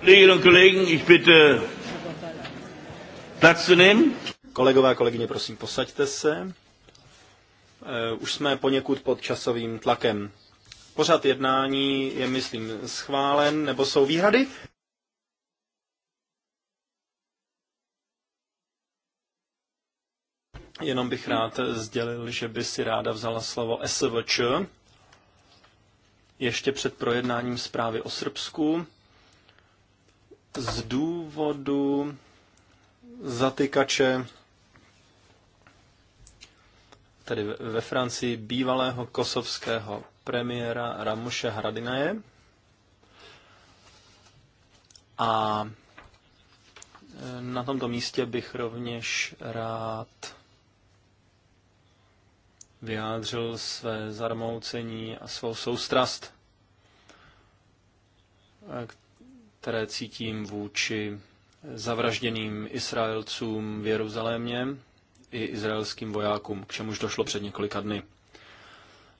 Kolegyně und Kollegen, ich bitte Platz zu nehmen. Kolegové a kolegyně, prosím, posaďte se. Eh, už jsme poněkud pod časovým tlakem. Pořad jednání je, myslím, schválen, nebo jsou výhrady? Jenom bych rád sdělil, že by si ráda vzala slovo SVČ ještě před projednáním zprávy o Srbsku z důvodu zatykače tedy ve Francii bývalého kosovského premiéra Ramuše Hradinaje a e, na tomto místě bych rovněž rád vyjádřil své zarmoucení a svou soustrast e, které cítím vůči zavražděným Izraelcům v Jeruzalémě i izraelským vojákům, k čemuž došlo před několika dny.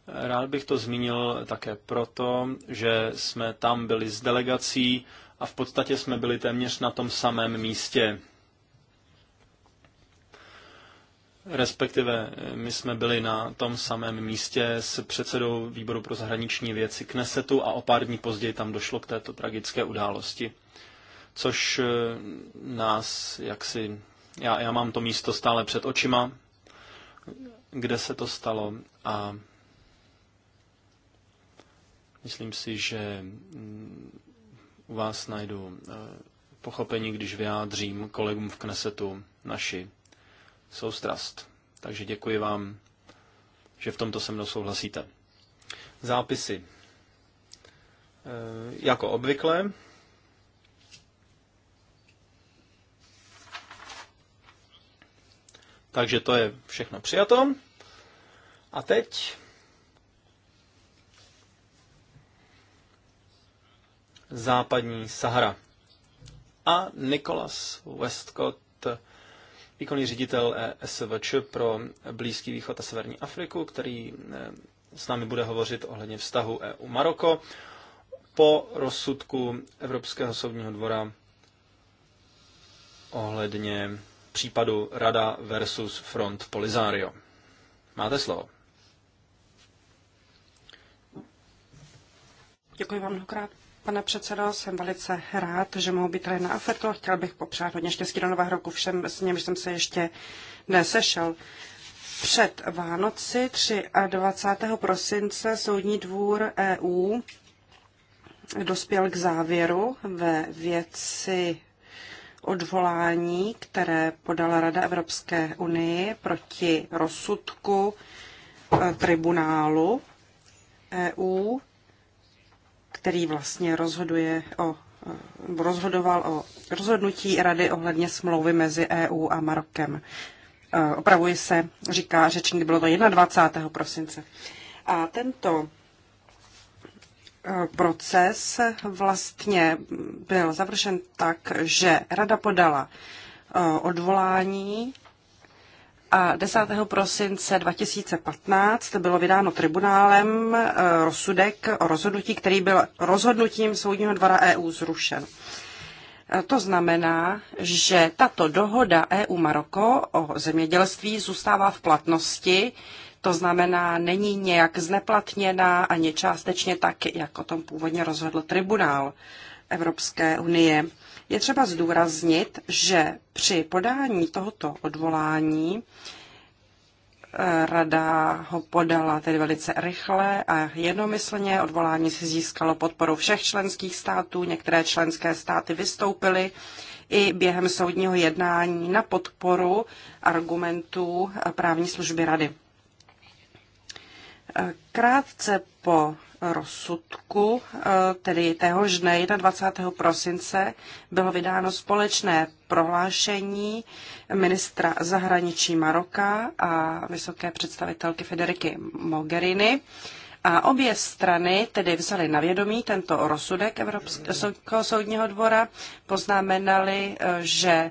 Rád bych to zmínil také proto, že jsme tam byli s delegací a v podstatě jsme byli téměř na tom samém místě. respektive eh, my jsme byli na tom samém místě s předsedou výboru pro zahraniční věci Knesetu a o pár dní později tam došlo k této tragické události. Což eh, nás jaksi, já, já mám to místo stále před očima, kde se to stalo a myslím si, že mm, u vás najdu eh, pochopení, když vyjádřím kolegům v Knesetu naši soustrast. Takže děkuji vám, že v tomto se mnou souhlasíte. Zápisy. E, jako obvykle, Takže to je všechno přijato. A teď západní Sahara. A Nicholas Westcott výkonný ředitel e SVČ pro Blízký východ a Severní Afriku, který eh, s námi bude hovořit ohledně vztahu EU-Maroko po rozsudku Evropského soudního dvora ohledně případu Rada versus Front Polisario. Máte slovo. Děkuji vám mnohokrát, Pane předsedo, jsem velice rád, že mohu být tady na Afetu chtěl bych popřát hodně štěstí do nového roku všem, s němž jsem se ještě nesešel. Před Vánoci 23. prosince Soudní dvůr EU dospěl k závěru ve věci odvolání, které podala Rada Evropské unie proti rozsudku eh, tribunálu EU který vlastně rozhoduje o, eh, rozhodoval o rozhodnutí rady ohledně smlouvy mezi EU a Marokem. Eh, Opravuji se, říká řečník, bylo to 21. prosince. A tento eh, proces vlastně byl završen tak, že rada podala odvolání a 10. prosince 2015 bylo vydáno tribunálem e, rozsudek o rozhodnutí, který byl rozhodnutím Soudního dvora EU zrušen. E, to znamená, že tato dohoda EU-Maroko o zemědělství zůstává v platnosti, to znamená, není nějak zneplatněná ani částečně tak, jak o tom původně rozhodl tribunál Evropské unie. Je třeba zdůraznit, že při podání tohoto odvolání eh, Rada ho podala tedy velice rychle a jednomyslně. Odvolání si získalo podporu všech členských států. Některé členské státy vystoupily i během soudního jednání na podporu argumentů eh, právní služby rady. Krátce po rozsudku, eh, tedy téhož dne 21. prosince, bylo vydáno společné prohlášení ministra zahraničí Maroka a vysoké představitelky Federiky Mogherini. A obě strany tedy vzaly na vědomí tento rozsudek Evropského soudního dvora, poznamenali, eh, že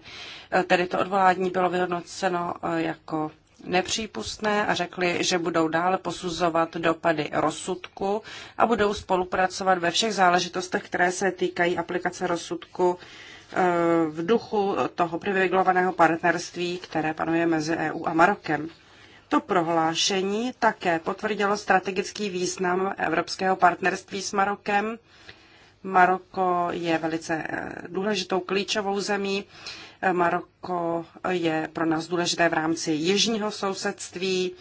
eh, tedy to odvolání bylo vyhodnoceno jako nepřípustné a řekli, že budou dále posuzovat dopady rozsudku a budou spolupracovat ve všech záležitostech, které se týkají aplikace rozsudku eh, v duchu toho privilegovaného partnerství, které panuje mezi EU a Marokem. To prohlášení také potvrdilo strategický význam evropského partnerství s Marokem. Maroko je velice eh, důležitou klíčovou zemí Maroko je pro nás důležité v rámci jižního sousedství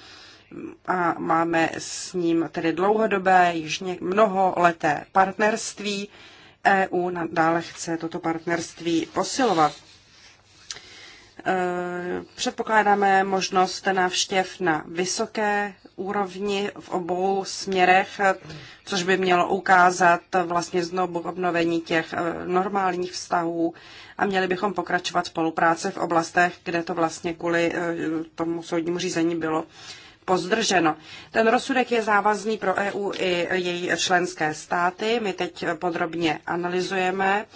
a máme s ním tedy dlouhodobé, již mnoho leté partnerství. EU nadále chce toto partnerství posilovat. Eh, předpokládáme možnost návštěv na vysoké úrovni v obou směrech, což by mělo ukázat vlastně znovu obnovení těch eh, normálních vztahů a měli bychom pokračovat spolupráce v oblastech, kde to vlastně kvůli eh, tomu soudnímu řízení bylo pozdrženo. Ten rozsudek je závazný pro EU i její členské státy. My teď podrobně analyzujeme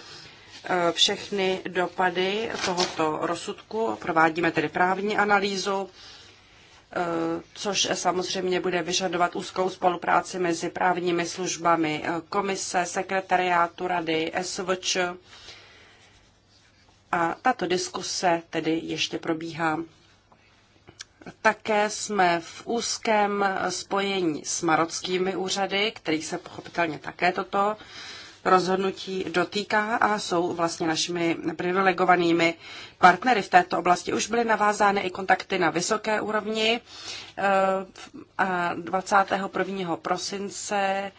Eh, všechny dopady tohoto rozsudku. Provádíme tedy právní analýzu, eh, což samozřejmě bude vyžadovat úzkou spolupráci mezi právními službami eh, komise, sekretariátu rady, SVČ. A tato diskuse tedy ještě probíhá. Také jsme v úzkém spojení s marockými úřady, kterých se pochopitelně také toto rozhodnutí dotýká a jsou vlastně našimi privilegovanými partnery v této oblasti. Už byly navázány i kontakty na vysoké úrovni 21. Eh, prosince eh,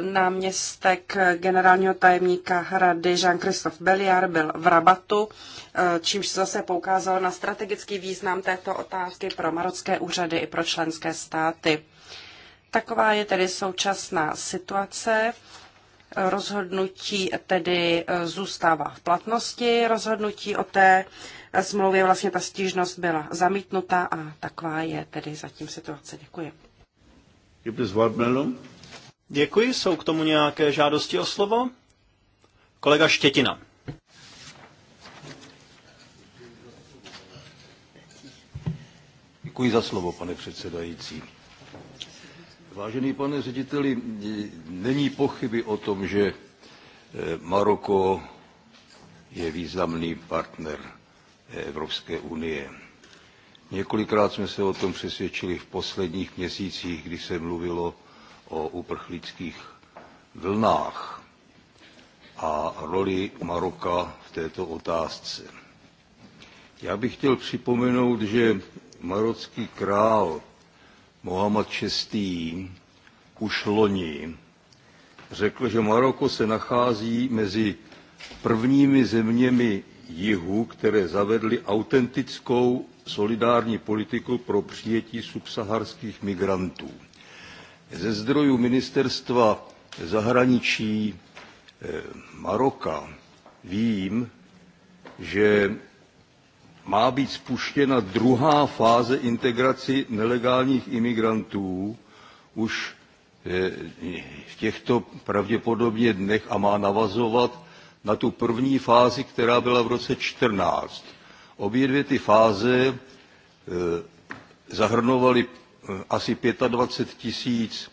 náměstek generálního tajemníka rady Jean-Christophe Belliard byl v Rabatu, eh, čímž se zase poukázal na strategický význam této otázky pro marocké úřady i pro členské státy. Taková je tedy současná situace. Rozhodnutí tedy e, zůstává v platnosti. Rozhodnutí o té e, smlouvě vlastně ta stížnost byla zamítnuta a taková je tedy zatím situace. Děkuji. Děkuji. Jsou k tomu nějaké žádosti o slovo? Kolega Štětina. Děkuji za slovo, pane předsedající Vážený pane řediteli, není pochyby o tom, že eh, Maroko je významný partner eh, Evropské unie. Několikrát jsme se o tom přesvědčili v posledních měsících, kdy se mluvilo o uprchlických vlnách a roli Maroka v této otázce. Já bych chtěl připomenout, že marocký král Mohamed VI. už loni řekl, že Maroko se nachází mezi prvními zeměmi jihu, které zavedly autentickou solidární politiku pro přijetí subsaharských migrantů. Ze zdrojů ministerstva zahraničí eh, Maroka vím, že má být spuštěna druhá fáze integraci nelegálních imigrantů už eh, v těchto pravděpodobně dnech a má navazovat na tu první fázi, která byla v roce 14. Obě dvě ty fáze eh, zahrnovaly eh, asi 25 tisíc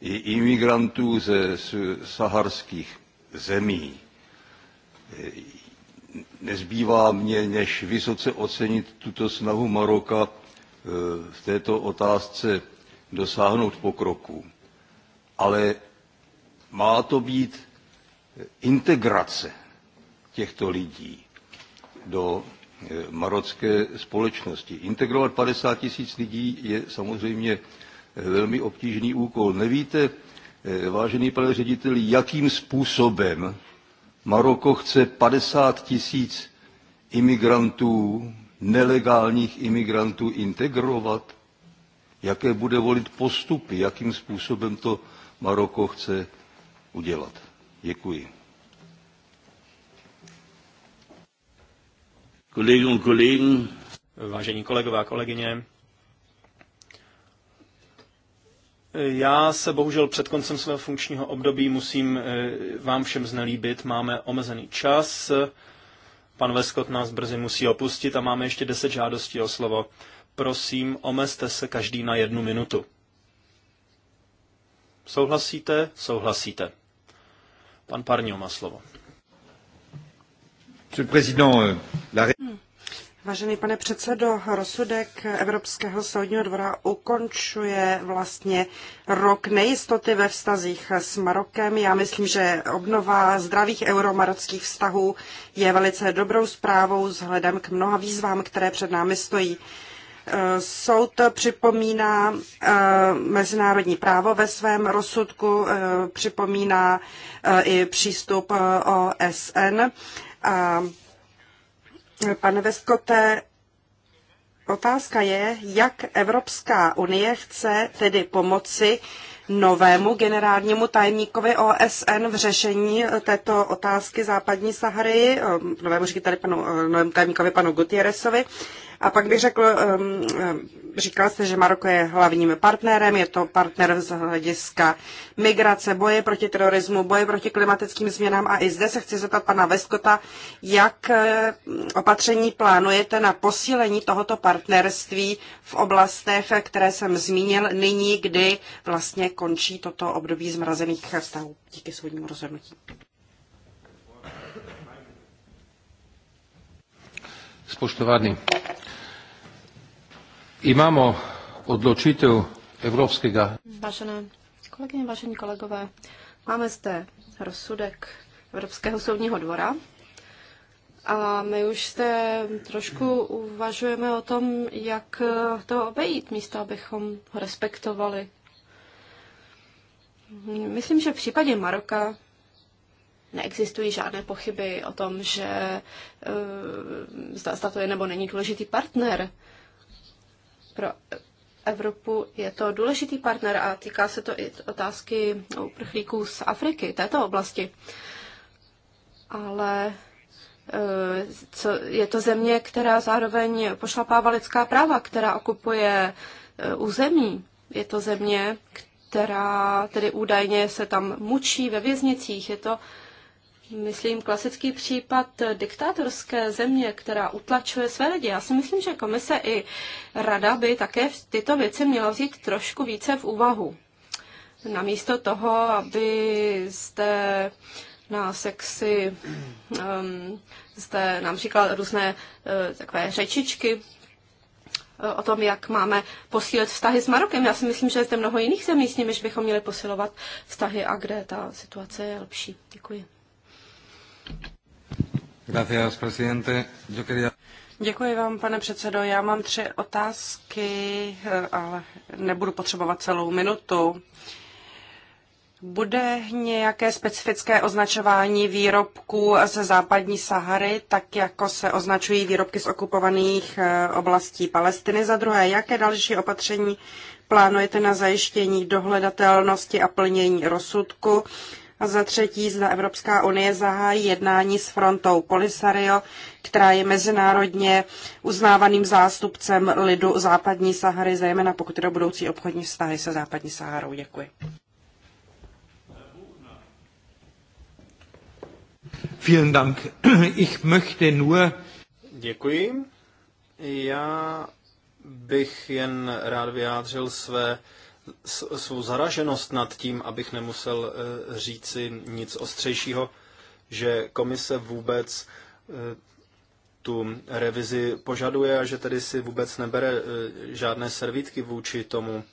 imigrantů ze saharských zemí nezbývá mě, než vysoce ocenit tuto snahu Maroka e, v této otázce dosáhnout pokroku. Ale má to být integrace těchto lidí do e, marocké společnosti. Integrovat 50 tisíc lidí je samozřejmě e, velmi obtížný úkol. Nevíte, vážený pane řediteli, jakým způsobem Maroko chce 50 tisíc imigrantů, nelegálních imigrantů integrovat? Jaké bude volit postupy? Jakým způsobem to Maroko chce udělat? Děkuji. Kolegům, kolegům. Vážení kolegové a kolegyně, Já se bohužel před koncem svého funkčního období musím eh, vám všem znelíbit. Máme omezený čas. Pan Veskot nás brzy musí opustit a máme ještě deset žádostí o slovo. Prosím, omezte se každý na jednu minutu. Souhlasíte? Souhlasíte. Pan Parňo má slovo. Monsieur le Président, euh, la... Hmm. Vážený pane předsedo, rozsudek Evropského soudního dvora ukončuje vlastně rok nejistoty ve vztazích s Marokem. Já myslím, že obnova zdravých euromarockých vztahů je velice dobrou zprávou vzhledem k mnoha výzvám, které před námi stojí. Soud připomíná eh, mezinárodní právo ve svém rozsudku, eh, připomíná eh, i přístup OSN. A Pane Veskote, otázka je, jak Evropská unie chce tedy pomoci novému generálnímu tajemníkovi OSN v řešení této otázky západní Sahary, eh, novému tady panu, eh, novému tajemníkovi panu Gutierrezovi. A pak bych řekl, ehm, ehm, říkal jste, že Maroko je hlavním partnerem, je to partner z hlediska migrace, boje proti terorismu, boje proti klimatickým změnám a i zde se chci zeptat pana Veskota, jak eh, opatření plánujete na posílení tohoto partnerství v oblastech, které jsem zmínil nyní, kdy vlastně končí toto období zmrazených vztahů díky soudnímu rozhodnutí. Spoštovani, Imamo odločitev Evropskega. Vážené kolegyně, vážení kolegové, máme zde rozsudek Evropského soudního dvora a my už zde trošku uvažujeme o tom, jak to obejít, místo abychom ho respektovali. Myslím, že v případě Maroka neexistují žádné pochyby o tom, že eh, zda to je nebo není důležitý partner pro Evropu je to důležitý partner a týká se to i otázky uprchlíků z Afriky, této oblasti. Ale eh, co, je to země, která zároveň pošlapává lidská práva, která okupuje eh, území. Je to země, která tedy údajně se tam mučí ve věznicích. Je to myslím, klasický případ diktátorské země, která utlačuje své lidi. Já si myslím, že komise i rada by také tyto věci měla vzít trošku více v úvahu. Namísto toho, aby zde nás jaksi, um, zde nám různé uh, takové řečičky, eh, o tom, jak máme posílit vztahy s Marokem. Já si myslím, že je zde mnoho jiných zemí, s nimiž bychom měli posilovat vztahy a kde ta situace je lepší. Děkuji. Děkuji vám, pane předsedo. Já mám tři otázky, eh, ale nebudu potřebovat celou minutu. Bude nějaké specifické označování výrobků ze západní Sahary, tak jako se označují výrobky z okupovaných eh, oblastí Palestiny? Za druhé, jaké další opatření plánujete na zajištění dohledatelnosti a plnění rozsudku a za třetí, zda Evropská unie zahájí jednání s frontou Polisario, která je mezinárodně uznávaným zástupcem lidu západní Sahary, zejména pokud jde o budoucí obchodní vztahy se západní Saharou. Děkuji. Vielen Dank. Ich möchte nur... Děkuji. Já bych jen rád vyjádřil své svou zaraženost nad tím, abych nemusel eh, říci nic ostřejšího, že komise vůbec eh, tu revizi požaduje a že tedy si vůbec nebere eh, žádné servítky vůči tomu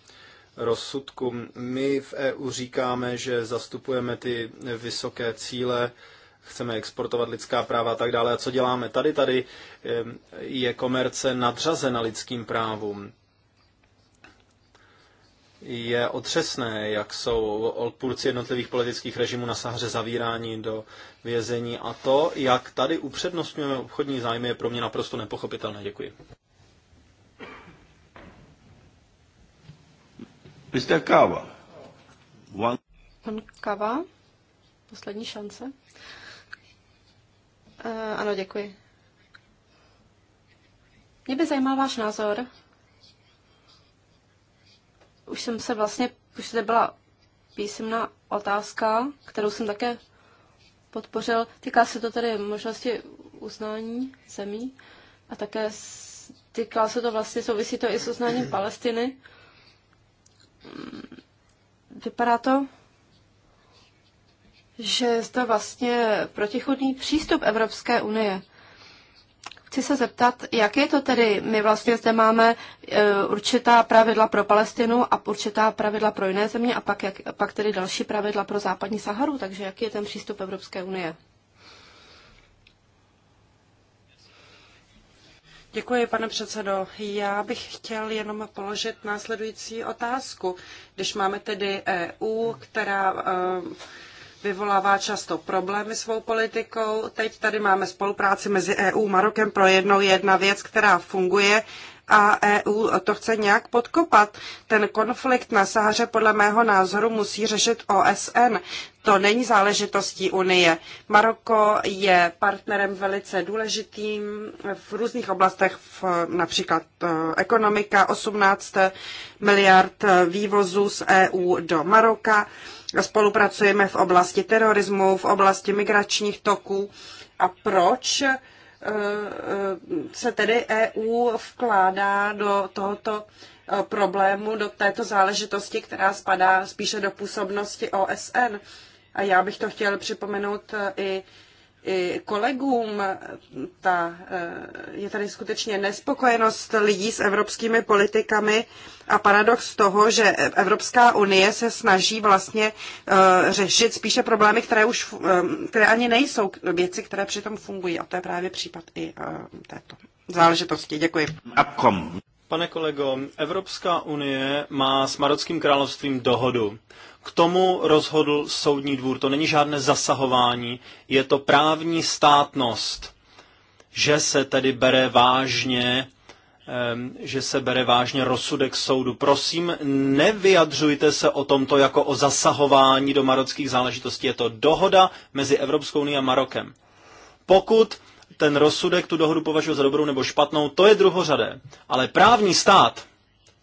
rozsudku. My v EU říkáme, že zastupujeme ty vysoké cíle, chceme exportovat lidská práva a tak dále. A co děláme tady? Tady je komerce nadřazena lidským právům je otřesné, jak jsou odpůrci jednotlivých politických režimů na Sahře zavíráni do vězení a to, jak tady upřednostňujeme obchodní zájmy, je pro mě naprosto nepochopitelné. Děkuji. Mr. Kava. One... Pan Kava, poslední šance. Uh, ano, děkuji. Mě by zajímal váš názor už jsem se vlastně, už to byla písemná otázka, kterou jsem také podpořil. Týká se to tedy možnosti uznání zemí a také týká se to vlastně, souvisí to i s uznáním Palestiny. Mm, vypadá to, že je to vlastně protichodný přístup Evropské unie. Chci se zeptat, jak je to tedy, my vlastně zde máme e, určitá pravidla pro Palestinu a určitá pravidla pro jiné země a pak, jak, pak tedy další pravidla pro západní Saharu, takže jaký je ten přístup Evropské unie? Děkuji, pane předsedo. Já bych chtěl jenom položit následující otázku. Když máme tedy EU, která vyvolává často problémy svou politikou. Teď tady máme spolupráci mezi EU a Marokem pro jednou jedna věc, která funguje a EU to chce nějak podkopat. Ten konflikt na Sahaře podle mého názoru musí řešit OSN. To není záležitostí Unie. Maroko je partnerem velice důležitým v různých oblastech, v, například eh, ekonomika, 18 miliard vývozu z EU do Maroka spolupracujeme v oblasti terorismu, v oblasti migračních toků a proč eh, eh, se tedy EU vkládá do tohoto eh, problému, do této záležitosti, která spadá spíše do působnosti OSN. A já bych to chtěl připomenout i i kolegům. Ta, eh, je tady skutečně nespokojenost lidí s evropskými politikami a paradox toho, že Evropská unie se snaží vlastně eh, řešit spíše problémy, které, už, eh, které ani nejsou věci, které přitom fungují. A to je právě případ i této záležitosti. Děkuji. Pane kolego, Evropská unie má s Marockým královstvím dohodu. K tomu rozhodl soudní dvůr. To není žádné zasahování, je to právní státnost, že se tedy bere vážně že se bere vážně rozsudek soudu. Prosím, nevyjadřujte se o tomto jako o zasahování do marockých záležitostí. Je to dohoda mezi Evropskou unii a Marokem. Pokud ten rozsudek tu dohodu považuje za dobrou nebo špatnou, to je druhořadé. Ale právní stát,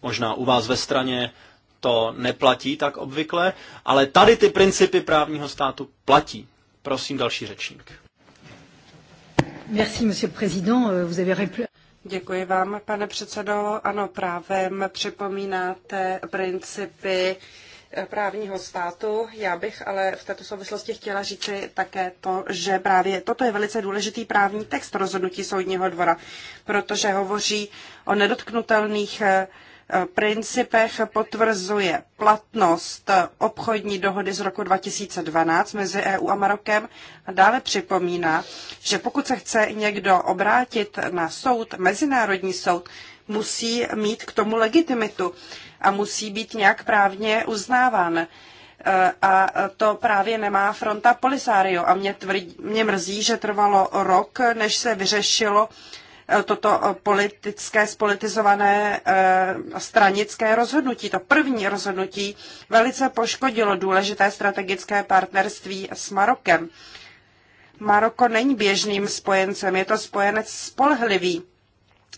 možná u vás ve straně to neplatí tak obvykle, ale tady ty principy právního státu platí. Prosím další řečník. Merci, monsieur le président. Euh, vous avez répondu. Děkuji vám, pane předsedo. Ano, právem připomínáte principy právního státu. Já bych ale v této souvislosti chtěla říci také to, že právě toto je velice důležitý právní text rozhodnutí soudního dvora, protože hovoří o nedotknutelných eh, principech potvrzuje platnost eh, obchodní dohody z roku 2012 mezi EU a Marokem a dále připomíná, že pokud se chce někdo obrátit na soud, mezinárodní soud, musí mít k tomu legitimitu a musí být nějak právně uznáván. E, a to právě nemá fronta Polisario. A mě, tvrdí, mě mrzí, že trvalo rok, než se vyřešilo e, toto politické, spolitizované e, stranické rozhodnutí. To první rozhodnutí velice poškodilo důležité strategické partnerství s Marokem. Maroko není běžným spojencem, je to spojenec spolehlivý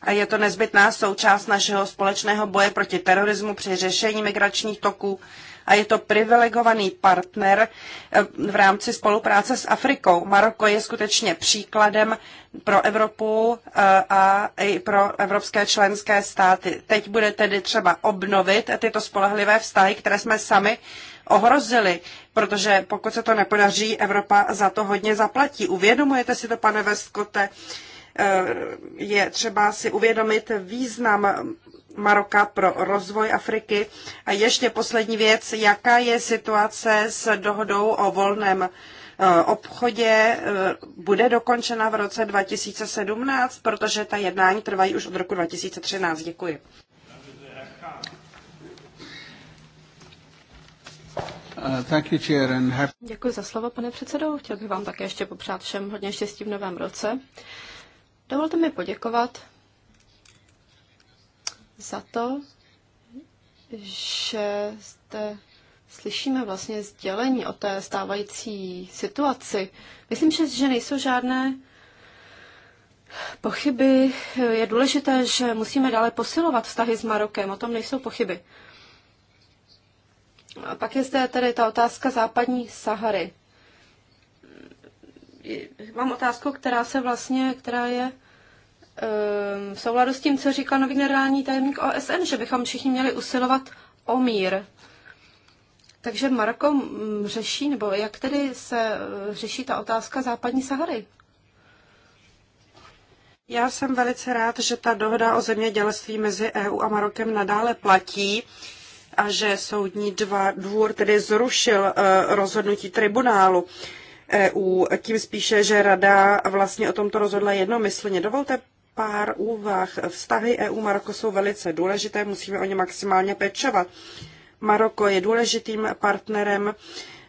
a je to nezbytná součást našeho společného boje proti terorismu při řešení migračních toků a je to privilegovaný partner eh, v rámci spolupráce s Afrikou. Maroko je skutečně příkladem pro Evropu eh, a i pro evropské členské státy. Teď bude tedy třeba obnovit tyto spolehlivé vztahy, které jsme sami ohrozili, protože pokud se to nepodaří, Evropa za to hodně zaplatí. Uvědomujete si to, pane Veskote? Eh, je třeba si uvědomit význam Maroka pro rozvoj Afriky. A ještě poslední věc, jaká je situace s dohodou o volném eh, obchodě eh, bude dokončena v roce 2017, protože ta jednání trvají už od roku 2013. Děkuji. Uh, Děkuji za slovo, pane předsedo. Chtěl bych vám také ještě popřát všem hodně štěstí v novém roce. Dovolte mi poděkovat za to, že jste slyšíme vlastně sdělení o té stávající situaci. Myslím, že, že nejsou žádné pochyby. Je důležité, že musíme dále posilovat vztahy s Marokem, o tom nejsou pochyby. A pak je zde tedy ta otázka západní Sahary mám otázku, která se vlastně, která je ehm, v souladu s tím, co říkal nový generální tajemník OSN, že bychom všichni měli usilovat o mír. Takže Maroko řeší, nebo jak tedy se eh, řeší ta otázka západní Sahary? Já jsem velice rád, že ta dohoda o zemědělství mezi EU a Marokem nadále platí a že soudní dva dvůr tedy zrušil eh, rozhodnutí tribunálu. EU, tím spíše, že Rada vlastně o tomto rozhodla jednomyslně. Dovolte pár úvah. Vztahy EU-Maroko jsou velice důležité, musíme o ně maximálně pečovat. Maroko je důležitým partnerem.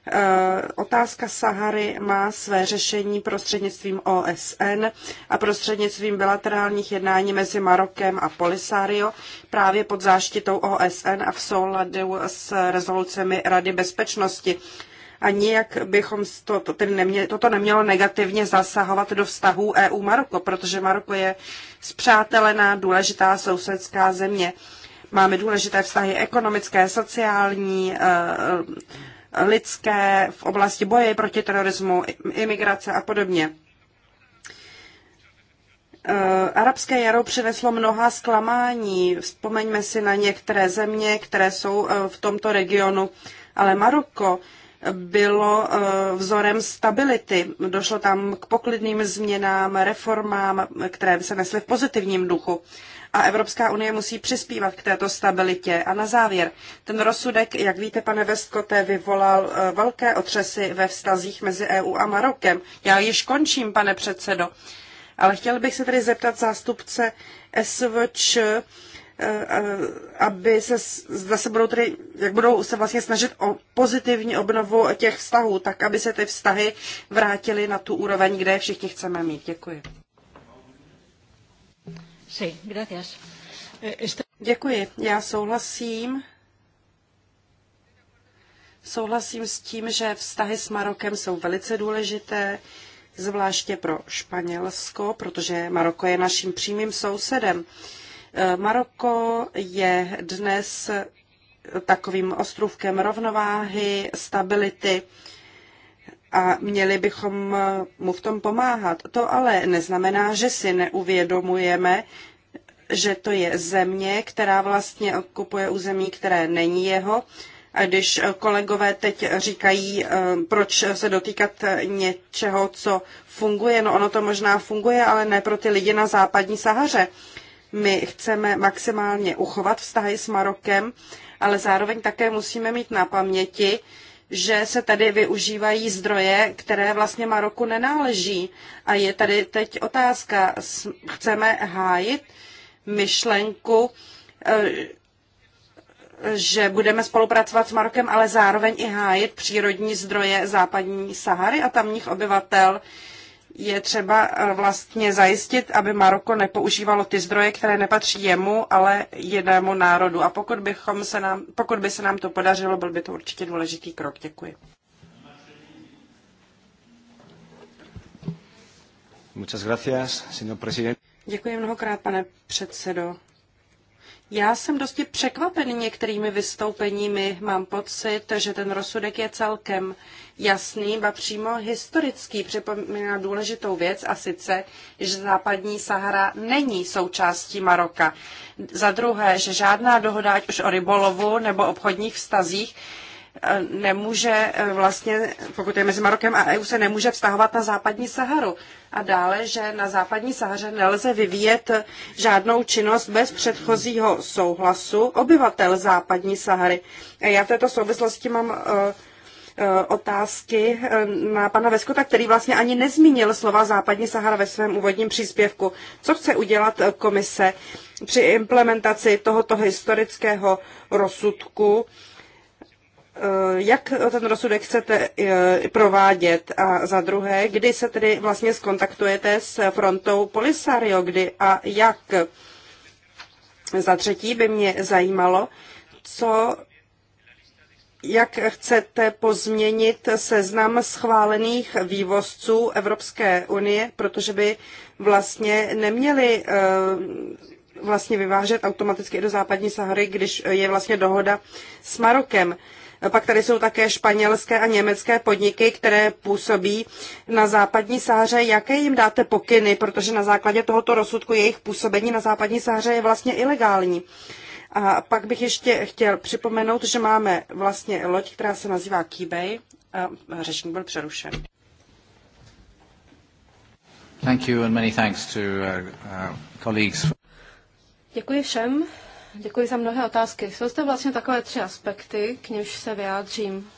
E, otázka Sahary má své řešení prostřednictvím OSN a prostřednictvím bilaterálních jednání mezi Marokem a Polisario právě pod záštitou OSN a v souladu s rezolucemi Rady bezpečnosti a nijak bychom to, to, tedy nemě, toto nemělo negativně zasahovat do vztahů EU-Maroko, protože Maroko je zpřátelená, důležitá sousedská země. Máme důležité vztahy ekonomické, sociální, eh, lidské, v oblasti boje proti terorismu, imigrace a podobně. Eh, arabské jaro přineslo mnoha zklamání. Vzpomeňme si na některé země, které jsou eh, v tomto regionu. Ale Maroko bylo eh, vzorem stability. Došlo tam k poklidným změnám, reformám, které by se nesly v pozitivním duchu. A Evropská unie musí přispívat k této stabilitě. A na závěr, ten rozsudek, jak víte, pane Vestkote, vyvolal eh, velké otřesy ve vztazích mezi EU a Marokem. Já již končím, pane předsedo. Ale chtěl bych se tedy zeptat zástupce SVČ, Eh, eh, aby se, zase se budou tedy, jak budou se vlastně snažit o pozitivní obnovu těch vztahů, tak aby se ty vztahy vrátily na tu úroveň, kde je všichni chceme mít. Děkuji. Sí, gracias. Eh, Děkuji, já souhlasím. Souhlasím s tím, že vztahy s Marokem jsou velice důležité, zvláště pro Španělsko, protože Maroko je naším přímým sousedem. Uh, Eh, Maroko je dnes takovým ostrůvkem rovnováhy, stability a měli bychom mu v tom pomáhat. To ale neznamená, že si neuvědomujeme, že to je země, která vlastně okupuje území, které není jeho. A když kolegové teď říkají, eh, proč se dotýkat něčeho, co funguje, no ono to možná funguje, ale ne pro ty lidi na západní Sahaře. My chceme maximálně uchovat vztahy s Marokem, ale zároveň také musíme mít na paměti, že se tady využívají zdroje, které vlastně Maroku nenáleží. A je tady teď otázka, chceme hájit myšlenku, eh, že budeme spolupracovat s Marokem, ale zároveň i hájit přírodní zdroje západní Sahary a tamních obyvatel je třeba eh, vlastně zajistit, aby Maroko nepoužívalo ty zdroje, které nepatří jemu, ale jednému národu. A pokud, bychom se nám, pokud by se nám to podařilo, byl by to určitě důležitý krok. Děkuji. Muchas gracias, señor presidente. Děkuji mnohokrát, pane předsedo. Já jsem dosti překvapen některými vystoupeními. Mám pocit, že ten rozsudek je celkem jasný, ba přímo historický. Připomíná důležitou věc a sice, že západní Sahara není součástí Maroka. Za druhé, že žádná dohoda, ať už o rybolovu nebo obchodních vztazích, E, nemůže e, vlastně, pokud je mezi Marokem a EU, se nemůže vztahovat na západní Saharu. A dále, že na západní Sahaře nelze vyvíjet žádnou činnost bez předchozího souhlasu obyvatel západní Sahary. E, já v této souvislosti mám otázky na pana Veskota, který vlastně ani nezmínil slova Západní Sahara ve svém úvodním příspěvku. Co chce udělat komise při implementaci tohoto historického rozsudku Eh, jak ten rozsudek chcete eh, provádět a za druhé, kdy se tedy vlastně skontaktujete s frontou Polisario, kdy a jak. Za třetí by mě zajímalo, co jak chcete pozměnit seznam schválených vývozců Evropské unie, protože by vlastně neměli eh, vlastně vyvážet automaticky do západní Sahary, když je vlastně dohoda s Marokem. Pak tady jsou také španělské a německé podniky, které působí na západní sáře. Jaké jim dáte pokyny, protože na základě tohoto rozsudku jejich působení na západní sáře je vlastně ilegální. A pak bych ještě chtěl připomenout, že máme vlastně loď, která se nazývá Keybay. A řečník byl přerušen. Thank you and many thanks to, uh, uh, colleagues. Děkuji všem Děkuji za mnohé otázky. Jsou zde vlastně takové tři aspekty, k němž se vyjádřím.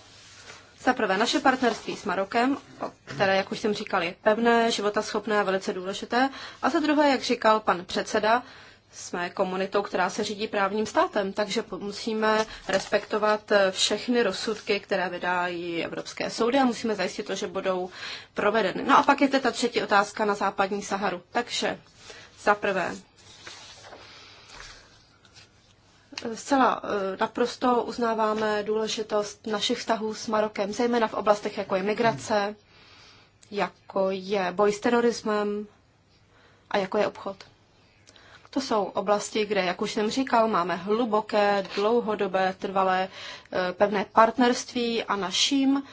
Za prvé, naše partnerství s Marokem, které, jak už jsem říkal, je pevné, životaschopné a velice důležité. A za druhé, jak říkal pan předseda, jsme komunitou, která se řídí právním státem, takže musíme respektovat eh, všechny rozsudky, které vydají evropské soudy a musíme zajistit to, že budou provedeny. No a pak je ta třetí otázka na západní Saharu. Takže za prvé, Zcela eh, naprosto uznáváme důležitost našich vztahů s Marokem, zejména v oblastech jako je migrace, jako je boj s terorismem a jako je obchod. To jsou oblasti, kde, jak už jsem říkal, máme hluboké, dlouhodobé, trvalé, eh, pevné partnerství a naším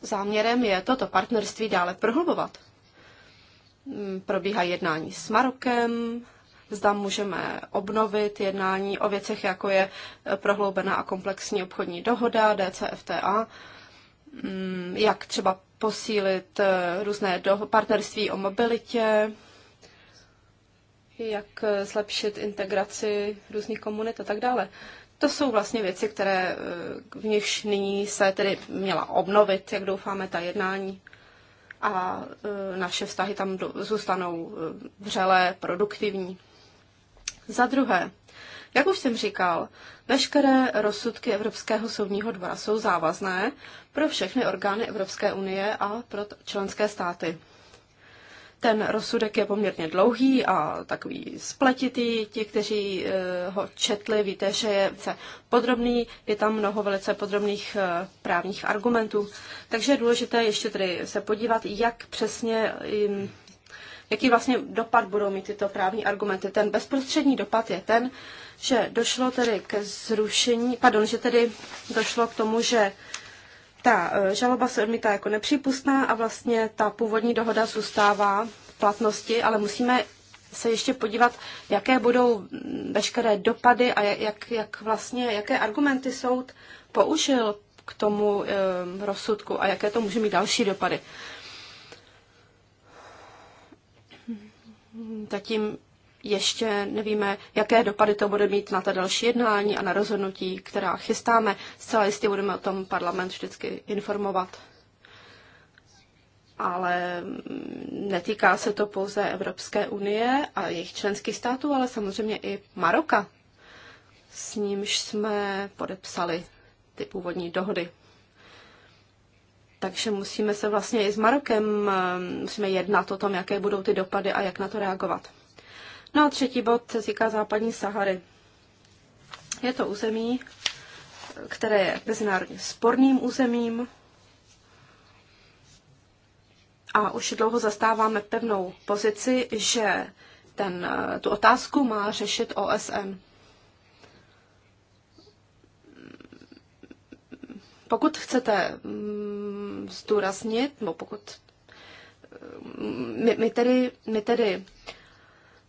záměrem je toto partnerství dále prohlubovat. Mm, probíhá jednání s Marokem, zda můžeme obnovit jednání o věcech, jako je eh, prohloubená a komplexní obchodní dohoda, DCFTA, mm, jak třeba posílit eh, různé partnerství o mobilitě, jak eh, zlepšit integraci různých komunit a tak dále. To jsou vlastně věci, které v nichž nyní se tedy měla obnovit, jak doufáme, ta jednání a naše vztahy tam zůstanou vřelé, produktivní. Za druhé, jak už jsem říkal, veškeré rozsudky Evropského soudního dvora jsou závazné pro všechny orgány Evropské unie a pro členské státy. Ten rozsudek je poměrně dlouhý a takový spletitý. Ti, kteří eh, ho četli, víte, že je velice podrobný, je tam mnoho velice podrobných eh, právních argumentů. Takže je důležité ještě tedy se podívat, jak přesně jaký vlastně dopad budou mít tyto právní argumenty. Ten bezprostřední dopad je ten, že došlo tedy ke zrušení, pardon, že tedy došlo k tomu, že ta e, žaloba se odmítá jako nepřípustná a vlastně ta původní dohoda zůstává v platnosti, ale musíme se ještě podívat, jaké budou veškeré dopady a jak, jak vlastně, jaké argumenty soud použil k tomu e, rozsudku a jaké to může mít další dopady. Zatím ještě nevíme, jaké dopady to bude mít na ta další jednání a na rozhodnutí, která chystáme. Zcela jistě budeme o tom parlament vždycky informovat. Ale mm, netýká se to pouze Evropské unie a jejich členských států, ale samozřejmě i Maroka, s nímž jsme podepsali ty původní dohody. Takže musíme se vlastně i s Marokem, eh, musíme jednat o tom, jaké budou ty dopady a jak na to reagovat. No a třetí bod se týká západní Sahary. Je to území, které je mezinárodně sporným územím a už dlouho zastáváme pevnou pozici, že ten, eh, tu otázku má řešit OSN. Pokud chcete mm, zdůraznit, nebo pokud mm, my, my tedy, my tedy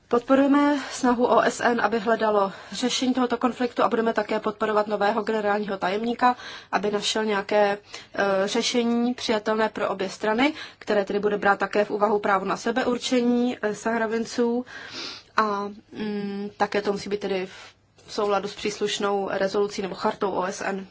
Podporujeme snahu OSN, aby hledalo řešení tohoto konfliktu a budeme také podporovat nového generálního tajemníka, aby našel nějaké e, řešení přijatelné pro obě strany, které tedy bude brát také v úvahu právo na sebeurčení e, Sahravinců a mm, také to musí být tedy v souladu s příslušnou rezolucí nebo chartou OSN.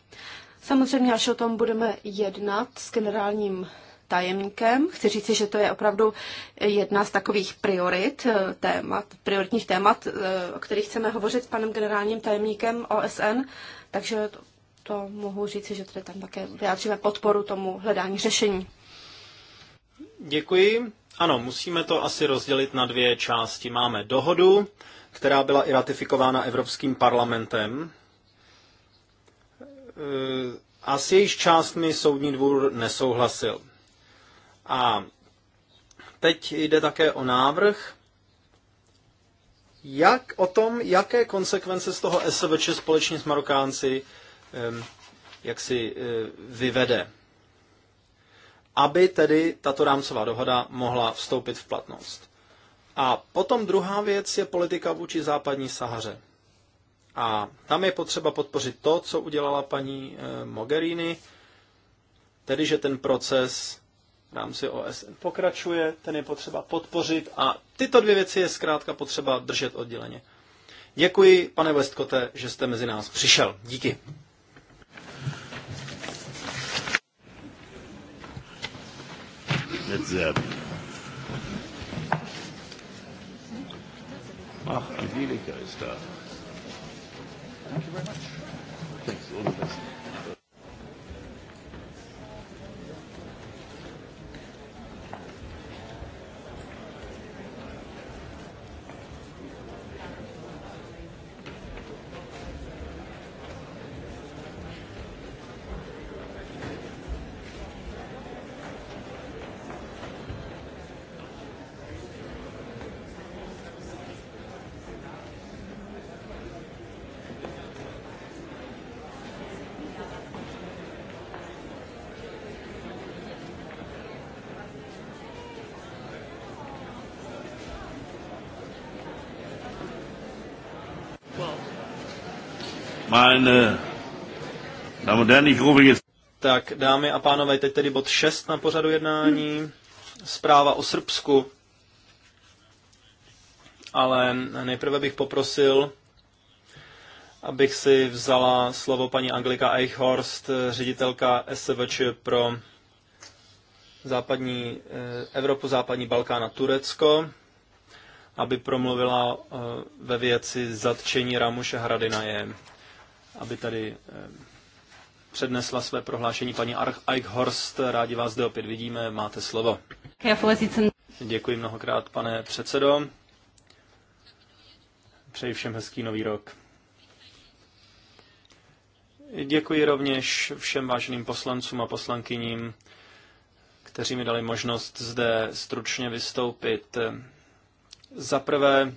Samozřejmě, až o tom budeme jednat s generálním tajemníkem. Chci říci, že to je opravdu jedna z takových priorit, eh, témat, prioritních témat, eh, o kterých chceme hovořit s panem generálním tajemníkem OSN, takže to, to mohu říci, že tady tam také vyjádříme podporu tomu hledání řešení. Děkuji. Ano, musíme to asi rozdělit na dvě části. Máme dohodu, která byla i ratifikována Evropským parlamentem Eh, a s jejich částmi soudní dvůr nesouhlasil. A teď jde také o návrh, jak o tom, jaké konsekvence z toho SVČ společně s Marokánci jak si eh, vyvede, aby tedy tato rámcová dohoda mohla vstoupit v platnost. A potom druhá věc je politika vůči západní Sahaře. A tam je potřeba podpořit to, co udělala paní eh, Mogherini, tedy že ten proces v rámci OSN pokračuje, ten je potřeba podpořit a tyto dvě věci je zkrátka potřeba držet odděleně. Děkuji, pane Westkote, že jste mezi nás přišel. Díky. Let's Ach, Angelika ist da. Thank you very much. Thanks. All the best. Meine Damen und Herren, ich rufe jetzt tak, dámy a pánové, teď tedy bod 6 na pořadu jednání. Zpráva o Srbsku. Ale nejprve bych poprosil, abych si vzala slovo paní Anglika Eichhorst, ředitelka SVČ pro západní, eh, Evropu, západní Balkán a Turecko, aby promluvila eh, ve věci zatčení Ramuše je aby tady eh, přednesla své prohlášení paní Eichhorst. Rádi vás zde opět vidíme, máte slovo. Děkuji mnohokrát, pane předsedo. Přeji všem hezký nový rok. Děkuji rovněž všem váženým poslancům a poslankyním, kteří mi dali možnost zde stručně vystoupit. Za prvé,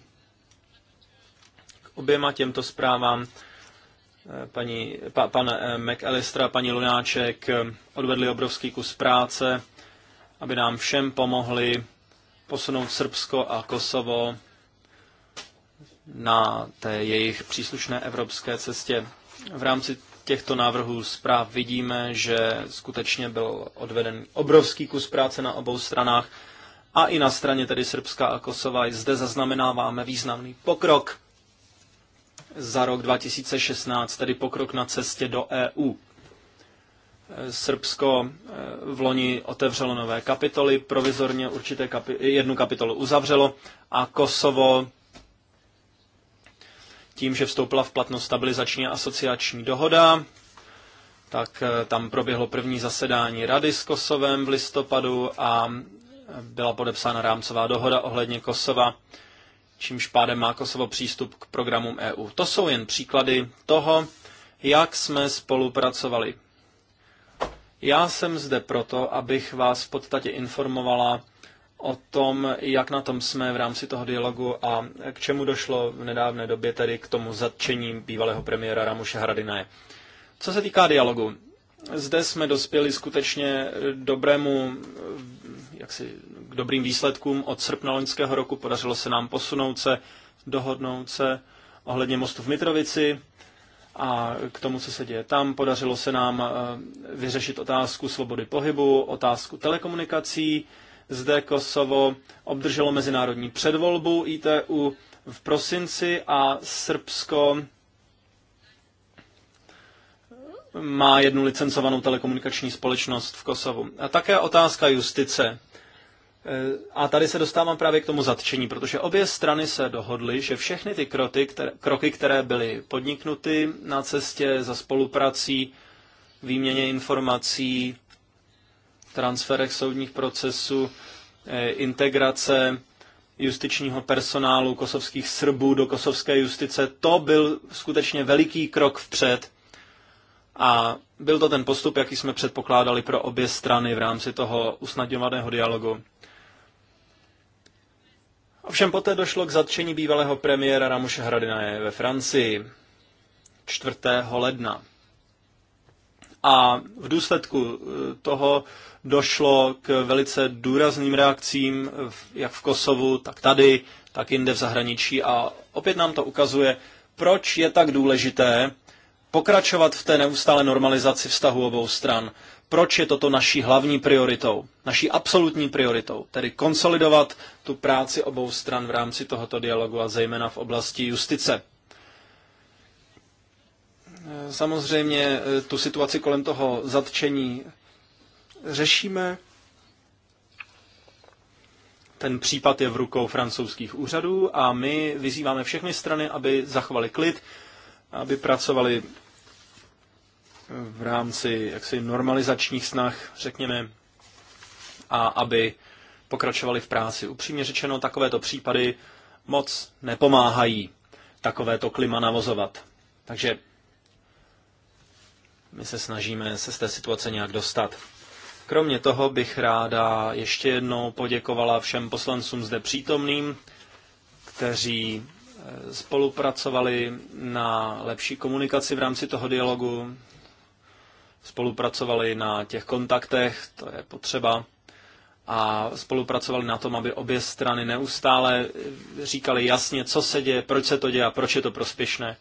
k oběma těmto zprávám paní, pa, pan eh, McAllister a paní Lunáček eh, odvedli obrovský kus práce, aby nám všem pomohli posunout Srbsko a Kosovo na té jejich příslušné evropské cestě. V rámci těchto návrhů zpráv vidíme, že skutečně byl odveden obrovský kus práce na obou stranách a i na straně tedy Srbska a Kosova. zde zaznamenáváme významný pokrok za rok 2016, tedy pokrok na cestě do EU. Srbsko eh, v loni otevřelo nové kapitoly, provizorně určité kapi- jednu kapitolu uzavřelo a Kosovo tím, že vstoupila v platnost stabilizační a asociační dohoda, tak eh, tam proběhlo první zasedání rady s Kosovem v listopadu a eh, byla podepsána rámcová dohoda ohledně Kosova čímž pádem má Kosovo přístup k programům EU. To jsou jen příklady toho, jak jsme spolupracovali. Já jsem zde proto, abych vás v podstatě informovala o tom, jak na tom jsme v rámci toho dialogu a k čemu došlo v nedávné době tedy k tomu zatčení bývalého premiéra Ramuše Hradiné. Co se týká dialogu, zde jsme dospěli skutečně dobrému jaksi k dobrým výsledkům od srpna loňského roku. Podařilo se nám posunout se, dohodnout se ohledně mostu v Mitrovici a k tomu, co se děje tam. Podařilo se nám eh, vyřešit otázku svobody pohybu, otázku telekomunikací. Zde Kosovo obdrželo mezinárodní předvolbu ITU v prosinci a Srbsko má jednu licencovanou telekomunikační společnost v Kosovu. A také otázka justice. Eh, a tady se dostávám právě k tomu zatčení, protože obě strany se dohodly, že všechny ty kroky, které, kroky, které byly podniknuty na cestě za spoluprací, výměně informací, transferech soudních procesů, eh, integrace justičního personálu kosovských Srbů do kosovské justice, to byl skutečně veliký krok vpřed. A byl to ten postup, jaký jsme předpokládali pro obě strany v rámci toho usnadňovaného dialogu. Ovšem poté došlo k zatčení bývalého premiéra Ramuše Hradinaje ve Francii 4. ledna. A v důsledku eh, toho došlo k velice důrazným reakcím, jak v Kosovu, tak tady, tak jinde v zahraničí. A opět nám to ukazuje, proč je tak důležité pokračovat v té neustále normalizaci vztahu obou stran proč je toto naší hlavní prioritou, naší absolutní prioritou, tedy konsolidovat tu práci obou stran v rámci tohoto dialogu a zejména v oblasti justice. Samozřejmě e, tu situaci kolem toho zatčení řešíme. Ten případ je v rukou francouzských úřadů a my vyzýváme všechny strany, aby zachovali klid, aby pracovali v rámci jaksi normalizačních snah, řekněme, a aby pokračovali v práci. Upřímně řečeno, takovéto případy moc nepomáhají takovéto klima navozovat. Takže my se snažíme se z té situace nějak dostat. Kromě toho bych ráda ještě jednou poděkovala všem poslancům zde přítomným, kteří eh, spolupracovali na lepší komunikaci v rámci toho dialogu spolupracovali na těch kontaktech, to je potřeba, a spolupracovali na tom, aby obě strany neustále říkali jasně, co se děje, proč se to děje a proč je to prospěšné.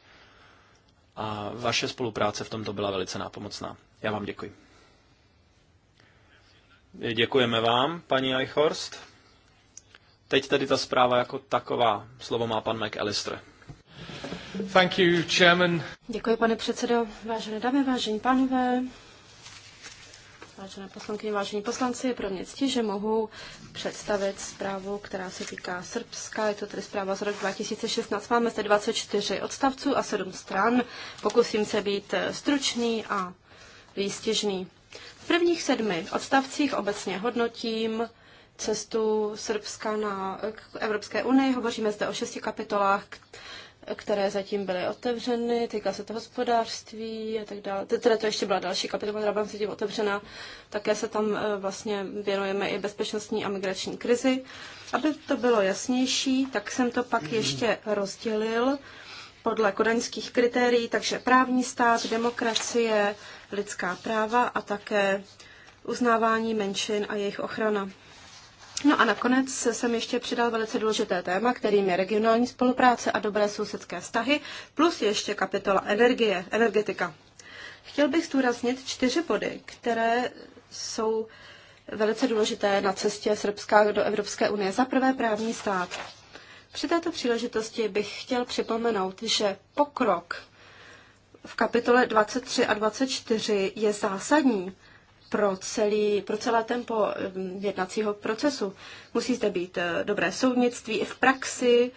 A vaše spolupráce v tomto byla velice nápomocná. Já vám děkuji. Děkujeme vám, paní Eichhorst. Teď tedy ta zpráva jako taková. Slovo má pan McAllister. Děkuji, pane předsedo. Vážené dámy, vážení pánové, vážené poslankyně, vážení poslanci, je pro mě ctí, že mohu představit zprávu, která se týká Srbska. Je to tedy zpráva z roku 2016. Máme zde 24 odstavců a 7 stran. Pokusím se být stručný a výstižný. V prvních sedmi odstavcích obecně hodnotím cestu Srbska na, k Evropské unii. Hovoříme zde o šesti kapitolách, které zatím byly otevřeny, týká se to hospodářství a tak dále. Teda to ještě byla další kapitola, která byla zatím otevřena. Také se tam eh, vlastně věnujeme i bezpečnostní a migrační krizi. Aby to bylo jasnější, tak jsem to pak mhm. ještě rozdělil podle kodaňských kritérií, takže právní stát, demokracie, lidská práva a také uznávání menšin a jejich ochrana. No a nakonec jsem ještě přidal velice důležité téma, kterým je regionální spolupráce a dobré sousedské vztahy, plus ještě kapitola energie, energetika. Chtěl bych zdůraznit čtyři body, které jsou velice důležité na cestě Srbska do Evropské unie. Za prvé právní stát. Při této příležitosti bych chtěl připomenout, že pokrok v kapitole 23 a 24 je zásadní pro, celý, pro celé tempo eh, jednacího procesu. Musí zde být eh, dobré soudnictví i v praxi,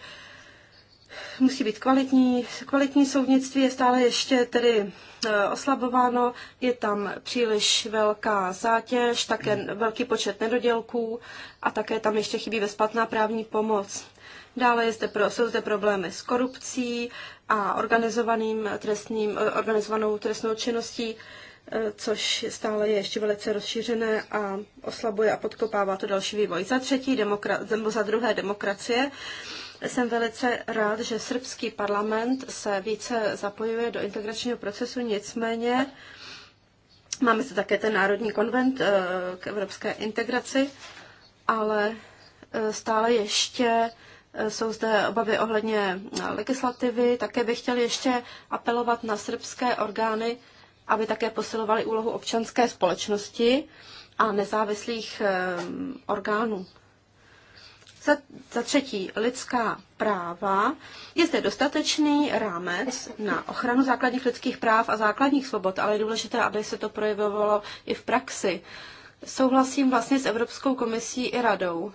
musí být kvalitní. Kvalitní soudnictví je stále ještě tedy eh, oslabováno, je tam příliš velká zátěž, také velký počet nedodělků a také tam ještě chybí bezplatná právní pomoc. Dále je zde pro, jsou zde problémy s korupcí a organizovaným trestným, organizovanou trestnou činností. Eh, což stále je ještě velice rozšířené a oslabuje a podkopává to další vývoj. Za třetí, demokra- nebo za druhé demokracie. Jsem velice rád, že srbský parlament se více zapojuje do integračního procesu, nicméně máme zde také ten Národní konvent eh, k evropské integraci, ale eh, stále ještě jsou zde obavy ohledně legislativy. Také bych chtěl ještě apelovat na srbské orgány, aby také posilovali úlohu občanské společnosti a nezávislých ehm, orgánů. Za, za třetí, lidská práva. Je zde dostatečný rámec na ochranu základních lidských práv a základních svobod, ale je důležité, aby se to projevovalo i v praxi. Souhlasím vlastně s Evropskou komisí i radou,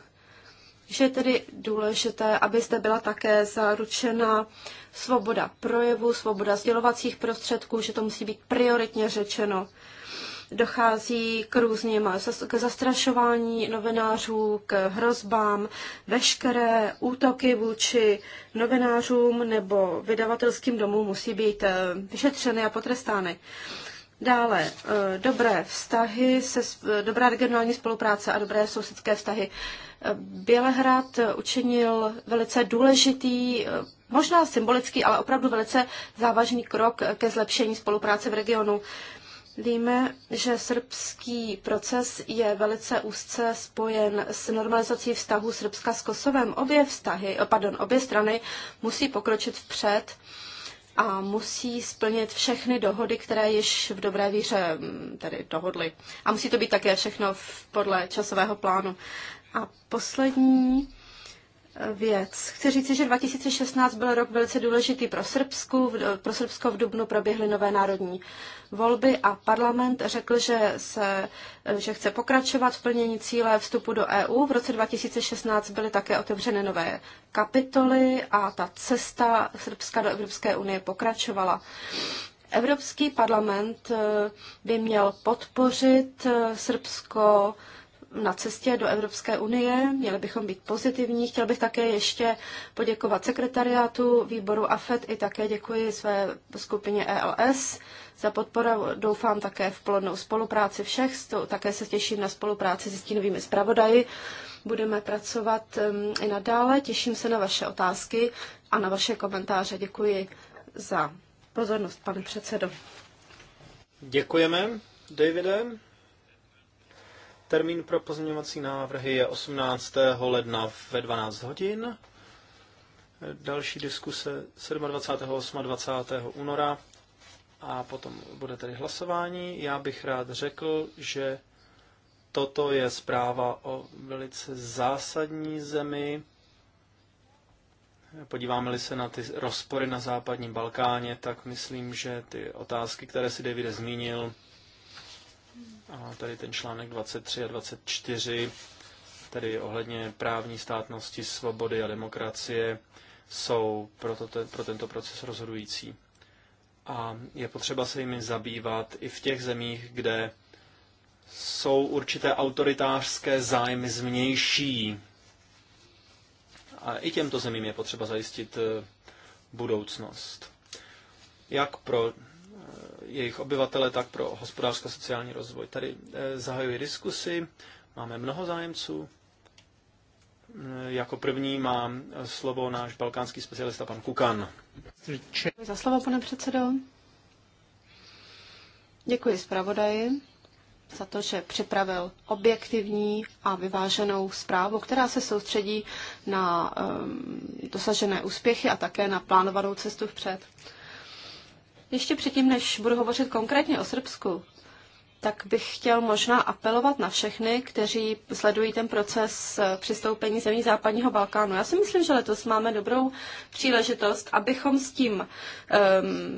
že je tedy důležité, aby zde byla také zaručena svoboda projevu, svoboda sdělovacích prostředků, že to musí být prioritně řečeno. Dochází k různým k zastrašování novinářů, k hrozbám, veškeré útoky vůči novinářům nebo vydavatelským domům musí být eh, vyšetřeny a potrestány. Dále eh, dobré vztahy, se, eh, dobrá regionální spolupráce a dobré sousedské vztahy. Eh, Bělehrad učinil velice důležitý, možná symbolický, ale opravdu velice závažný krok ke zlepšení spolupráce v regionu. Víme, že srbský proces je velice úzce spojen s normalizací vztahu Srbska s Kosovem. Obě, vztahy, pardon, obě strany musí pokročit vpřed a musí splnit všechny dohody, které již v dobré víře mm, tedy dohodly. A musí to být také všechno v, podle časového plánu. A poslední věc. Chci říct, že 2016 byl rok velice důležitý pro, Srbsku. pro Srbsko. V Dubnu proběhly nové národní volby a parlament řekl, že, se, že chce pokračovat v plnění cíle vstupu do EU. V roce 2016 byly také otevřeny nové kapitoly a ta cesta Srbska do Evropské unie pokračovala. Evropský parlament eh, by měl podpořit eh, Srbsko na cestě do Evropské unie, měli bychom být pozitivní. Chtěl bych také ještě poděkovat sekretariátu výboru AFET i také děkuji své skupině ELS za podporu. Doufám také v plodnou spolupráci všech, také se těším na spolupráci s stínovými zpravodaji. Budeme pracovat um, i nadále. Těším se na vaše otázky a na vaše komentáře. Děkuji za pozornost, pane předsedo. Děkujeme, Davide. Termín pro pozměňovací návrhy je 18. ledna ve 12 hodin. Další diskuse 27. 28. února a potom bude tedy hlasování. Já bych rád řekl, že toto je zpráva o velice zásadní zemi. Podíváme-li se na ty rozpory na západním Balkáně, tak myslím, že ty otázky, které si David zmínil, a tady ten článek 23 a 24, tedy ohledně právní státnosti, svobody a demokracie, jsou pro, to, pro tento proces rozhodující. A je potřeba se jimi zabývat i v těch zemích, kde jsou určité autoritářské zájmy zvnější. A i těmto zemím je potřeba zajistit eh, budoucnost. Jak pro jejich obyvatele, tak pro hospodářsko-sociální rozvoj. Tady eh, zahajuji diskusi, máme mnoho zájemců. Eh, jako první má slovo náš balkánský specialista pan Kukan. Děkuji za slovo, pane předsedo. Děkuji zpravodaji za to, že připravil objektivní a vyváženou zprávu, která se soustředí na um, dosažené úspěchy a také na plánovanou cestu vpřed. Ještě předtím, než budu hovořit konkrétně o Srbsku, tak bych chtěl možná apelovat na všechny, kteří sledují ten proces přistoupení zemí západního Balkánu. Já si myslím, že letos máme dobrou příležitost, abychom s tím um,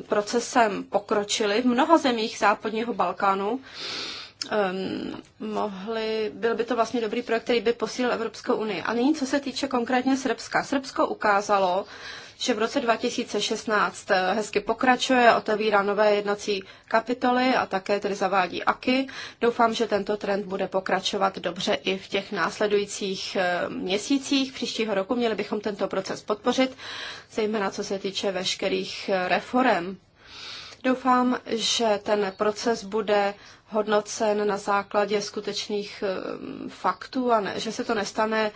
procesem pokročili v mnoha zemích západního Balkánu. Um, mohli, byl by to vlastně dobrý projekt, který by posílil Evropskou unii. A nyní, co se týče konkrétně Srbska. Srbsko ukázalo, že v roce 2016 eh, hezky pokračuje, otevírá nové jednací kapitoly a také tedy zavádí AKY. Doufám, že tento trend bude pokračovat dobře i v těch následujících eh, měsících příštího roku. Měli bychom tento proces podpořit, zejména co se týče veškerých eh, reform. Doufám, že ten proces bude hodnocen na základě skutečných faktů a ne, že se to nestane uh,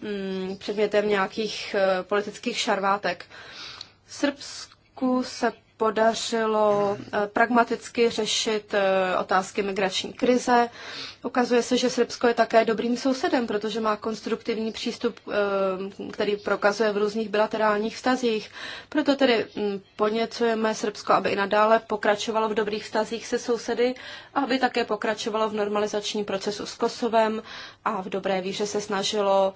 Mm, předmětem nějakých eh, politických šarvátek. V Srbsku se podařilo eh, pragmaticky řešit eh, otázky migrační krize. Ukazuje se, že Srbsko je také dobrým sousedem, protože má konstruktivní přístup, eh, který prokazuje v různých bilaterálních vztazích. Proto tedy mm, podněcujeme Srbsko, aby i nadále pokračovalo v dobrých vztazích se sousedy, aby také pokračovalo v normalizačním procesu s Kosovem a v dobré víře se snažilo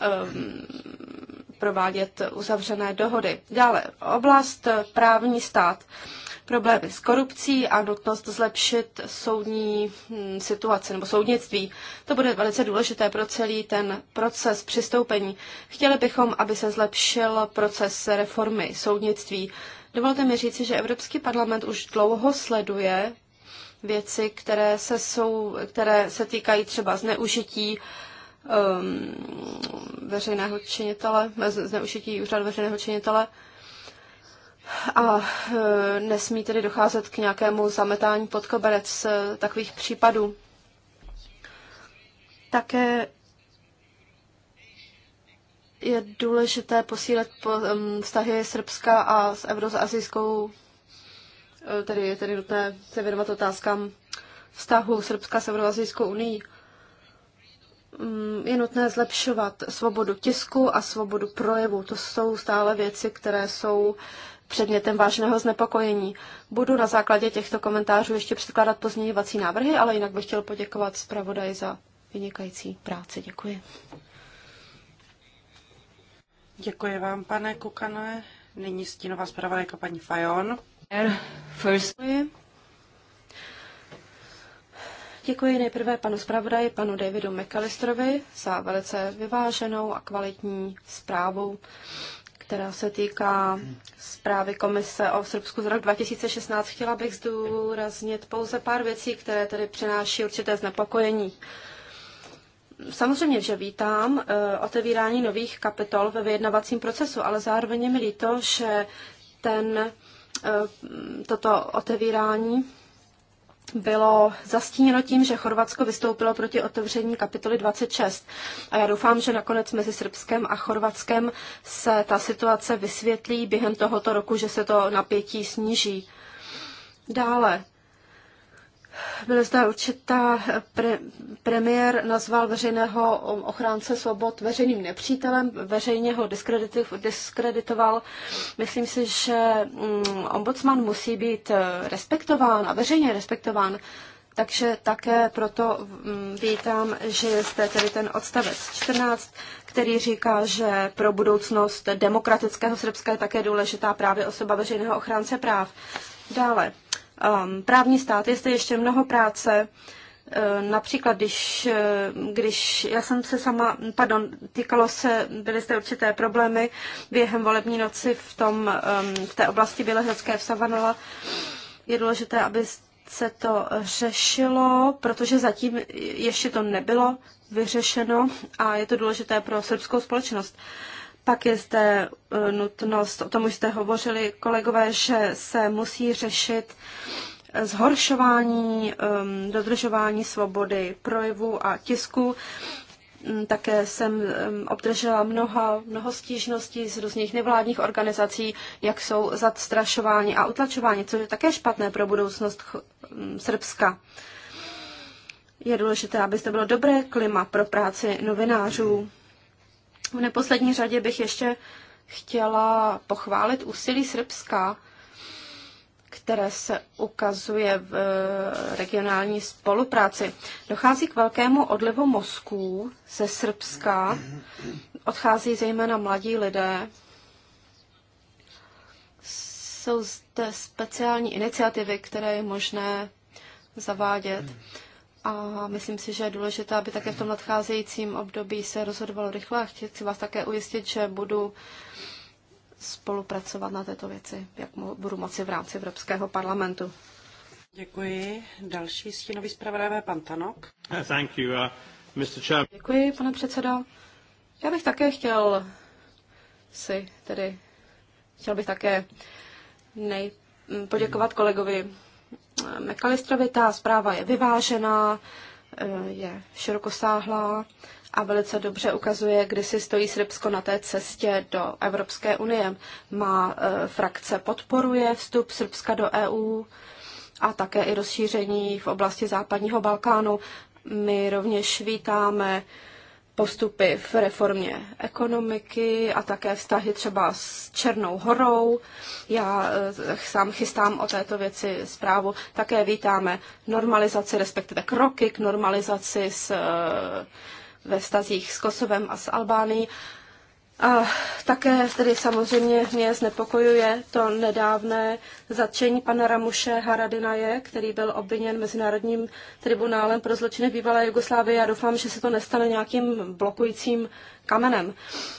ehm, provádět uzavřené dohody. Dále oblast právní stát, problémy s korupcí a nutnost zlepšit soudní hm, situaci nebo soudnictví. To bude velice důležité pro celý ten proces přistoupení. Chtěli bychom, aby se zlepšil proces reformy soudnictví. Dovolte mi říci, že Evropský parlament už dlouho sleduje věci, které se, jsou, které se týkají třeba zneužití um, veřejného činitele, zneužití úřadu veřejného činitele a e, nesmí tedy docházet k nějakému zametání pod koberec e, takových případů. Také je důležité posílat po, um, vztahy Srbska a s Evrozazijskou, e, uh, tedy je tedy nutné se věnovat otázkám vztahu Srbska s Evrozazijskou unii. Mm, je nutné zlepšovat svobodu tisku a svobodu projevu. To jsou stále věci, které jsou předmětem vážného znepokojení. Budu na základě těchto komentářů ještě předkládat pozměňovací návrhy, ale jinak bych chtěl poděkovat zpravodaji za vynikající práci. Děkuji. Děkuji vám, pane Kukane. Nyní stínová zpravodajka paní Fajon. First. Děkuji nejprve panu zpravodaji, panu Davidu McAllisterovi za velice vyváženou a kvalitní zprávu, která se týká zprávy komise o Srbsku z roku 2016. Chtěla bych zdůraznit pouze pár věcí, které tedy přináší určité znepokojení. Samozřejmě, že vítám eh, otevírání nových kapitol ve vyjednavacím procesu, ale zároveň mi líto, že ten, eh, toto otevírání bylo zastíněno tím, že Chorvatsko vystoupilo proti otevření kapitoly 26. A já doufám, že nakonec mezi Srbskem a Chorvatskem se ta situace vysvětlí během tohoto roku, že se to napětí sníží. Dále, byl zde určitá pre, premiér nazval veřejného ochránce svobod veřejným nepřítelem, veřejně ho diskreditoval. Myslím si, že mm, ombudsman musí být eh, respektován a veřejně respektován. Takže také proto mm, vítám, že jste tedy ten odstavec 14, který říká, že pro budoucnost demokratického Srbska je také důležitá právě osoba veřejného ochránce práv. Dále, Um, právní stát, je zde ještě mnoho práce. Uh, například, když, uh, když já jsem se sama, pardon, týkalo se, byly zde určité problémy během volební noci v, tom, um, v té oblasti Bělehradské v Savanola. Je důležité, aby se to řešilo, protože zatím ještě to nebylo vyřešeno a je to důležité pro srbskou společnost. Pak je zde e, nutnost, o tom už jste hovořili kolegové, že se musí řešit e, zhoršování dodržování svobody projevu a tisku. Mm, také jsem obdržela mnoha, mnoho stížností z různých nevládních organizací, jak jsou zastrašování a utlačování, což je také špatné pro budoucnost mm, Srbska. Je důležité, aby zde bylo dobré klima pro práci novinářů. V neposlední řadě bych ještě chtěla pochválit úsilí Srbska, které se ukazuje v eh, regionální spolupráci. Dochází k velkému odlivu mozků ze Srbska, odchází zejména mladí lidé. Jsou zde speciální iniciativy, které je možné zavádět a myslím si, že je důležité, aby také v tom nadcházejícím období se rozhodovalo rychle a chci vás také ujistit, že budu spolupracovat na této věci, jak budu moci v rámci Evropského parlamentu. Děkuji. Další stínový zpravodajové, pan Tanok. Thank you, uh, Mr. Chairman. Děkuji, pane předsedo. Já bych také chtěl si tedy, chtěl bych také nej, poděkovat kolegovi McAllisterovitá zpráva je vyvážená, eh, je širokosáhlá a velice dobře ukazuje, kdy si stojí Srbsko na té cestě do Evropské unie. Má eh, frakce podporuje vstup Srbska do EU a také i rozšíření v oblasti západního Balkánu. My rovněž vítáme uh, postupy v reformě ekonomiky a také vztahy třeba s Černou horou. Já eh, sám chystám o této věci zprávu. Také vítáme normalizaci, respektive kroky k normalizaci s, eh, ve vztazích s Kosovem a s Albánií. A také tedy samozřejmě mě znepokojuje to nedávné zatčení pana Ramuše Haradinaje, který byl obviněn Mezinárodním tribunálem pro zločiny bývalé Jugoslávie. Já doufám, že se to nestane nějakým blokujícím kamenem.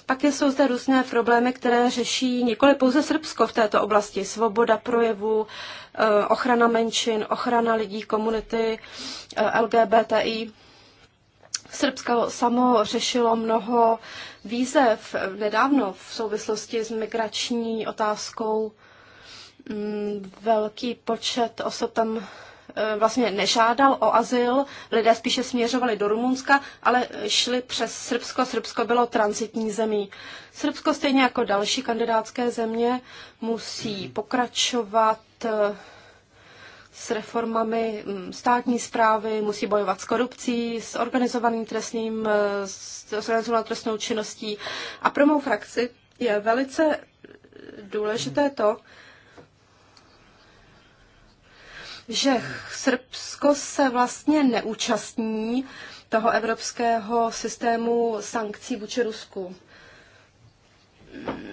Pak jsou zde různé problémy, které řeší nikoli pouze Srbsko v této oblasti. Svoboda projevu, eh, ochrana menšin, ochrana lidí, komunity, eh, LGBTI. Srbsko samo řešilo mnoho výzev nedávno v souvislosti s migrační otázkou. Mm, velký počet osob tam e, vlastně nežádal o azyl, lidé spíše směřovali do Rumunska, ale šli přes Srbsko. Srbsko bylo transitní zemí. Srbsko stejně jako další kandidátské země musí pokračovat e, s reformami mm, státní zprávy, musí bojovat s korupcí, s organizovaným trestním eh, s organizovanou trestnou činností. A pro mou frakci je velice důležité to, že Srbsko se vlastně neúčastní toho evropského systému sankcí vůči Rusku.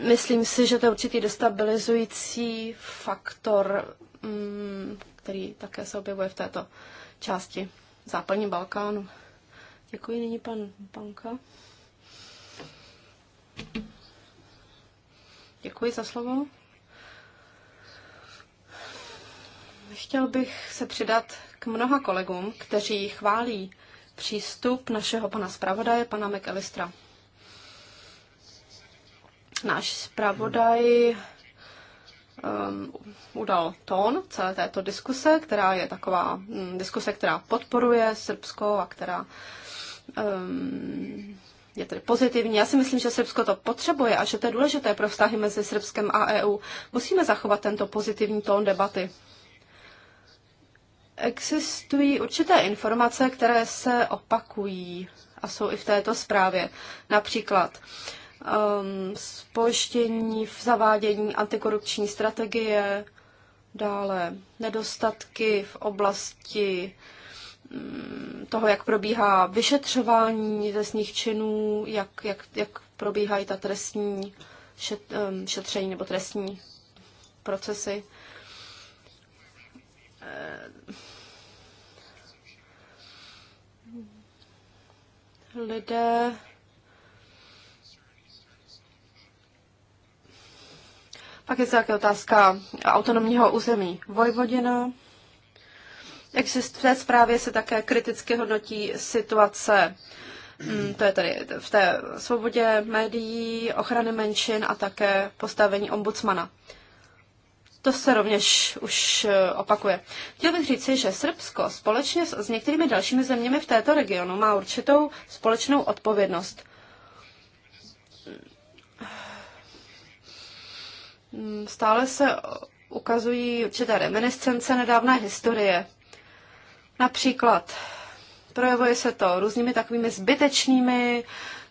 Myslím si, že to je určitý destabilizující faktor mm, který také se objevuje v této části západní Balkánu. Děkuji nyní pan Banka. Děkuji za slovo. Chtěl bych se přidat k mnoha kolegům, kteří chválí přístup našeho pana zpravodaje, pana McAllistra. Náš zpravodaj um, udal tón celé této diskuse, která je taková um, diskuse, která podporuje Srbsko a která um, je tedy pozitivní. Já si myslím, že Srbsko to potřebuje a že to je důležité pro vztahy mezi Srbskem a EU. Musíme zachovat tento pozitivní tón debaty. Existují určité informace, které se opakují a jsou i v této zprávě. Například uh, um, spoštění v zavádění antikorupční strategie, dále nedostatky v oblasti mm, toho, jak probíhá vyšetřování trestních činů, jak, jak, jak probíhají ta trestní šet, um, šetření nebo trestní procesy. Eh, lidé Pak je to také otázka autonomního území Vojvodina. Exist, v té zprávě se také kriticky hodnotí situace mm, to je tady v té svobodě médií, ochrany menšin a také postavení ombudsmana. To se rovněž už eh, opakuje. Chtěl bych říci, že Srbsko společně s, s některými dalšími zeměmi v této regionu má určitou společnou odpovědnost. Mm, stále se ukazují určité reminiscence nedávné historie. Například projevuje se to různými takovými zbytečnými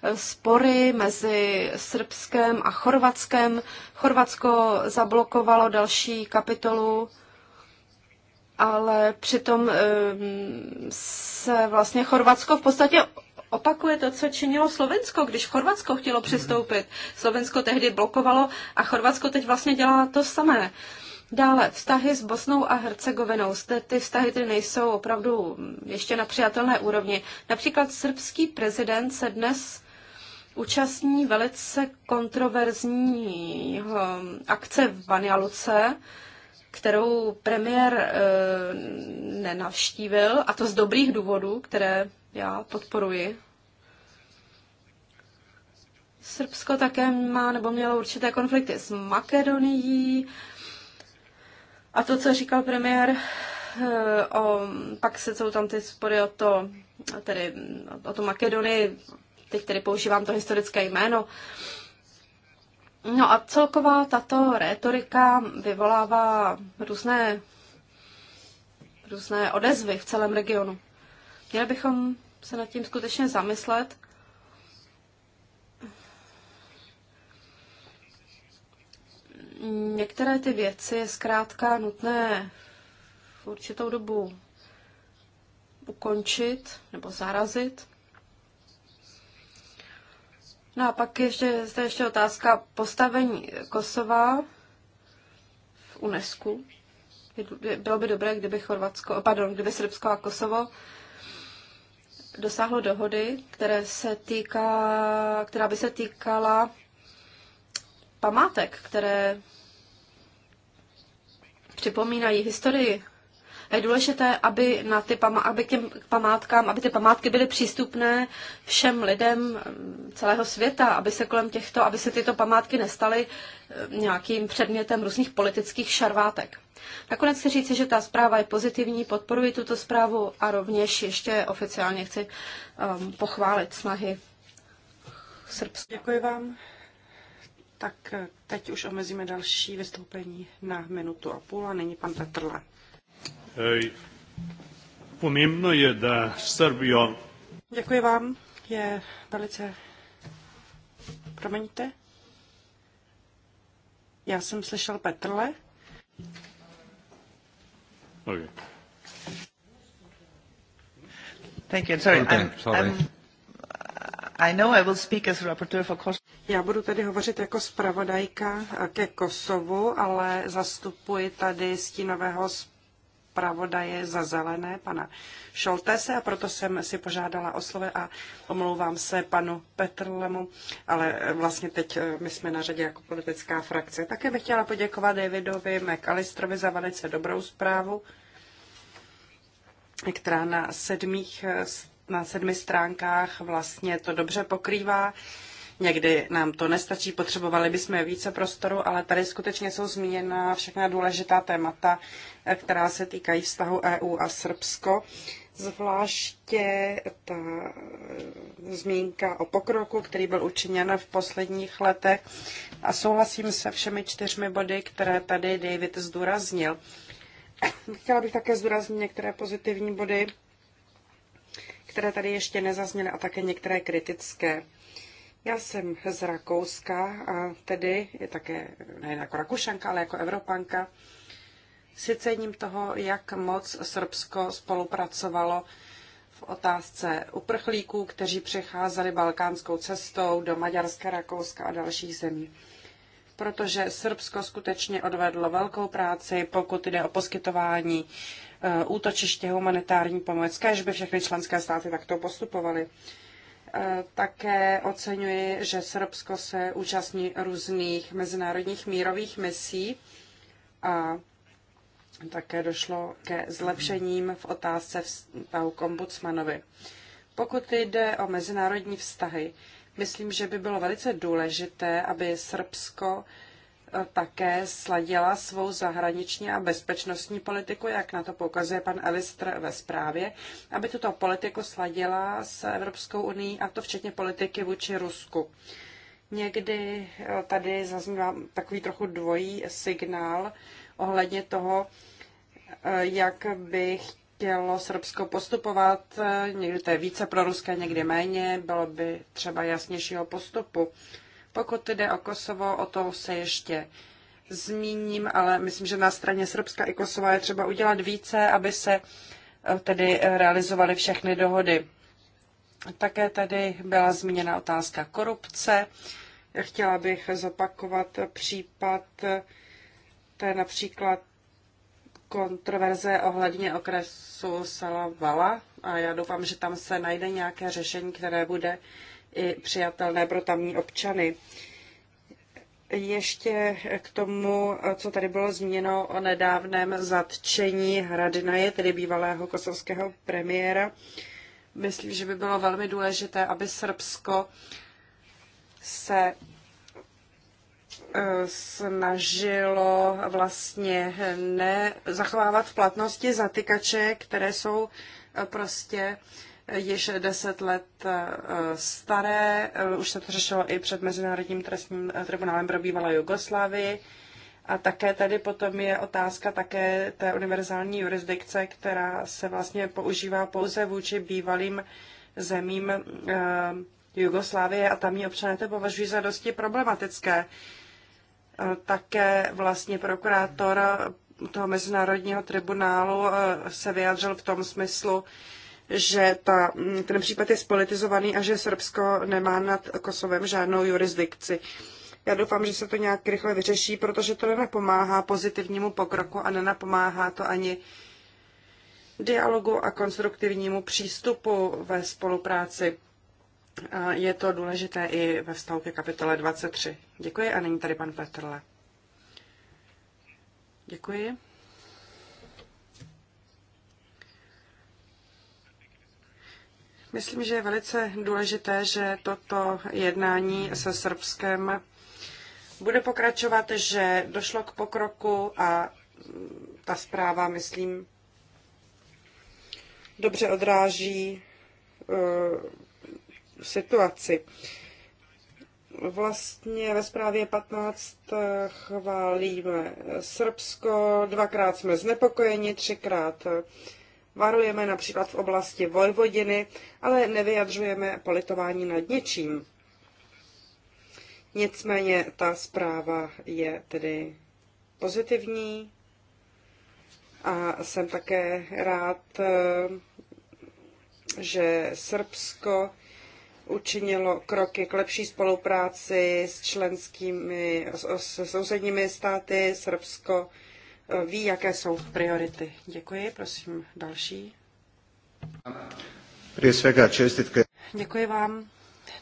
eh, spory mezi Srbskem a Chorvatskem. Chorvatsko zablokovalo další kapitolu, ale přitom eh, se vlastně Chorvatsko v podstatě opakuje to, co činilo Slovensko, když Chorvatsko chtělo mhm. přistoupit. Slovensko tehdy blokovalo a Chorvatsko teď vlastně dělá to samé. Dále vztahy s Bosnou a Hercegovinou. Zde ty vztahy ty nejsou opravdu mm, ještě na přijatelné úrovni. Například srbský prezident se dnes účastní velice kontroverzní mm, akce v Banjaluce, kterou premiér e, nenavštívil, a to z dobrých důvodů, které já podporuji. Srbsko také má nebo mělo určité konflikty s Makedonií. A to, co říkal premiér, eh, o, pak se jsou tam ty spory o to, tedy o to Makedonii, teď tedy používám to historické jméno. No a celková tato rétorika vyvolává různé, různé odezvy v celém regionu. Měli bychom se nad tím skutečně zamyslet. Některé ty věci je zkrátka nutné v určitou dobu ukončit nebo zarazit. No a pak ještě, zde ještě otázka postavení Kosova v UNESCO. Bylo by dobré, kdyby Chorvatsko, pardon, kdyby Srbsko a Kosovo dosáhlo dohody, které se týká, která by se týkala památek, které připomínají historii je důležité, aby, na ty pama- aby k těm památkám, aby ty památky byly přístupné všem lidem mm, celého světa, aby se kolem těchto, aby se tyto památky nestaly eh, nějakým předmětem různých politických šarvátek. Nakonec chci říci, že ta zpráva je pozitivní, podporuji tuto zprávu a rovněž ještě oficiálně chci um, pochválit snahy Srbska. Děkuji vám. Tak eh, teď už omezíme další vystoupení na minutu a půl a není pan Petrle. Pomembno je, da Srbijo. Děkuji vám. Je velice. Promiňte. Já jsem slyšel Petrle. Okay. Thank you. Sorry, okay, I'm, sorry. I'm, I know I will speak as rapporteur for Kosovo. Já budu tady hovořit jako zpravodajka ke Kosovu, ale zastupuji tady stínového zpravodajka zpravodaje za zelené, pana Šoltese, a proto jsem si požádala o slovo a omlouvám se panu Petrlemu, ale eh, vlastně teď eh, my jsme na řadě jako politická frakce. Také bych chtěla poděkovat Davidovi McAllisterovi za velice dobrou zprávu, která na sedmých eh, na sedmi stránkách vlastně to dobře pokrývá Někdy nám to nestačí, potřebovali bychom více prostoru, ale tady skutečně jsou zmíněna všechna důležitá témata, eh, která se týkají vztahu EU a Srbsko. Zvláště ta eh, zmínka o pokroku, který byl učiněn v posledních letech. A souhlasím se všemi čtyřmi body, které tady David zdůraznil. Chtěla bych také zdůraznit některé pozitivní body, které tady ještě nezazněly a také některé kritické. Já jsem z Rakouska a tedy je také nejen jako Rakušanka, ale jako Evropanka si cením toho, jak moc Srbsko spolupracovalo v otázce uprchlíků, kteří přecházeli balkánskou cestou do Maďarska, Rakouska a dalších zemí. Protože Srbsko skutečně odvedlo velkou práci, pokud jde o poskytování eh, útočiště humanitární pomoc, kež by všechny členské státy takto postupovaly. Eh, také oceňuji, že Srbsko se účastní různých mezinárodních mírových misí a také došlo ke zlepšením v otázce vztahu k ombudsmanovi. Pokud jde o mezinárodní vztahy, myslím, že by bylo velice důležité, aby Srbsko také sladila svou zahraniční a bezpečnostní politiku, jak na to poukazuje pan Elistr ve zprávě, aby tuto politiku sladila s Evropskou unii a to včetně politiky vůči Rusku. Někdy eh, tady zaznívá takový trochu dvojí signál ohledně toho, eh, jak by chtělo Srbsko postupovat. Eh, někdy to je více pro Ruska, někdy méně. Bylo by třeba jasnějšího postupu. Pokud jde o Kosovo, o to se ještě zmíním, ale myslím, že na straně Srbska i Kosova je třeba udělat více, aby se eh, tedy eh, realizovaly všechny dohody. Také tady byla zmíněna otázka korupce. Chtěla bych zopakovat případ eh, té například kontroverze ohledně okresu Salavala a já doufám, že tam se najde nějaké řešení, které bude i přijatelné pro tamní občany. Ještě k tomu, co tady bylo zmíněno o nedávném zatčení Hradnaje, tedy bývalého kosovského premiéra. Myslím, že by bylo velmi důležité, aby Srbsko se eh, snažilo vlastně nezachovávat v platnosti zatykače, které jsou eh, prostě uh, již deset let eh, staré, eh, už se to řešilo i před Mezinárodním trestním eh, tribunálem pro bývalé Jugoslávii. A také tady potom je otázka také té univerzální jurisdikce, která se vlastně používá pouze vůči bývalým zemím Jugoslávie a tamní občané to považují za dosti problematické. Také vlastně prokurátor toho mezinárodního tribunálu se vyjádřil v tom smyslu, že ta, mm, ten případ je spolitizovaný a že Srbsko nemá nad Kosovem žádnou jurisdikci. Já doufám, že se to nějak rychle vyřeší, protože to nenapomáhá pozitivnímu pokroku a nenapomáhá to ani dialogu a konstruktivnímu přístupu ve spolupráci. Je to důležité i ve vztahu ke kapitole 23. Děkuji a nyní tady pan Petrle. Děkuji. Myslím, že je velice důležité, že toto jednání se Srbskem bude pokračovat, že došlo k pokroku a ta zpráva, myslím, dobře odráží uh, situaci. Vlastně ve zprávě 15 eh, chválíme Srbsko, dvakrát jsme znepokojeni, třikrát eh, varujeme například v oblasti Vojvodiny, ale nevyjadřujeme politování nad něčím. Nicméně ta zpráva je tedy pozitivní a jsem také rád, eh, že Srbsko učinilo kroky k lepší spolupráci s členskými, s, s sousedními státy. Srbsko ví, jaké jsou priority. Děkuji, prosím další. Děkuji vám.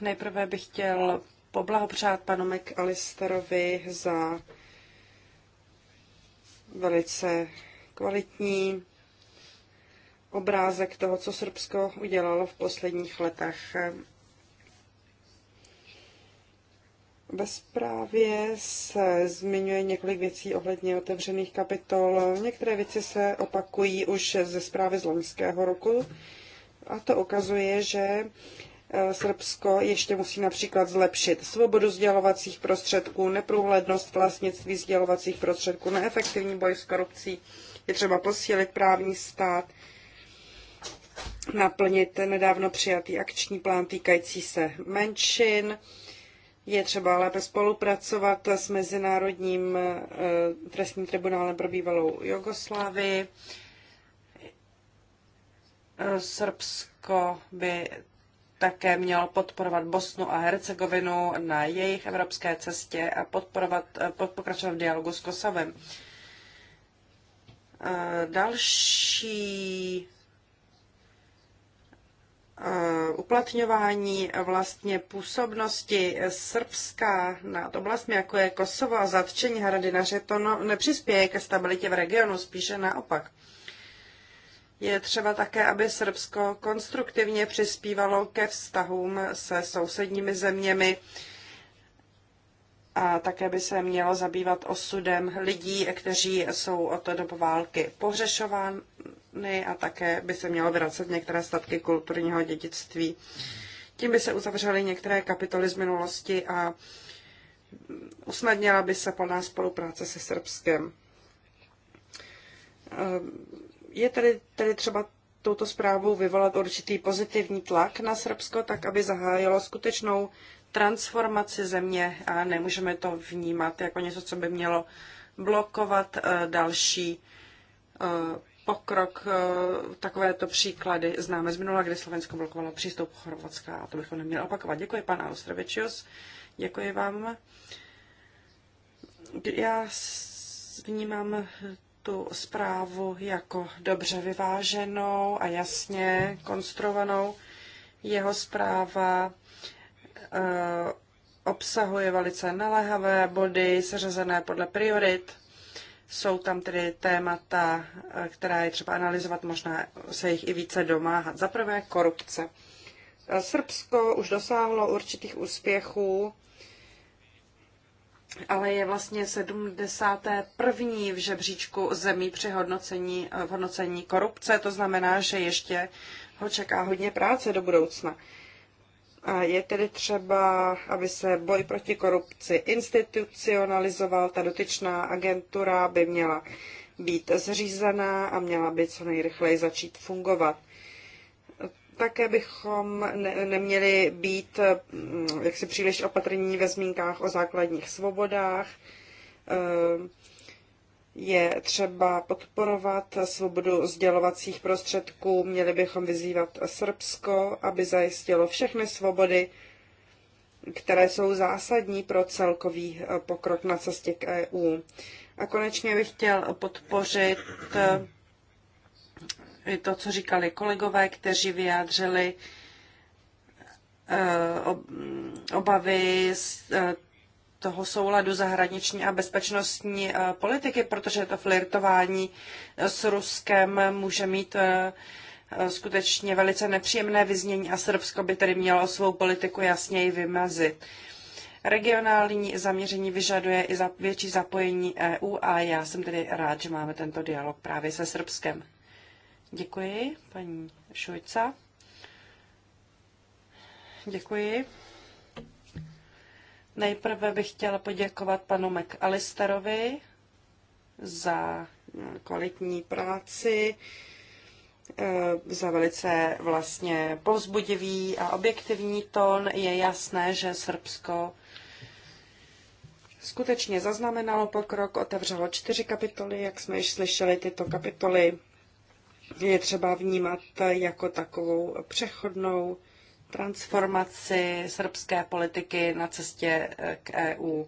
Nejprve bych chtěl poblahopřát panu McAllisterovi za velice kvalitní obrázek toho, co Srbsko udělalo v posledních letech. Ve zprávě se zmiňuje několik věcí ohledně otevřených kapitol. Některé věci se opakují už ze zprávy z loňského roku a to ukazuje, že eh, Srbsko ještě musí například zlepšit svobodu sdělovacích prostředků, neprůhlednost vlastnictví sdělovacích prostředků, neefektivní boj s korupcí, je třeba posílit právní stát, naplnit nedávno přijatý akční plán týkající se menšin, je třeba lépe spolupracovat s Mezinárodním eh, trestním tribunálem pro bývalou Jugoslávii. Eh, Srbsko by také mělo podporovat Bosnu a Hercegovinu na jejich evropské cestě a podporovat, eh, pokračovat v dialogu s Kosovem. Další Eh, uplatňování vlastně působnosti Srbska nad oblastmi, jako je Kosovo a zatčení to no nepřispěje ke stabilitě v regionu, spíše naopak. Je třeba také, aby Srbsko konstruktivně přispívalo ke vztahům se sousedními zeměmi a také by se mělo zabývat osudem lidí, kteří jsou od té doby války pohřešován, Unii a také by se mělo vracet některé statky kulturního dědictví. Tím by se uzavřely některé kapitoly z minulosti a usnadnila by se plná spolupráce se Srbskem. Ehm, je tedy, tedy třeba touto zprávou vyvolat určitý pozitivní tlak na Srbsko, tak aby zahájilo skutečnou transformaci země a nemůžeme to vnímat jako něco, co by mělo blokovat eh, další eh, pokrok. Eh, takovéto příklady známe z minula, kdy Slovensko blokovalo přístup Chorvatska a to bychom neměli opakovat. Děkuji, pan Austrovičius. Děkuji vám. Já vnímám tu zprávu jako dobře vyváženou a jasně konstruovanou. Jeho zpráva eh, obsahuje velice naléhavé body seřazené podle priorit jsou tam tedy témata, eh, která je třeba analyzovat, možná se jich i více domáhat. Za prvé korupce. Eh, Srbsko už dosáhlo určitých úspěchů, ale je vlastně 71. v žebříčku zemí při hodnocení, eh, v hodnocení korupce. To znamená, že ještě ho čeká hodně práce do budoucna. A je tedy třeba, aby se boj proti korupci institucionalizoval. Ta dotyčná agentura by měla být zřízená a měla by co nejrychleji začít fungovat. Také bychom ne, neměli být mm, jaksi příliš opatrní ve zmínkách o základních svobodách. Ehm, je třeba podporovat svobodu sdělovacích prostředků. Měli bychom vyzývat Srbsko, aby zajistilo všechny svobody, které jsou zásadní pro celkový eh, pokrok na cestě k EU. A konečně bych chtěl podpořit eh, to, co říkali kolegové, kteří vyjádřili eh, obavy z toho souladu zahraniční a bezpečnostní eh, politiky, protože to flirtování eh, s Ruskem může mít eh, skutečně velice nepříjemné vyznění a Srbsko by tedy mělo svou politiku jasněji vymezit. Regionální zaměření vyžaduje i za větší zapojení EU a já jsem tedy rád, že máme tento dialog právě se Srbskem. Děkuji, paní Šujca. Děkuji. Nejprve bych chtěla poděkovat panu McAllisterovi za kvalitní práci, eh, za velice vlastně povzbudivý a objektivní tón. Je jasné, že Srbsko skutečně zaznamenalo pokrok, otevřelo čtyři kapitoly, jak jsme již slyšeli, tyto kapitoly je třeba vnímat jako takovou přechodnou transformaci srbské politiky na cestě eh, k EU.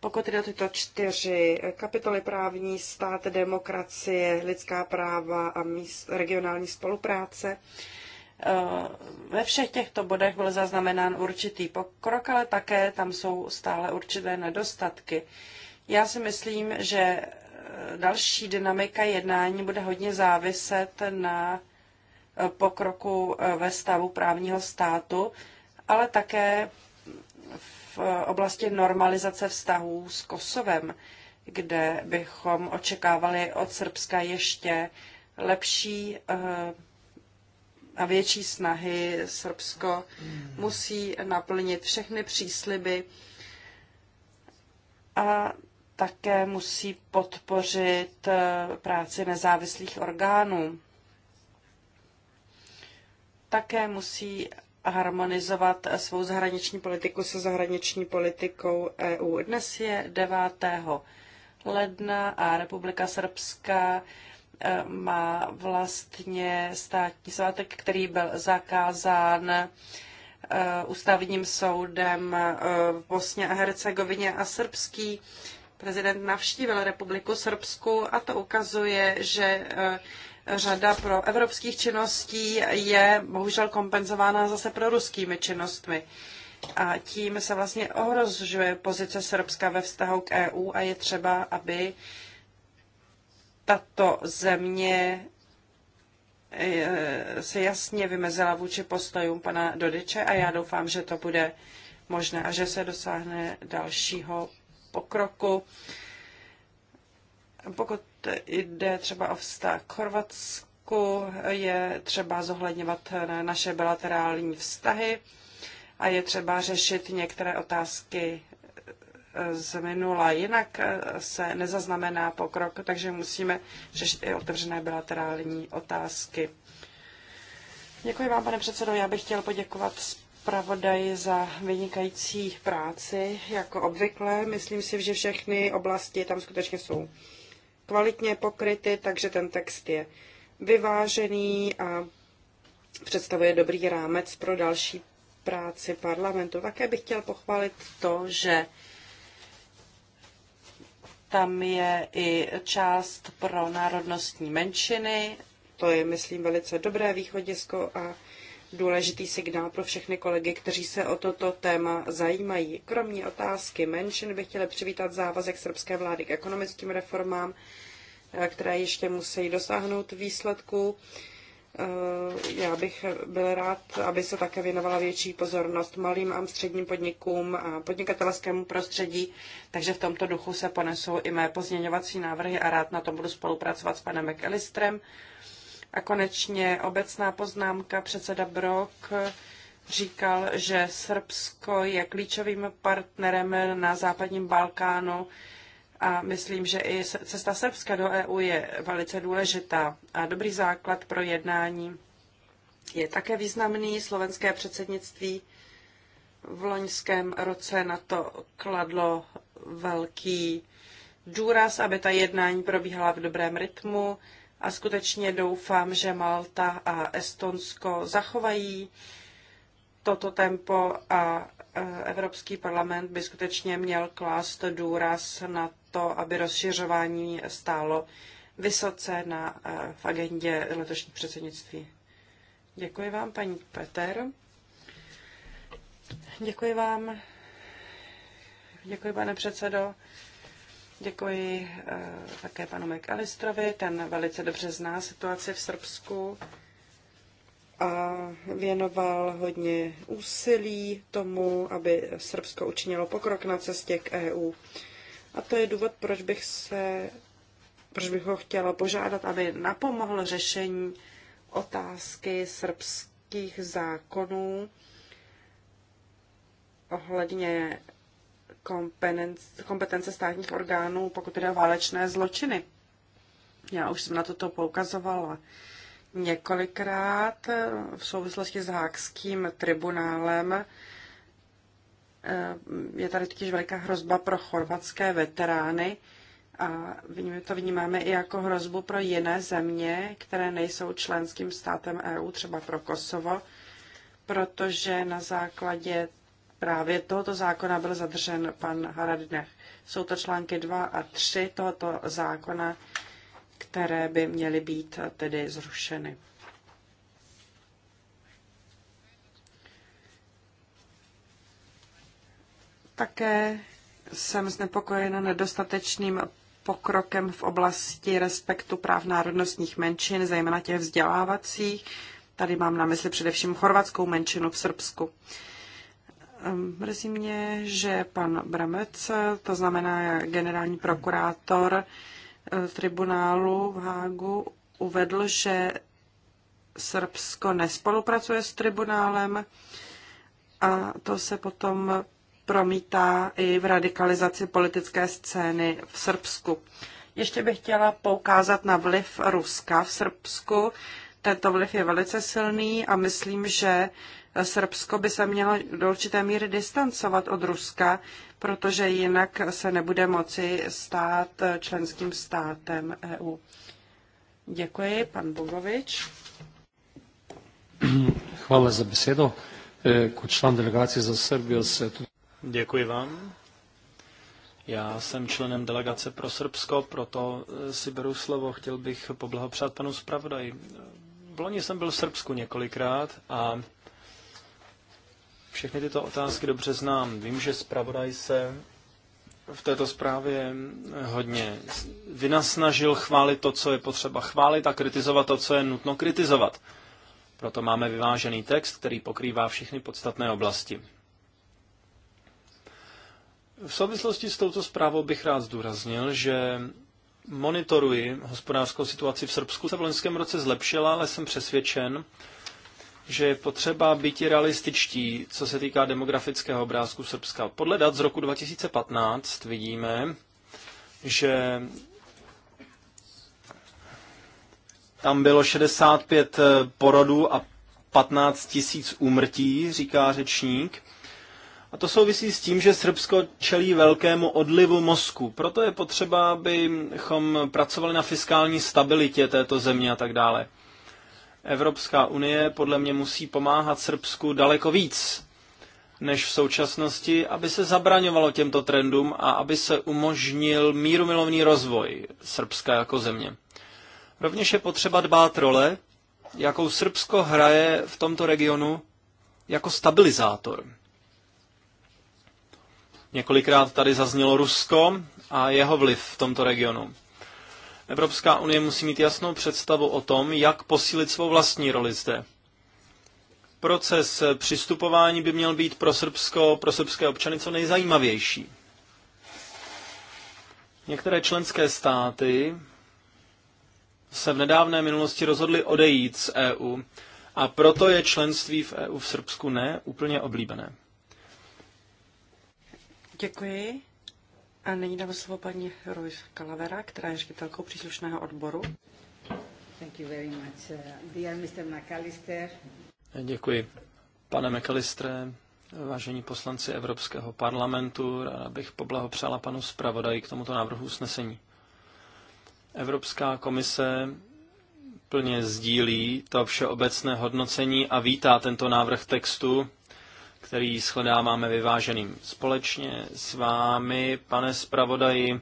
Pokud jde o tyto čtyři eh, kapitoly právní stát, demokracie, lidská práva a míst, regionální spolupráce, eh, ve všech těchto bodech byl zaznamenán určitý pokrok, ale také tam jsou stále určité nedostatky. Já si myslím, že další dynamika jednání bude hodně záviset na pokroku eh, ve stavu právního státu, ale také v oblasti normalizace vztahů s Kosovem, kde bychom očekávali od Srbska ještě lepší eh, a větší snahy. Srbsko musí naplnit všechny přísliby a také musí podpořit eh, práci nezávislých orgánů také musí harmonizovat svou zahraniční politiku se zahraniční politikou EU. Dnes je 9. ledna a Republika Srbská eh, má vlastně státní svátek, který byl zakázán eh, ústavním soudem eh, v Bosně a Hercegovině a srbský prezident navštívil Republiku Srbsku a to ukazuje, že řada pro evropských činností je bohužel kompenzována zase pro ruskými činnostmi. A tím se vlastně ohrožuje pozice Srbska ve vztahu k EU a je třeba, aby tato země e, se jasně vymezila vůči postojům pana Dodiče a já doufám, že to bude možné a že se dosáhne dalšího pokroku. Pokud jde třeba o vztah k Chorvatsku, je třeba zohledňovat eh, naše bilaterální vztahy a je třeba řešit některé otázky eh, z minula. Jinak eh, se nezaznamená pokrok, takže musíme řešit i otevřené bilaterální otázky. Děkuji vám, pane předsedo. Já bych chtěl poděkovat zpravodaji za vynikající práci, jako obvykle. Myslím si, že všechny oblasti tam skutečně jsou kvalitně pokryty, takže ten text je vyvážený a představuje dobrý rámec pro další práci parlamentu. Také bych chtěl pochválit to, že tam je i část pro národnostní menšiny. To je, myslím, velice dobré východisko a důležitý signál pro všechny kolegy, kteří se o toto téma zajímají. Kromě otázky menšin bych chtěla přivítat závazek srbské vlády k ekonomickým reformám, eh, které ještě musí dosáhnout výsledku. Eh, já bych byl rád, aby se také věnovala větší pozornost malým a středním podnikům a podnikatelskému prostředí, takže v tomto duchu se ponesou i mé pozměňovací návrhy a rád na tom budu spolupracovat s panem McAllisterem. A konečně obecná poznámka předseda Brok říkal, že Srbsko je klíčovým partnerem na západním Balkánu a myslím, že i cesta Srbska do EU je velice důležitá a dobrý základ pro jednání. Je také významný slovenské předsednictví v loňském roce na to kladlo velký důraz, aby ta jednání probíhala v dobrém rytmu a skutečně doufám, že Malta a Estonsko zachovají toto tempo a e, Evropský parlament by skutečně měl klást důraz na to, aby rozšiřování stálo vysoce na, e, v agendě letošní předsednictví. Děkuji vám, paní Peter. Děkuji vám. Děkuji, pane předsedo. Děkuji eh, také panu McAllisterovi, ten velice dobře zná situaci v Srbsku a věnoval hodně úsilí tomu, aby Srbsko učinilo pokrok na cestě k EU. A to je důvod, proč bych, se, proč bych ho chtěla požádat, aby napomohl řešení otázky srbských zákonů ohledně kompetence státních orgánů, pokud jde o válečné zločiny. Já už jsem na toto poukazovala několikrát eh, v souvislosti s Hákským tribunálem. Eh, je tady totiž veliká hrozba pro chorvatské veterány a to vnímáme i jako hrozbu pro jiné země, které nejsou členským státem EU, třeba pro Kosovo, protože na základě právě tohoto zákona byl zadržen pan Haradinech. Jsou to články 2 a 3 tohoto zákona, které by měly být tedy zrušeny. Také jsem znepokojena nedostatečným pokrokem v oblasti respektu práv národnostních menšin, zejména těch vzdělávacích. Tady mám na mysli především chorvatskou menšinu v Srbsku. Uh, Mrzí mě, že pan Bramec, to znamená generální prokurátor eh, tribunálu v Hágu, uvedl, že Srbsko nespolupracuje s tribunálem a to se potom promítá i v radikalizaci politické scény v Srbsku. Ještě bych chtěla poukázat na vliv Ruska v Srbsku. Tento vliv je velice silný a myslím, že Srbsko by se mělo do určité míry distancovat od Ruska, protože jinak se nebude moci stát členským státem EU. Děkuji, pan Bogovič. Hvala za besedo. Jako e, člen delegace za Srbiu se tu... Děkuji vám. Já jsem členem delegace pro Srbsko, proto e, si beru slovo. Chtěl bych poblahopřát panu zpravodaji. V loni jsem byl v Srbsku několikrát a všechny tyto otázky dobře znám. Vím, že zpravodaj se v této zprávě hodně vynasnažil chválit to, co je potřeba chválit a kritizovat to, co je nutno kritizovat. Proto máme vyvážený text, který pokrývá všechny podstatné oblasti. V souvislosti s touto zprávou bych rád zdůraznil, že monitoruji hospodářskou situaci v Srbsku. Se v loňském roce zlepšila, ale jsem přesvědčen, že je potřeba být realističtí, co se týká demografického obrázku Srbska. Podle dat z roku 2015 vidíme, že tam bylo 65 porodů a 15 tisíc úmrtí, říká řečník. A to souvisí s tím, že Srbsko čelí velkému odlivu mozku. Proto je potřeba, abychom pracovali na fiskální stabilitě této země a tak dále. Evropská unie podle mě musí pomáhat Srbsku daleko víc než v současnosti, aby se zabraňovalo těmto trendům a aby se umožnil mírumilovný rozvoj Srbska jako země. Rovněž je potřeba dbát role, jakou Srbsko hraje v tomto regionu jako stabilizátor. Několikrát tady zaznělo Rusko a jeho vliv v tomto regionu. Evropská unie musí mít jasnou představu o tom, jak posílit svou vlastní roli zde. Proces přistupování by měl být pro Srbsko, pro srbské občany co nejzajímavější. Některé členské státy se v nedávné minulosti rozhodly odejít z EU a proto je členství v EU v Srbsku ne úplně oblíbené. Děkuji. A nyní dám slovo paní Ruiz Calavera, která je ředitelkou příslušného odboru. Thank you very much. Uh, dear Mr. McAllister. Děkuji. Pane McAllister, vážení poslanci Evropského parlamentu, ráda bych poblahopřála panu zpravodaji k tomuto návrhu usnesení. Evropská komise plně sdílí to všeobecné hodnocení a vítá tento návrh textu, který shledáváme vyváženým. Společně s vámi, pane zpravodaji,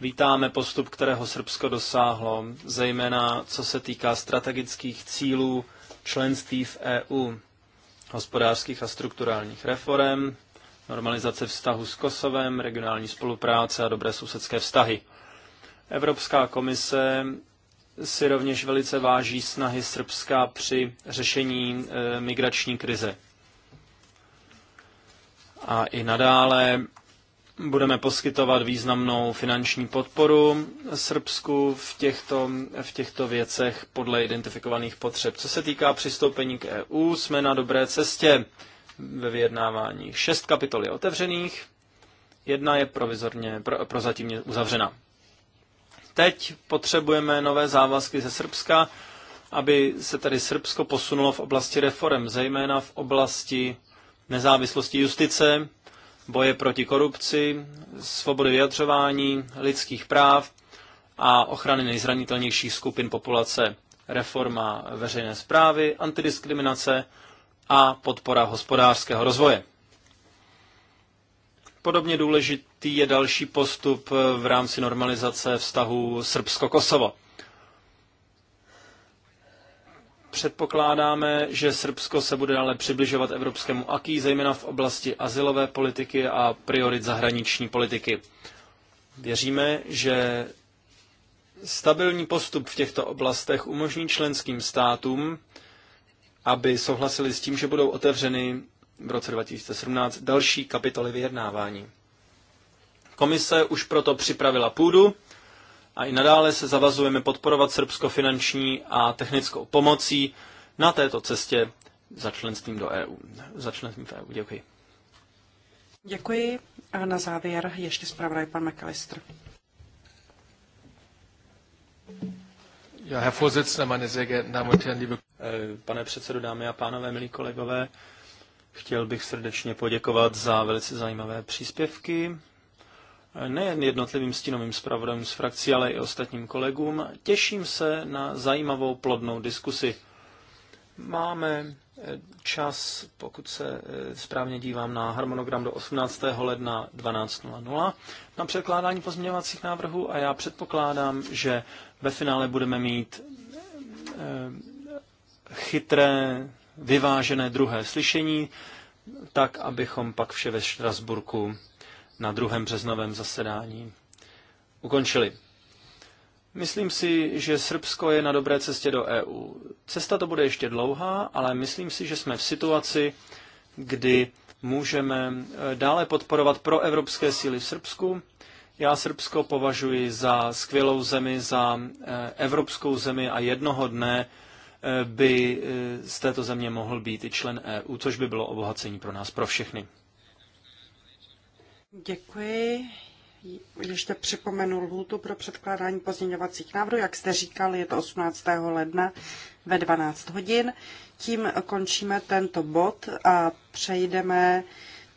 vítáme postup, kterého Srbsko dosáhlo, zejména co se týká strategických cílů členství v EU, hospodářských a strukturálních reform, normalizace vztahu s Kosovem, regionální spolupráce a dobré sousedské vztahy. Evropská komise si rovněž velice váží snahy Srbska při řešení eh, migrační krize a i nadále budeme poskytovat významnou finanční podporu Srbsku v těchto, v těchto věcech podle identifikovaných potřeb. Co se týká přistoupení k EU, jsme na dobré cestě ve vyjednávání. Šest kapitol je otevřených, jedna je provizorně, pro, prozatímně uzavřena. Teď potřebujeme nové závazky ze Srbska, aby se tady Srbsko posunulo v oblasti reform, zejména v oblasti nezávislosti justice, boje proti korupci, svobody vyjadřování, lidských práv a ochrany nejzranitelnějších skupin populace, reforma veřejné zprávy, antidiskriminace a podpora hospodářského rozvoje. Podobně důležitý je další postup v rámci normalizace vztahu Srbsko-Kosovo. Předpokládáme, že Srbsko se bude dále přibližovat evropskému aký, zejména v oblasti asilové politiky a priorit zahraniční politiky. Věříme, že stabilní postup v těchto oblastech umožní členským státům, aby souhlasili s tím, že budou otevřeny v roce 2017 další kapitoly vyjednávání. Komise už proto připravila půdu a i nadále se zavazujeme podporovat Srbsko finanční a technickou pomocí na této cestě za členstvím do EU. Za členstvím v EU. Děkuji. Děkuji. A na závěr ještě zpravodaj pan McAllister. Ja, Herr Vorsitzender, meine sehr geehrten Damen und Herren, liebe... Eh, pane předsedo, dámy a pánové, milí kolegové, chtěl bych srdečně poděkovat za velice zajímavé příspěvky nejen jednotlivým stínovým zpravodajům z frakcí, ale i ostatním kolegům. Těším se na zajímavou plodnou diskusi. Máme eh, čas, pokud se eh, správně dívám na harmonogram do 18. ledna 12.00 na překládání pozměňovacích návrhů a já předpokládám, že ve finále budeme mít eh, chytré, vyvážené druhé slyšení, tak abychom pak vše ve Štrasburku na druhém březnovém zasedání ukončili. Myslím si, že Srbsko je na dobré cestě do EU. Cesta to bude ještě dlouhá, ale myslím si, že jsme v situaci, kdy můžeme eh, dále podporovat proevropské síly v Srbsku. Já Srbsko považuji za skvělou zemi, za eh, evropskou zemi a jednoho dne eh, by z této země mohl být i člen EU, což by bylo obohacení pro nás, pro všechny. Děkuji. Ještě připomenu lhůtu pro předkládání pozměňovacích návrhů. Jak jste říkal, je to 18. ledna ve 12 hodin. Tím končíme tento bod a přejdeme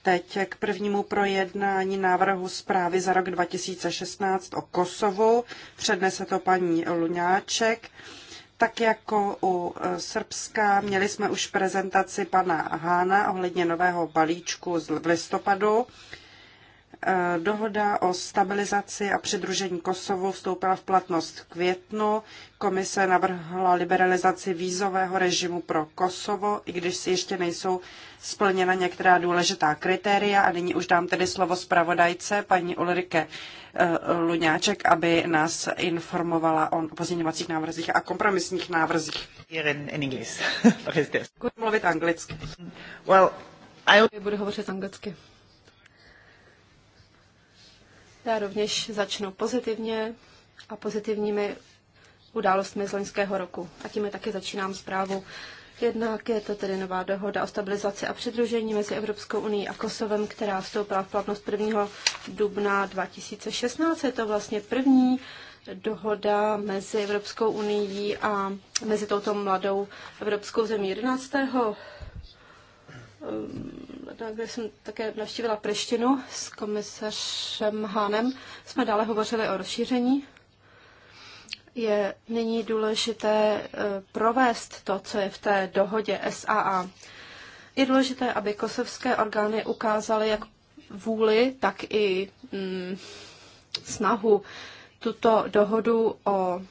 teď k prvnímu projednání návrhu zprávy za rok 2016 o Kosovu. Přednese to paní Luňáček. Tak jako u e, Srbska měli jsme už prezentaci pana Hána ohledně nového balíčku v listopadu. Eh, dohoda o stabilizaci a přidružení Kosovu vstoupila v platnost v květnu. Komise navrhla liberalizaci vízového režimu pro Kosovo, i když si ještě nejsou splněna některá důležitá kritéria. A nyní už dám tedy slovo zpravodajce paní Ulrike eh, Luňáček, aby nás informovala o pozměňovacích návrzích a kompromisních návrzích. In mluvit anglicky. Well, I... Budu hovořit anglicky. Já rovněž začnu pozitivně a pozitivními událostmi z loňského roku. A tím je začínám zprávu. Jednak je to tedy nová dohoda o stabilizaci a přidružení mezi Evropskou unii a Kosovem, která vstoupila v platnost 1. dubna 2016. Je to vlastně první dohoda mezi Evropskou unii a mezi touto mladou evropskou zemí 11 kde jsem také navštívila Preštinu s komisařem Hánem, jsme dále hovořili o rozšíření. Je nyní důležité eh, provést to, co je v té dohodě SAA. Je důležité, aby kosovské orgány ukázaly jak vůli, tak i mm, snahu tuto dohodu o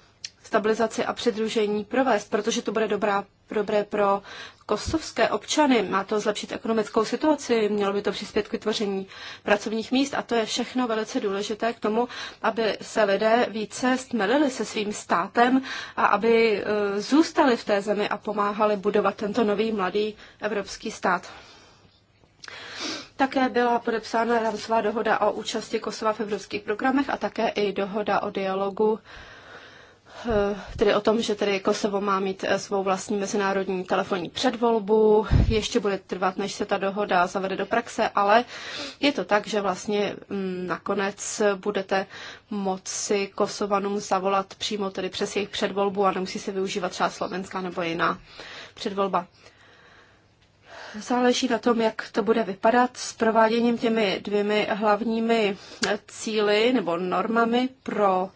stabilizaci a přidružení provést, protože to bude dobrá dobré pro kosovské občany, má to zlepšit ekonomickou situaci, mělo by to přispět k vytvoření pracovních míst a to je všechno velice důležité k tomu, aby se lidé více stmelili se svým státem a aby e, zůstali v té zemi a pomáhali budovat tento nový mladý evropský stát. Také byla podepsána rámcová dohoda o účasti Kosova v evropských programech a také i dohoda o dialogu Eh, tedy o tom, že tedy Kosovo má mít eh, svou vlastní mezinárodní telefonní předvolbu. Ještě bude trvat, než se ta dohoda zavede do praxe, ale je to tak, že vlastně mm, nakonec budete moci Kosovanům zavolat přímo tedy přes jejich předvolbu a nemusí se využívat třeba slovenská nebo jiná předvolba. Záleží na tom, jak to bude vypadat s prováděním těmi dvěmi hlavními eh, cíly nebo normami pro uh,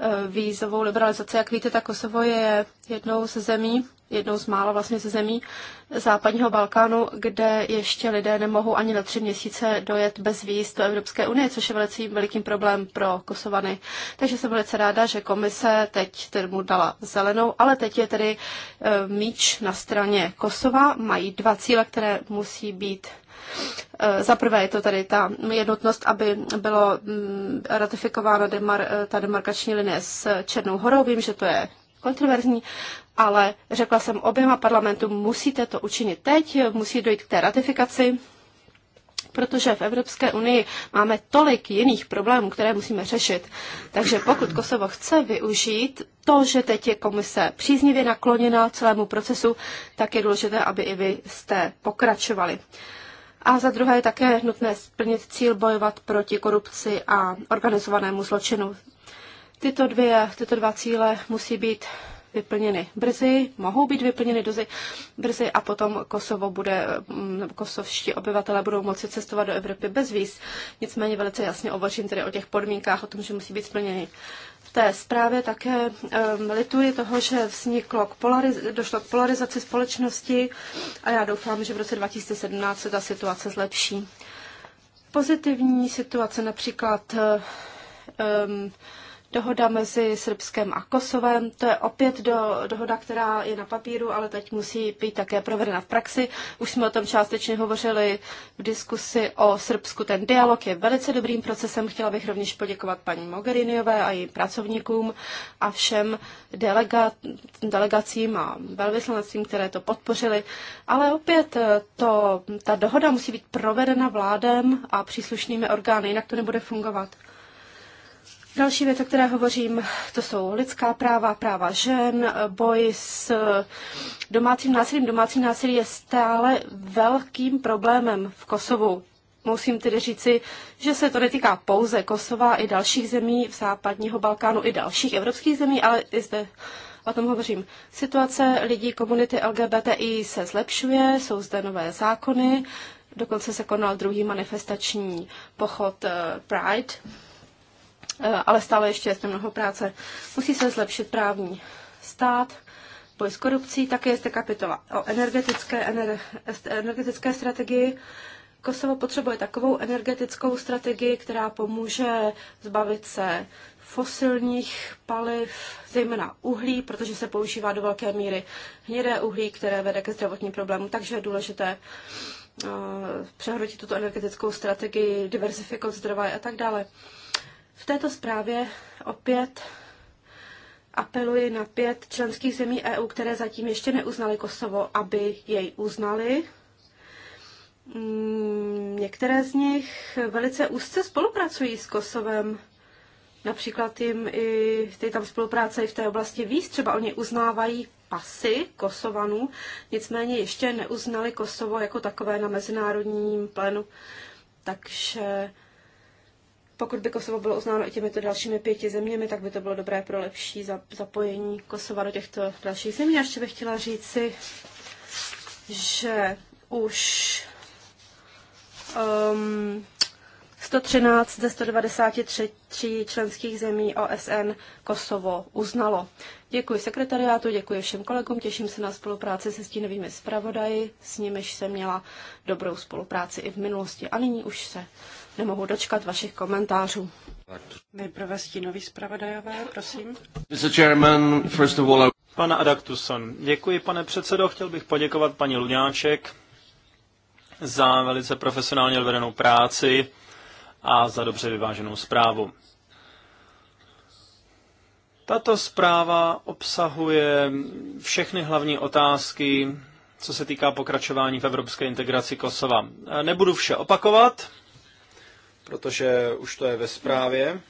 Eh, vízovou liberalizaci. Jak víte, tak Kosovo je jednou ze zemí, jednou z mála vlastně ze zemí západního Balkánu, kde ještě lidé nemohou ani na tři měsíce dojet bez víz do Evropské unie, což je velice velikým problém pro Kosovany. Takže jsem velice ráda, že komise teď mu dala zelenou, ale teď je tedy eh, míč na straně Kosova. Mají dva cíle, které musí být Eh, za prvé je to tady ta jednotnost, aby bylo mm, ratifikována demar, eh, ta demarkační linie s Černou horou. Vím, že to je kontroverzní, ale řekla jsem oběma parlamentům, musíte to učinit teď, musí dojít k té ratifikaci, protože v Evropské unii máme tolik jiných problémů, které musíme řešit. Takže pokud Kosovo chce využít to, že teď je komise příznivě nakloněna celému procesu, tak je důležité, aby i vy jste pokračovali. Uh, a za druhé je také nutné splnit cíl bojovat proti korupci a organizovanému zločinu. Tyto, dvě, tyto dva cíle musí být vyplněny brzy, mohou být vyplněny dozy, brzy a potom Kosovo bude, mm, kosovští obyvatele budou moci cestovat do Evropy bez víz. Nicméně velice jasně ovořím tedy o těch podmínkách, o tom, že musí být splněny té zprávě také um, lituji toho, že vzniklo k polariz- došlo k polarizaci společnosti a já doufám, že v roce 2017 se ta situace zlepší. Pozitivní situace například um, Dohoda mezi Srbskem a Kosovem, to je opět do, dohoda, která je na papíru, ale teď musí být také provedena v praxi. Už jsme o tom částečně hovořili v diskusi o Srbsku. Ten dialog je velice dobrým procesem. Chtěla bych rovněž poděkovat paní Mogheriniové a jejím pracovníkům a všem delega, delegacím a velvyslanectvím, které to podpořili. Ale opět eh, to, ta dohoda musí být provedena vládem a příslušnými orgány, jinak to nebude fungovat. Další věc, o které hovořím, to jsou lidská práva, práva žen, boj s domácím násilím. Domácí násilí je stále velkým problémem v Kosovu. Musím tedy říci, že se to netýká pouze Kosova i dalších zemí v západního Balkánu, i dalších evropských zemí, ale i zde o tom hovořím. Situace lidí komunity LGBTI se zlepšuje, jsou zde nové zákony, dokonce se konal druhý manifestační pochod eh, Pride Eh, ale stále ještě je zde mnoho práce. Musí se zlepšit právní stát, boj s korupcí, také je zde kapitola o energetické, ener, energetické strategii. Kosovo potřebuje takovou energetickou strategii, která pomůže zbavit se fosilních paliv, zejména uhlí, protože se používá do velké míry hnědé uhlí, které vede ke zdravotním problémům, takže je důležité eh, přehrotit tuto energetickou strategii, diversifikovat zdroje a tak dále. V této zprávě opět apeluji na pět členských zemí EU, které zatím ještě neuznaly Kosovo, aby jej uznali. Mm, některé z nich velice úzce spolupracují s Kosovem. Například jim i, ty tam spolupráce v té oblasti víz, třeba oni uznávají pasy Kosovanů, nicméně ještě neuznali Kosovo jako takové na mezinárodním plenu. Takže pokud by Kosovo bylo uznáno i těmito dalšími pěti zeměmi, tak by to bylo dobré pro lepší zapojení Kosova do těchto dalších zemí. A ještě bych chtěla říci, že už um, 113 ze 193 členských zemí OSN Kosovo uznalo. Děkuji sekretariátu, děkuji všem kolegům, těším se na spolupráci se stínovými zpravodaji, s nimiž jsem měla dobrou spolupráci i v minulosti. A nyní už se nemohu dočkat vašich komentářů. Nejprve stínový zpravodajové, prosím. Mr. Chairman, first of all, I... Pana Adaktuson, děkuji pane předsedo, chtěl bych poděkovat paní Luňáček za velice profesionálně vedenou práci a za dobře vyváženou zprávu. Tato zpráva obsahuje všechny hlavní otázky, co se týká pokračování v evropské integraci Kosova. Nebudu vše opakovat, protože už to je ve zprávě.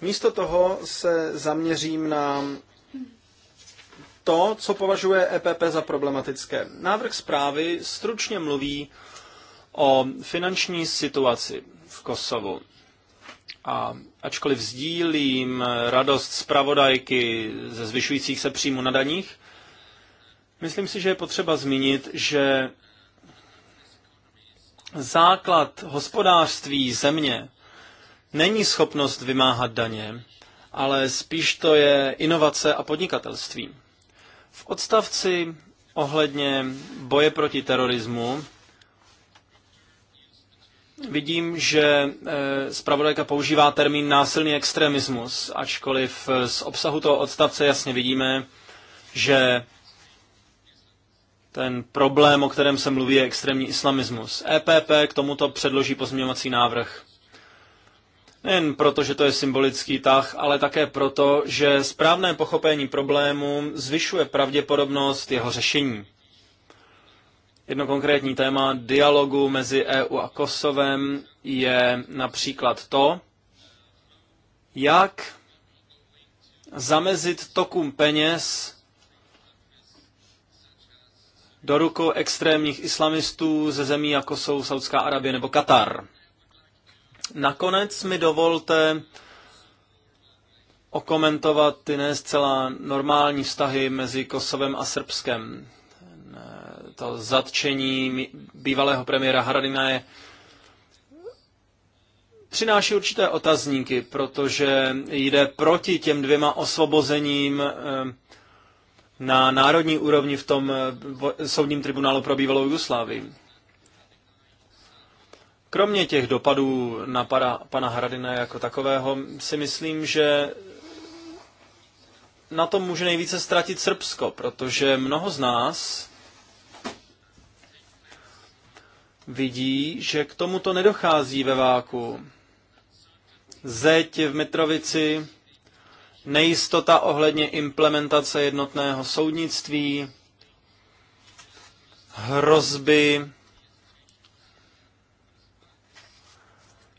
Místo toho se zaměřím na to, co považuje EPP za problematické. Návrh zprávy stručně mluví o finanční situaci v Kosovu. A ačkoliv sdílím radost zpravodajky ze zvyšujících se příjmu na daních, myslím si, že je potřeba zmínit, že základ hospodářství země není schopnost vymáhat daně, ale spíš to je inovace a podnikatelství. V odstavci ohledně boje proti terorismu vidím, že eh, zpravodajka používá termín násilný extremismus, ačkoliv z obsahu toho odstavce jasně vidíme, že ten problém, o kterém se mluví, je extrémní islamismus. EPP k tomuto předloží pozměňovací návrh. Nejen proto, že to je symbolický tah, ale také proto, že správné pochopení problému zvyšuje pravděpodobnost jeho řešení. Jedno konkrétní téma dialogu mezi EU a Kosovem je například to, jak zamezit tokům peněz do rukou extrémních islamistů ze zemí, jako jsou Saudská Arabie nebo Katar. Nakonec mi dovolte okomentovat ty ne zcela normální vztahy mezi Kosovem a Srbskem. To zatčení bývalého premiéra Haradina je přináší určité otazníky, protože jde proti těm dvěma osvobozením eh, na národní úrovni v tom eh, soudním tribunálu pro bývalou Jugoslávii. Kromě těch dopadů na para, pana Hradina jako takového, si myslím, že na tom může nejvíce ztratit Srbsko, protože mnoho z nás vidí, že k tomuto nedochází ve váku. Zeď v Mitrovici nejistota ohledně implementace jednotného soudnictví, hrozby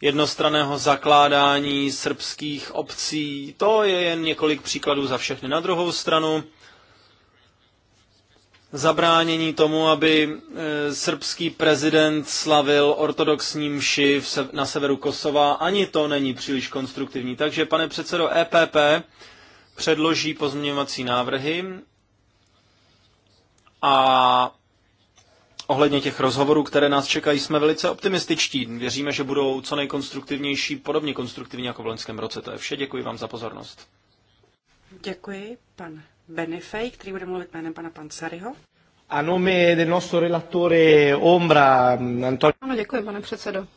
jednostraného zakládání srbských obcí. To je jen několik příkladů za všechny. Na druhou stranu zabránění tomu, aby e, srbský prezident slavil ortodoxní mši na severu Kosova, ani to není příliš konstruktivní. Takže, pane předsedo, EPP předloží pozměňovací návrhy a ohledně těch rozhovorů, které nás čekají, jsme velice optimističtí. Věříme, že budou co nejkonstruktivnější, podobně konstruktivní jako v loňském roce. To je vše. Děkuji vám za pozornost. Děkuji, pane. Benefej, který bude mluvit jménem pana Pancariho. A nome del nostro relatore Ombra, mm, Antonio. Ano, děkuji, pane předsedo.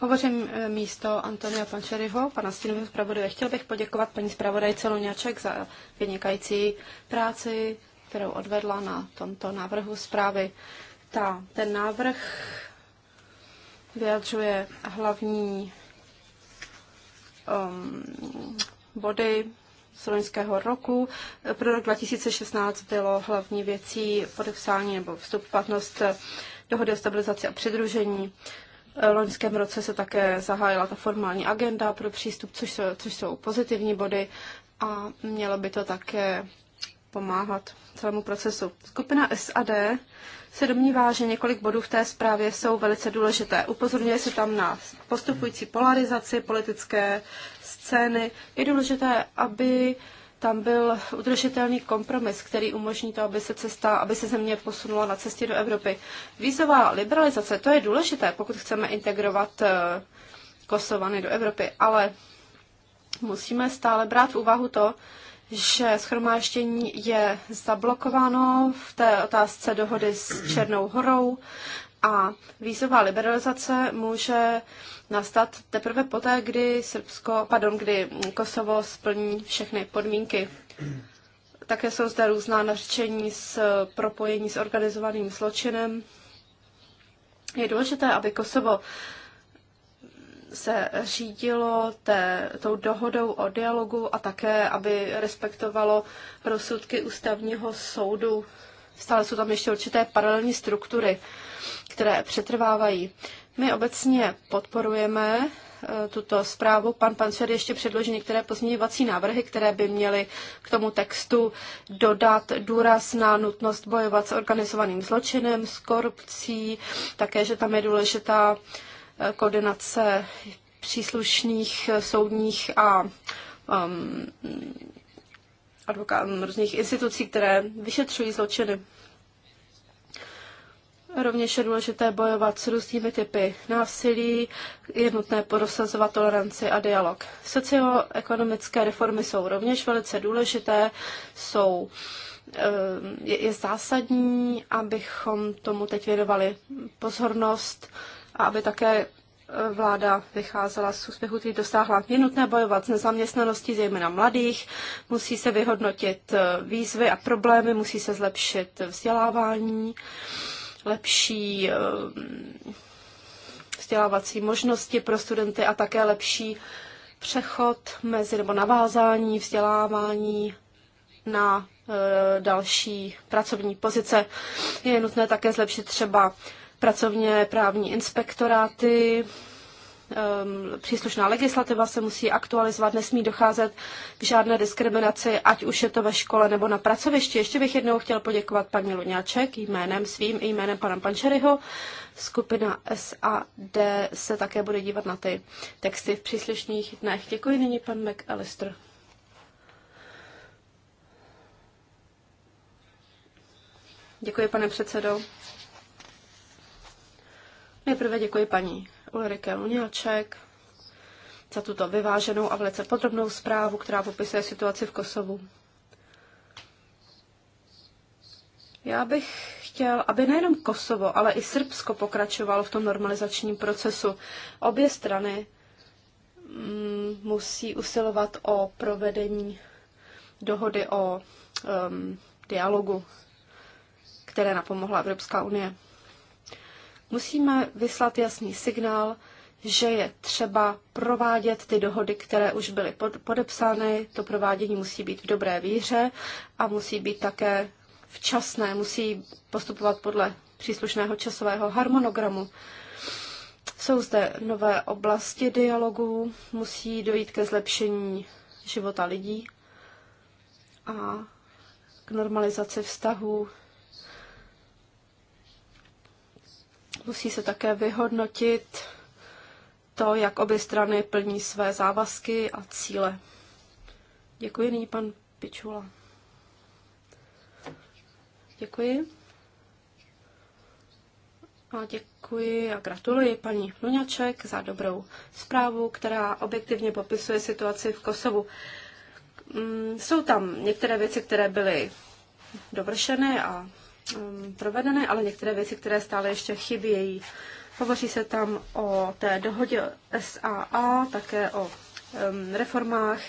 Hovořím eh, místo Antonia Pančeryho, pana stínového zpravodaje. Chtěl bych poděkovat paní zpravodajce Luňaček za vynikající práci, kterou odvedla na tomto návrhu zprávy. Ta, ten návrh vyjadřuje hlavní um, body z loňského roku. Pro rok 2016 bylo hlavní věcí podepsání nebo vstup v platnost dohody o stabilizaci a přidružení. V loňském roce se také zahájila ta formální agenda pro přístup, což jsou, což jsou pozitivní body a mělo by to také pomáhat celému procesu. Skupina SAD se domnívá, že několik bodů v té zprávě jsou velice důležité. Upozorňuje se tam na postupující polarizaci politické scény. Je důležité, aby tam byl udržitelný kompromis, který umožní to, aby se cesta, aby se země posunula na cestě do Evropy. Vízová liberalizace, to je důležité, pokud chceme integrovat eh, Kosovany do Evropy, ale musíme stále brát v úvahu to, že schromáždění je zablokováno v té otázce dohody s Černou horou a vízová liberalizace může nastat teprve poté, kdy Srbsko, pardon, kdy Kosovo splní všechny podmínky. Také jsou zde různá nařčení s propojení s organizovaným zločinem. Je důležité, aby Kosovo se řídilo té, tou dohodou o dialogu a také, aby respektovalo rozsudky ústavního soudu. Stále jsou tam ještě určité paralelní struktury které přetrvávají. My obecně podporujeme e, tuto zprávu. Pan Pancer ještě předloží některé pozměňovací návrhy, které by měly k tomu textu dodat důraz na nutnost bojovat s organizovaným zločinem, s korupcí, také, že tam je důležitá e, koordinace příslušných soudních a um, advoká- různých institucí, které vyšetřují zločiny. Rovněž je důležité bojovat s různými typy násilí, je nutné prosazovat toleranci a dialog. Socioekonomické reformy jsou rovněž velice důležité, jsou, eh, je, je zásadní, abychom tomu teď věnovali pozornost a aby také eh, vláda vycházela z úspěchu, který dosáhla. Je nutné bojovat s nezaměstnaností, zejména mladých, musí se vyhodnotit eh, výzvy a problémy, musí se zlepšit vzdělávání lepší eh, vzdělávací možnosti pro studenty a také lepší přechod mezi nebo navázání vzdělávání na eh, další pracovní pozice. Je nutné také zlepšit třeba pracovně právní inspektoráty, Ehm, příslušná legislativa se musí aktualizovat, nesmí docházet k žádné diskriminaci, ať už je to ve škole nebo na pracovišti. Ještě bych jednou chtěl poděkovat paní Luňáček jménem svým i jménem pana Pančeryho. Skupina SAD se také bude dívat na ty texty v příslušných dnech. Děkuji nyní pan McAllister. Děkuji, pane předsedo. Nejprve děkuji paní Ulrike Lunilček za tuto vyváženou a velice podrobnou zprávu, která popisuje situaci v Kosovu. Já bych chtěl, aby nejenom Kosovo, ale i Srbsko pokračovalo v tom normalizačním procesu. Obě strany mm, musí usilovat o provedení dohody o um, dialogu, které napomohla Evropská unie. Musíme vyslat jasný signál, že je třeba provádět ty dohody, které už byly podepsány. To provádění musí být v dobré víře a musí být také včasné, musí postupovat podle příslušného časového harmonogramu. Jsou zde nové oblasti dialogu, musí dojít ke zlepšení života lidí a k normalizaci vztahů Musí se také vyhodnotit to, jak obě strany plní své závazky a cíle. Děkuji nyní pan Pičula. Děkuji. A děkuji a gratuluji paní Luňaček za dobrou zprávu, která objektivně popisuje situaci v Kosovu. Mm, jsou tam některé věci, které byly dovršeny a Um, provedeny, ale některé věci, které stále ještě chybějí. Hovoří se tam o té dohodě SAA, také o um, reformách.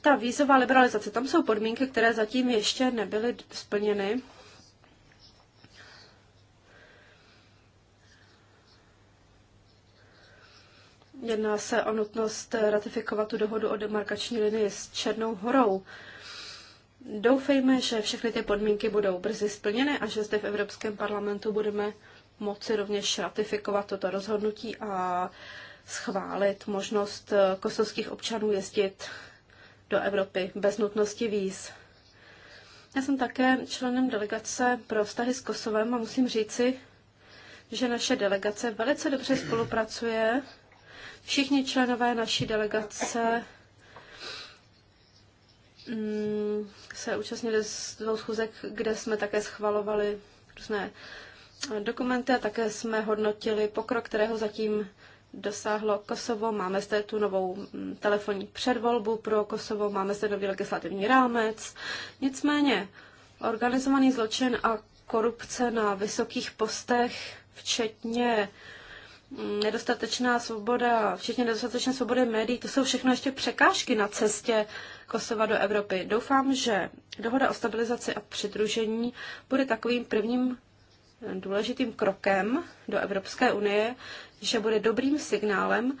Ta vízová liberalizace, tam jsou podmínky, které zatím ještě nebyly splněny. Jedná se o nutnost ratifikovat tu dohodu o demarkační linii s Černou horou. Doufejme, že všechny ty podmínky budou brzy splněny a že zde v Evropském parlamentu budeme moci rovněž ratifikovat toto rozhodnutí a schválit možnost eh, kosovských občanů jezdit do Evropy bez nutnosti víz. Já jsem také členem delegace pro vztahy s Kosovem a musím říci, že naše delegace velice dobře spolupracuje. Všichni členové naší delegace Mm, se účastnili z dvou schůzek, kde jsme také schvalovali různé dokumenty a také jsme hodnotili pokrok, kterého zatím dosáhlo Kosovo. Máme zde tu novou mm, telefonní předvolbu pro Kosovo, máme zde nový legislativní rámec. Nicméně organizovaný zločin a korupce na vysokých postech, včetně nedostatečná svoboda, včetně nedostatečné svobody médií, to jsou všechno ještě překážky na cestě Kosova do Evropy. Doufám, že dohoda o stabilizaci a přidružení bude takovým prvním eh, důležitým krokem do Evropské unie, že bude dobrým signálem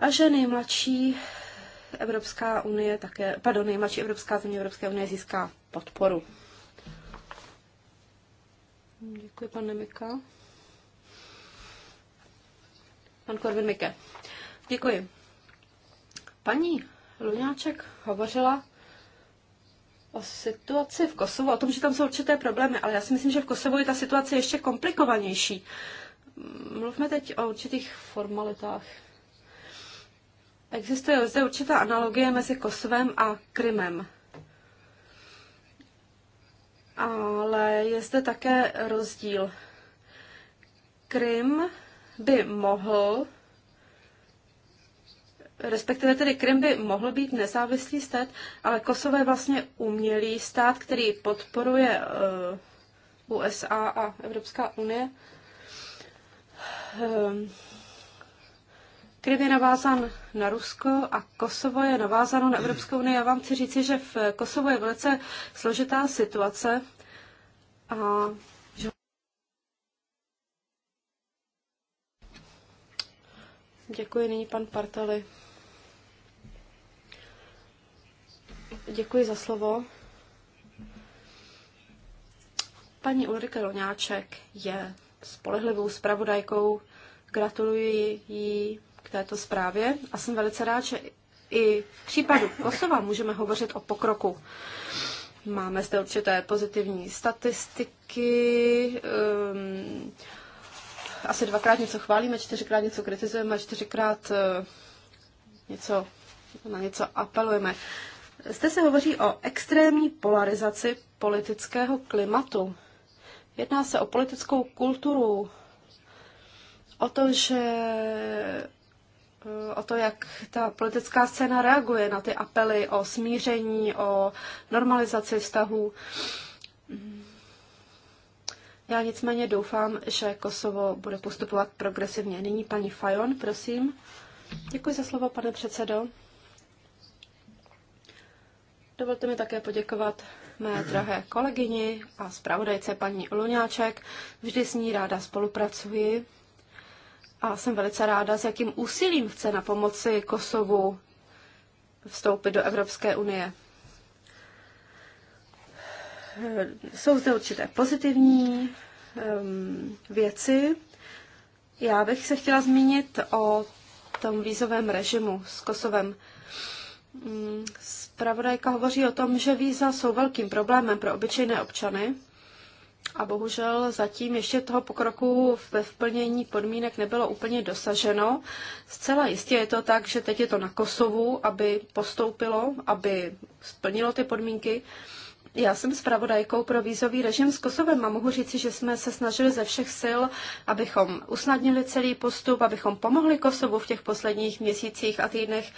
a že nejmladší Evropská unie také, pardon, nejmladší Evropská země Evropské unie získá podporu. Děkuji, pane Mika. Pan Korvin Mike. Děkuji. Paní Luňáček hovořila o situaci v Kosovu, o tom, že tam jsou určité problémy, ale já si myslím, že v Kosovu je ta situace ještě komplikovanější. Mluvme teď o určitých formalitách. Existuje zde určitá analogie mezi Kosovem a Krymem. Ale je zde také rozdíl. Krym by mohl respektive tedy Krym by mohl být nezávislý stát, ale Kosovo je vlastně umělý stát, který podporuje uh, eh, USA a Evropská unie. Um, Krym je navázán na Rusko a Kosovo je navázáno na Evropskou unii. Já vám chci říci, že v Kosovu je velice složitá situace a Děkuji nyní pan Partali. Děkuji za slovo. Paní Ulrike Loňáček je spolehlivou zpravodajkou. Gratuluji jí k této zprávě a jsem velice rád, že i v případu Kosova můžeme hovořit o pokroku. Máme zde určité pozitivní statistiky, um, asi dvakrát něco chválíme, čtyřikrát něco kritizujeme, čtyřikrát eh, něco, na něco apelujeme. Zde se hovoří o extrémní polarizaci politického klimatu. Jedná se o politickou kulturu, o to, že eh, o to, jak ta politická scéna reaguje na ty apely o smíření, o normalizaci vztahů. Já nicméně doufám, že Kosovo bude postupovat progresivně. Nyní paní Fajon, prosím. Děkuji za slovo, pane předsedo. Dovolte mi také poděkovat mé drahé kolegyni a zpravodajce paní Luňáček. Vždy s ní ráda spolupracuji a jsem velice ráda, s jakým úsilím chce na pomoci Kosovu vstoupit do Evropské unie. Eh, jsou zde určité pozitivní ehm, věci. Já bych se chtěla zmínit o tom vízovém režimu s Kosovem. Spravodajka mm, hovoří o tom, že víza jsou velkým problémem pro obyčejné občany a bohužel zatím ještě toho pokroku ve vplnění podmínek nebylo úplně dosaženo. Zcela jistě je to tak, že teď je to na Kosovu, aby postoupilo, aby splnilo ty podmínky. Já jsem zpravodajkou pro vízový režim s Kosovem a mohu říci, že jsme se snažili ze všech sil, abychom usnadnili celý postup, abychom pomohli Kosovu v těch posledních měsících a týdnech,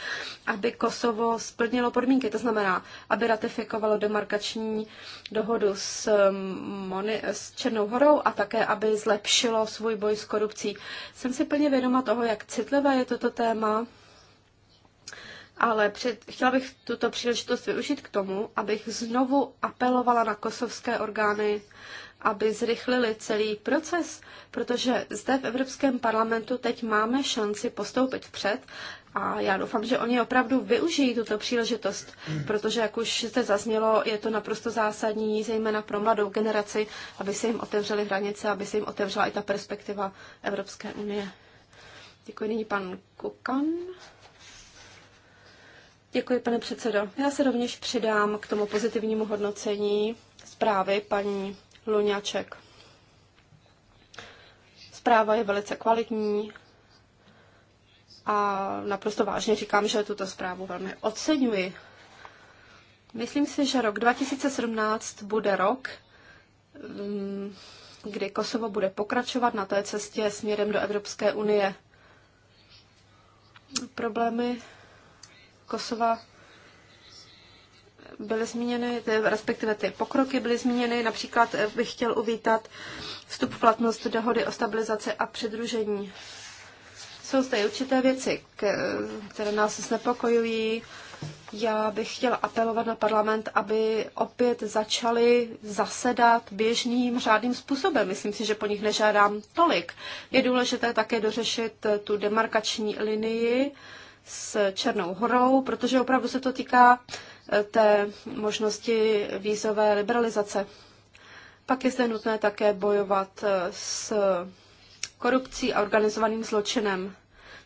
aby Kosovo splnilo podmínky, to znamená, aby ratifikovalo demarkační dohodu s, Moni, s Černou horou a také, aby zlepšilo svůj boj s korupcí. Jsem si plně vědoma toho, jak citlivé je toto téma ale před, chtěla bych tuto příležitost využít k tomu, abych znovu apelovala na kosovské orgány, aby zrychlili celý proces, protože zde v Evropském parlamentu teď máme šanci postoupit vpřed a já doufám, že oni opravdu využijí tuto příležitost, protože, jak už jste zaznělo, je to naprosto zásadní, zejména pro mladou generaci, aby se jim otevřely hranice, aby se jim otevřela i ta perspektiva Evropské unie. Děkuji nyní pan Kukan. Děkuji, pane předsedo. Já se rovněž přidám k tomu pozitivnímu hodnocení zprávy paní Luňaček. Zpráva je velice kvalitní a naprosto vážně říkám, že tuto zprávu velmi oceňuji. Myslím si, že rok 2017 bude rok, mm, kdy Kosovo bude pokračovat na té cestě směrem do Evropské unie. Problémy Kosova byly zmíněny, eh, respektive ty pokroky byly zmíněny. Například eh, bych chtěl uvítat vstup v platnost dohody o stabilizaci a přidružení. Jsou zde určité věci, eh, které nás znepokojují. Já bych chtěla apelovat na parlament, aby opět začali zasedat běžným řádným způsobem. Myslím si, že po nich nežádám tolik. Je důležité také dořešit tu demarkační linii, s Černou horou, protože opravdu se to týká eh, té možnosti vízové liberalizace. Pak je zde nutné také bojovat eh, s korupcí a organizovaným zločinem.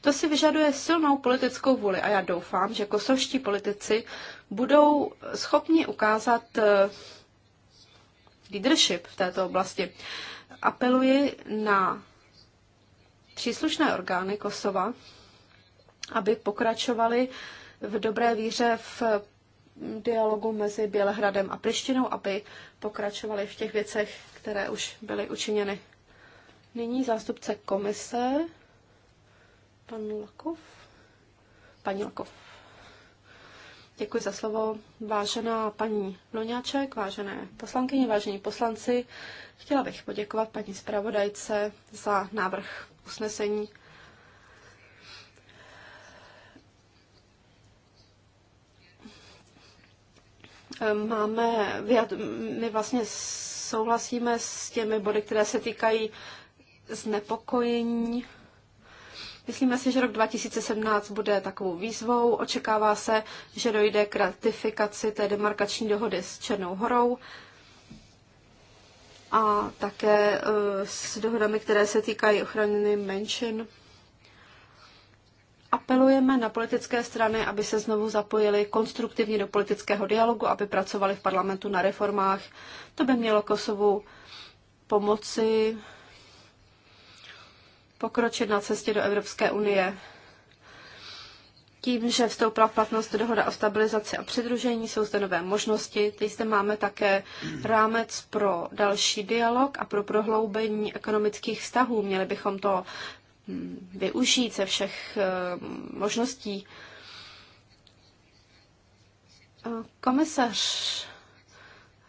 To si vyžaduje silnou politickou vůli a já doufám, že kosovští politici budou schopni ukázat eh, leadership v této oblasti. Apeluji na příslušné orgány Kosova, aby pokračovali v dobré víře v dialogu mezi Bělehradem a Prištinou, aby pokračovali v těch věcech, které už byly učiněny. Nyní zástupce komise, pan Lakov. Paní Lakov. Děkuji za slovo. Vážená paní Loňáček, vážené poslankyně, vážení poslanci, chtěla bych poděkovat paní zpravodajce za návrh usnesení Máme, my vlastně souhlasíme s těmi body, které se týkají znepokojení. Myslíme si, že rok 2017 bude takovou výzvou. Očekává se, že dojde k ratifikaci té demarkační dohody s Černou horou a také eh, s dohodami, které se týkají ochrany menšin apelujeme na politické strany, aby se znovu zapojili konstruktivně do politického dialogu, aby pracovali v parlamentu na reformách. To by mělo Kosovu pomoci pokročit na cestě do Evropské unie. Tím, že vstoupila v platnost dohoda o stabilizaci a přidružení, jsou zde nové možnosti. Teď zde máme také rámec pro další dialog a pro prohloubení ekonomických vztahů. Měli bychom to využít ze všech eh, možností. Komisař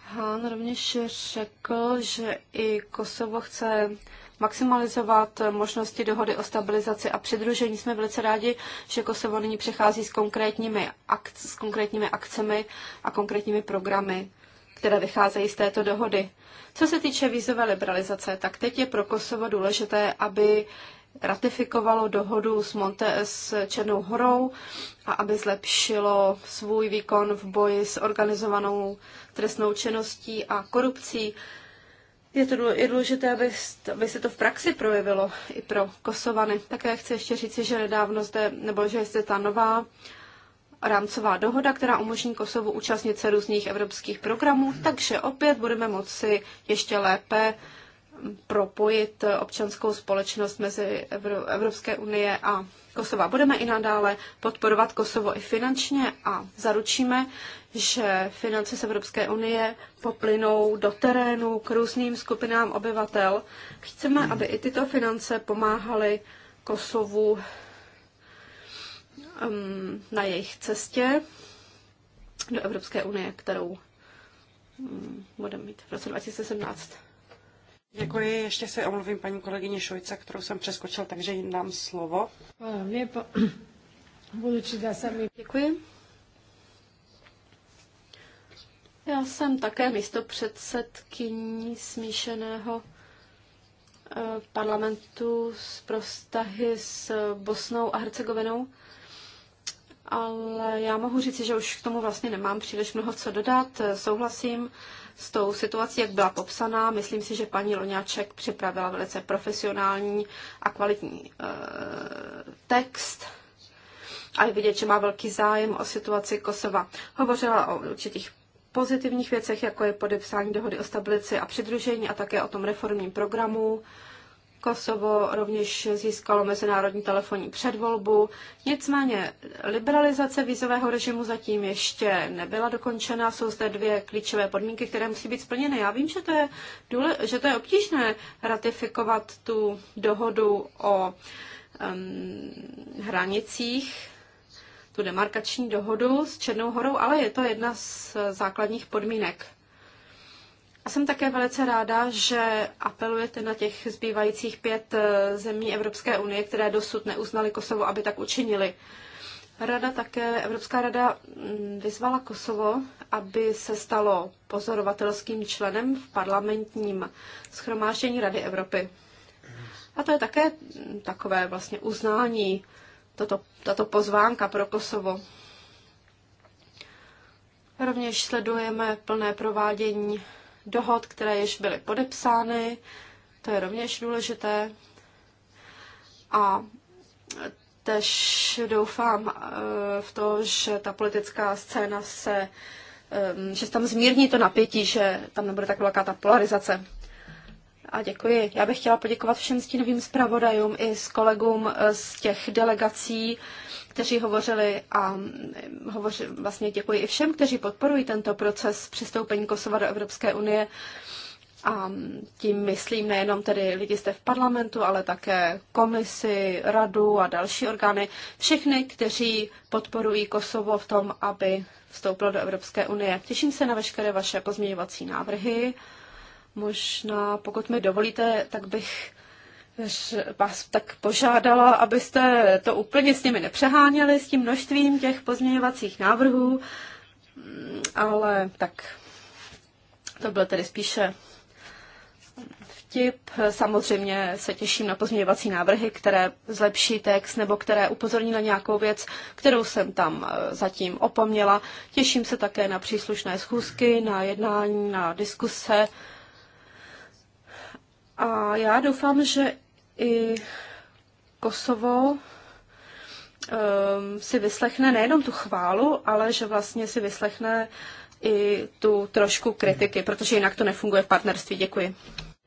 Han rovněž řekl, že i Kosovo chce maximalizovat možnosti dohody o stabilizaci a přidružení. Jsme velice rádi, že Kosovo nyní přechází s konkrétními, ak- s konkrétními akcemi a konkrétními programy, které vycházejí z této dohody. Co se týče vízové liberalizace, tak teď je pro Kosovo důležité, aby ratifikovalo dohodu s Monte s Černou horou a aby zlepšilo svůj výkon v boji s organizovanou trestnou činností a korupcí. Je to důležité, aby, aby se to v praxi projevilo i pro Kosovany. Také chci ještě říci, že nedávno zde, nebo že je ta nová rámcová dohoda, která umožní Kosovu účastnit se různých evropských programů, takže opět budeme moci ještě lépe propojit občanskou společnost mezi Evropské unie a Kosova. Budeme i nadále podporovat Kosovo i finančně a zaručíme, že finance z Evropské unie poplynou do terénu k různým skupinám obyvatel. Chceme, aby i tyto finance pomáhaly Kosovu um, na jejich cestě do Evropské unie, kterou um, budeme mít v roce 2017. Děkuji, ještě se omluvím paní kolegyně Šojce, kterou jsem přeskočil, takže jim dám slovo. Děkuji. Já jsem také místo předsedkyní smíšeného eh, parlamentu z prostahy s Bosnou a Hercegovinou, ale já mohu říci, že už k tomu vlastně nemám příliš mnoho co dodat. Eh, souhlasím s tou situací, jak byla popsaná. Myslím si, že paní Loňáček připravila velice profesionální a kvalitní uh, text. A je vidět, že má velký zájem o situaci Kosova. Hovořila o určitých pozitivních věcech, jako je podepsání dohody o stabilici a přidružení a také o tom reformním programu. Uh, Kosovo rovněž získalo mezinárodní telefonní předvolbu. Nicméně liberalizace vízového režimu zatím ještě nebyla dokončena. Jsou zde dvě klíčové podmínky, které musí být splněny. Já vím, že to je, důle, že to je obtížné ratifikovat tu dohodu o um, hranicích, tu demarkační dohodu s Černou horou, ale je to jedna z základních podmínek a jsem také velice ráda, že apelujete na těch zbývajících pět eh, zemí Evropské unie, které dosud neuznali Kosovo, aby tak učinili. Rada také, Evropská rada mm, vyzvala Kosovo, aby se stalo pozorovatelským členem v parlamentním schromáždění Rady Evropy. A to je také mm, takové vlastně uznání, toto, tato pozvánka pro Kosovo. Rovněž sledujeme plné provádění dohod, které již byly podepsány, to je rovněž důležité. A tež doufám eh, v to, že ta politická scéna se, eh, že tam zmírní to napětí, že tam nebude tak velká ta polarizace. A děkuji. Já bych chtěla poděkovat všem stínovým zpravodajům i s kolegům eh, z těch delegací, kteří hovořili a mm, hovoři, vlastně děkuji i všem, kteří podporují tento proces přistoupení Kosova do Evropské unie. A mm, tím myslím nejenom tedy lidi zde v parlamentu, ale také komisi, radu a další orgány, všechny, kteří podporují Kosovo v tom, aby vstoupilo do Evropské unie. Těším se na veškeré vaše pozměňovací návrhy. Možná, pokud mi dovolíte, tak bych vás tak požádala, abyste to úplně s nimi nepřeháněli, s tím množstvím těch pozměňovacích návrhů, ale tak to byl tedy spíše vtip. Samozřejmě se těším na pozměňovací návrhy, které zlepší text nebo které upozorní na nějakou věc, kterou jsem tam eh, zatím opomněla. Těším se také na příslušné schůzky, na jednání, na diskuse. A já doufám, že i Kosovo ehm, si vyslechne nejenom tu chválu, ale že vlastně si vyslechne i tu trošku kritiky, protože jinak to nefunguje v partnerství. Děkuji.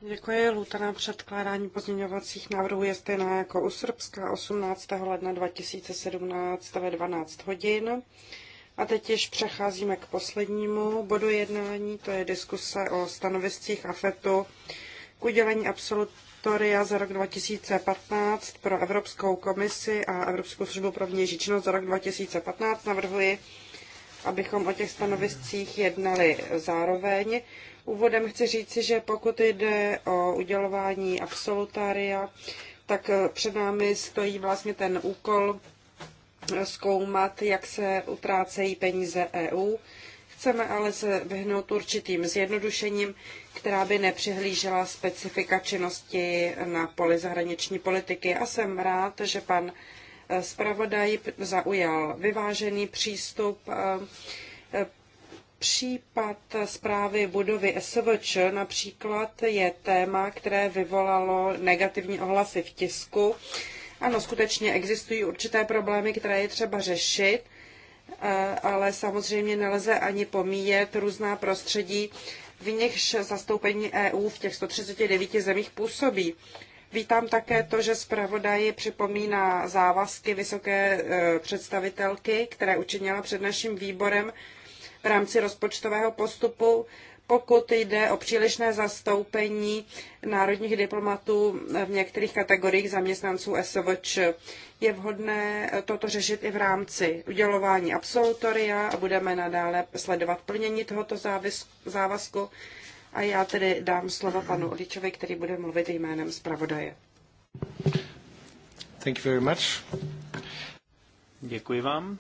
Děkuji. Lůta na předkládání pozměňovacích návrhů je stejná jako u Srbska 18. ledna 2017 ve 12 hodin. A teď již přecházíme k poslednímu bodu jednání, to je diskuse o stanoviscích AFETu k udělení absolut Victoria za rok 2015 pro Evropskou komisi a Evropskou službu pro vnější činnost za rok 2015. Navrhuji, abychom o těch stanoviscích jednali zároveň. Úvodem chci říci, že pokud jde o udělování absolutária, tak před námi stojí vlastně ten úkol zkoumat, jak se utrácejí peníze EU Chceme ale se vyhnout určitým zjednodušením, která by nepřihlížela specifika činnosti na poli zahraniční politiky. A jsem rád, že pan eh, zpravodaj zaujal vyvážený přístup. Eh, eh, případ zprávy budovy SVČ například je téma, které vyvolalo negativní ohlasy v tisku. Ano, skutečně existují určité problémy, které je třeba řešit ale samozřejmě nelze ani pomíjet různá prostředí, v nichž zastoupení EU v těch 139 zemích působí. Vítám také to, že zpravodaji připomíná závazky vysoké e, představitelky, které učinila před naším výborem v rámci rozpočtového postupu pokud jde o přílišné zastoupení národních diplomatů v některých kategoriích zaměstnanců SVČ. Je vhodné toto řešit i v rámci udělování absolutoria a budeme nadále sledovat plnění tohoto závazku. A já tedy dám slovo panu Oličovi, který bude mluvit jménem zpravodaje. Thank you very much. Děkuji vám.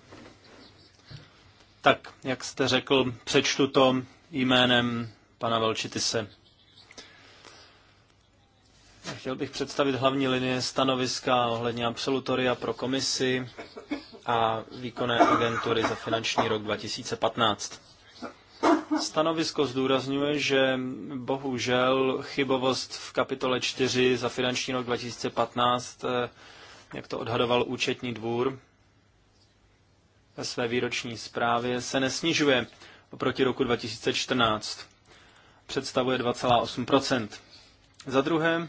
Tak, jak jste řekl, přečtu to jménem pana Velčitise. Chtěl bych představit hlavní linie stanoviska ohledně absolutoria pro komisi a výkonné agentury za finanční rok 2015. Stanovisko zdůrazňuje, že bohužel chybovost v kapitole 4 za finanční rok 2015, eh, jak to odhadoval účetní dvůr ve své výroční zprávě, se nesnižuje oproti roku 2014. Představuje 2,8 Za druhé,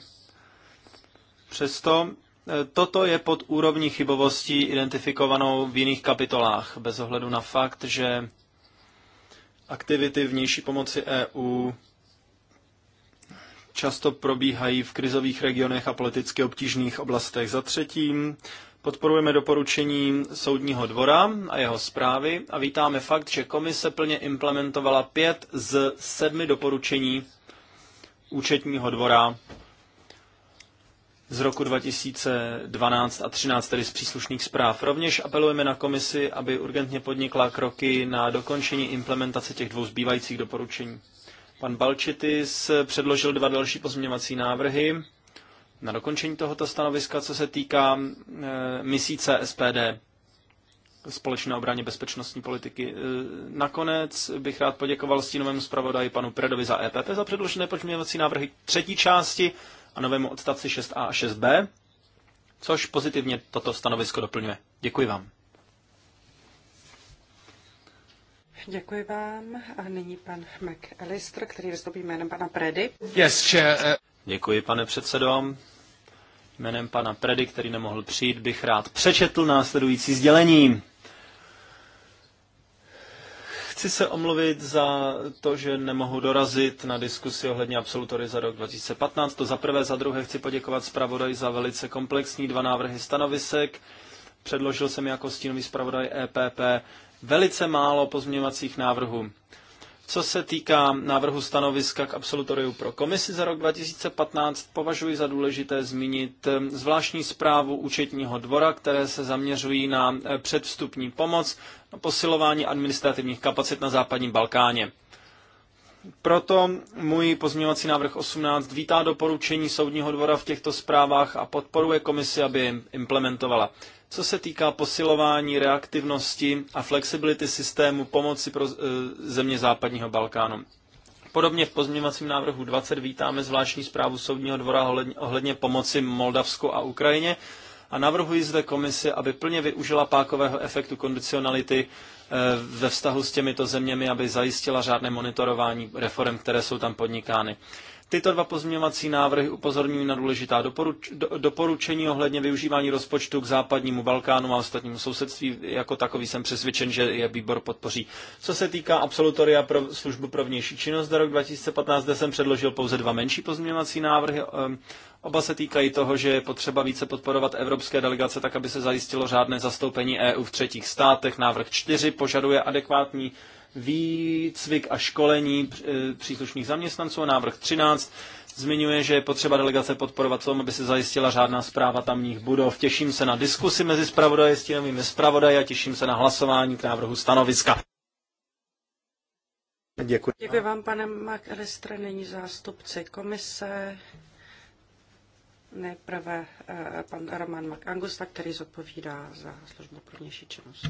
přesto e, toto je pod úrovní chybovostí identifikovanou v jiných kapitolách, bez ohledu na fakt, že aktivity vnější pomoci EU často probíhají v krizových regionech a politicky obtížných oblastech. Za třetím, Podporujeme doporučení Soudního dvora a jeho zprávy a vítáme fakt, že komise plně implementovala pět z sedmi doporučení účetního dvora z roku 2012 a 2013, tedy z příslušných zpráv. Rovněž apelujeme na komisi, aby urgentně podnikla kroky na dokončení implementace těch dvou zbývajících doporučení. Pan Balčitis předložil dva další pozměňovací návrhy na dokončení tohoto stanoviska, co se týká e, misíce SPD společné obraně bezpečnostní politiky. E, nakonec bych rád poděkoval stínovému zpravodaji panu Predovi za EPP za předložené pozměňovací návrhy třetí části a novému odstavci 6a a 6b, což pozitivně toto stanovisko doplňuje. Děkuji vám. Děkuji vám. A nyní pan McAllister, který vystoupí jménem pana Predy. Yes, chair, uh... Děkuji, pane předsedo. Jménem pana Predy, který nemohl přijít, bych rád přečetl následující sdělení. Chci se omluvit za to, že nemohu dorazit na diskusi ohledně absolutory za rok 2015. To za prvé, za druhé chci poděkovat zpravodaj za velice komplexní dva návrhy stanovisek. Předložil jsem jako stínový zpravodaj EPP velice málo pozměňovacích návrhů. Co se týká návrhu stanoviska k absolutoriu pro komisi za rok 2015, považuji za důležité zmínit eh, zvláštní zprávu účetního dvora, které se zaměřují na eh, předvstupní pomoc, a posilování administrativních kapacit na západním Balkáně. Proto můj pozměňovací návrh 18 vítá doporučení Soudního dvora v těchto zprávách a podporuje komisi, aby je implementovala. Co se týká posilování reaktivnosti a flexibility systému pomoci pro e, země západního Balkánu. Podobně v pozměňovacím návrhu 20 vítáme zvláštní zprávu Soudního dvora ohledně pomoci Moldavsku a Ukrajině a navrhuji zde komisi, aby plně využila pákového efektu kondicionality e, ve vztahu s těmito zeměmi, aby zajistila řádné monitorování reform, které jsou tam podnikány. Tyto dva pozměňovací návrhy upozorňují na důležitá doporuč, do, doporučení ohledně využívání rozpočtu k západnímu Balkánu a ostatnímu sousedství. Jako takový jsem přesvědčen, že je výbor podpoří. Co se týká absolutoria pro službu pro vnější činnost za rok 2015, zde jsem předložil pouze dva menší pozměňovací návrhy. Ehm, oba se týkají toho, že je potřeba více podporovat evropské delegace tak, aby se zajistilo řádné zastoupení EU v třetích státech. Návrh 4 požaduje adekvátní výcvik a školení eh, příslušných zaměstnanců. Návrh 13 zmiňuje, že je potřeba delegace podporovat tom, aby se zajistila řádná zpráva tamních budov. Těším se na diskusi mezi zpravodaji, stínovými zpravodaji a těším se na hlasování k návrhu stanoviska. Děkuji. Děkuji vám, pane McAllister, není zástupce komise. Nejprve eh, pan Roman Makangusta, který zodpovídá za službu pro činnost.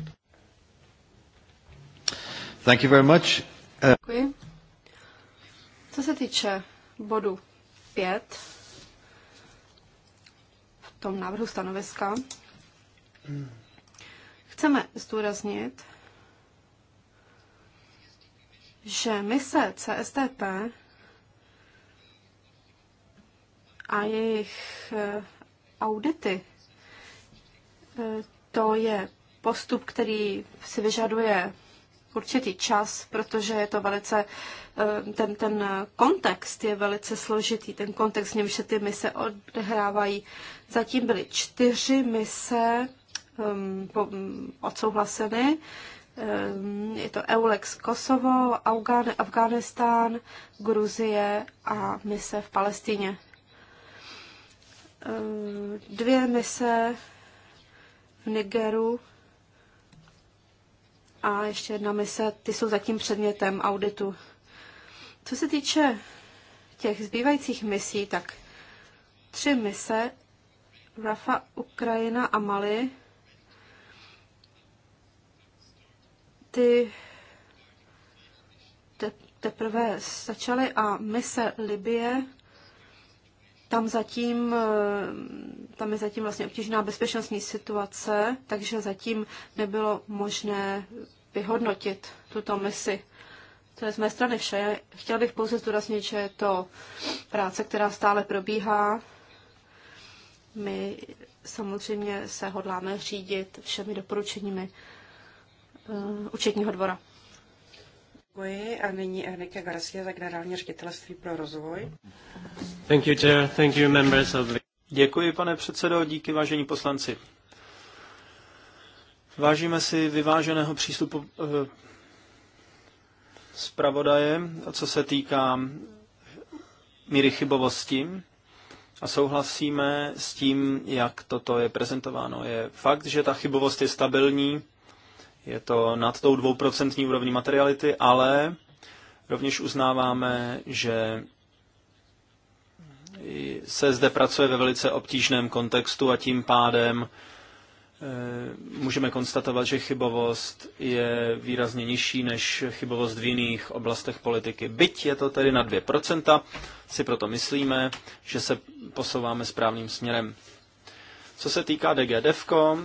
Thank you very much. Děkuji. Co se týče bodu 5 v tom návrhu stanoviska, chceme zdůraznit, že mise CSTP a jejich eh, audity, eh, to je postup, který si vyžaduje určitý čas, protože je to velice, eh, ten, ten kontext je velice složitý, ten kontext, v němž se ty mise odehrávají. Zatím byly čtyři mise um, po, um, odsouhlaseny. Um, je to Eulex Kosovo, Afgán, Afganistán, Gruzie a mise v Palestině. Um, dvě mise v Nigeru a ještě jedna mise, ty jsou zatím předmětem auditu. Co se týče těch zbývajících misí, tak tři mise, Rafa, Ukrajina a Mali, ty te, teprve začaly a mise Libie, tam zatím, eh, tam je zatím vlastně obtížná bezpečnostní situace, takže zatím nebylo možné vyhodnotit tuto misi. To je z mé strany vše. Chtěla bych pouze zdůraznit, že je to práce, která stále probíhá. My samozřejmě se hodláme řídit všemi doporučeními eh, účetního dvora. Děkuji a nyní Enrique Garcia za generální ředitelství pro rozvoj. Thank you, chair. Thank you, members of the... Děkuji, pane předsedo, díky vážení poslanci. Vážíme si vyváženého přístupu eh, zpravodaje, co se týká míry chybovosti a souhlasíme s tím, jak toto je prezentováno. Je fakt, že ta chybovost je stabilní, je to nad tou dvouprocentní úrovní materiality, ale rovněž uznáváme, že se zde pracuje ve velice obtížném kontextu a tím pádem Eh, můžeme konstatovat, že chybovost je výrazně nižší než chybovost v jiných oblastech politiky. Byť je to tedy na 2%, si proto myslíme, že se posouváme správným směrem. Co se týká DGDFko,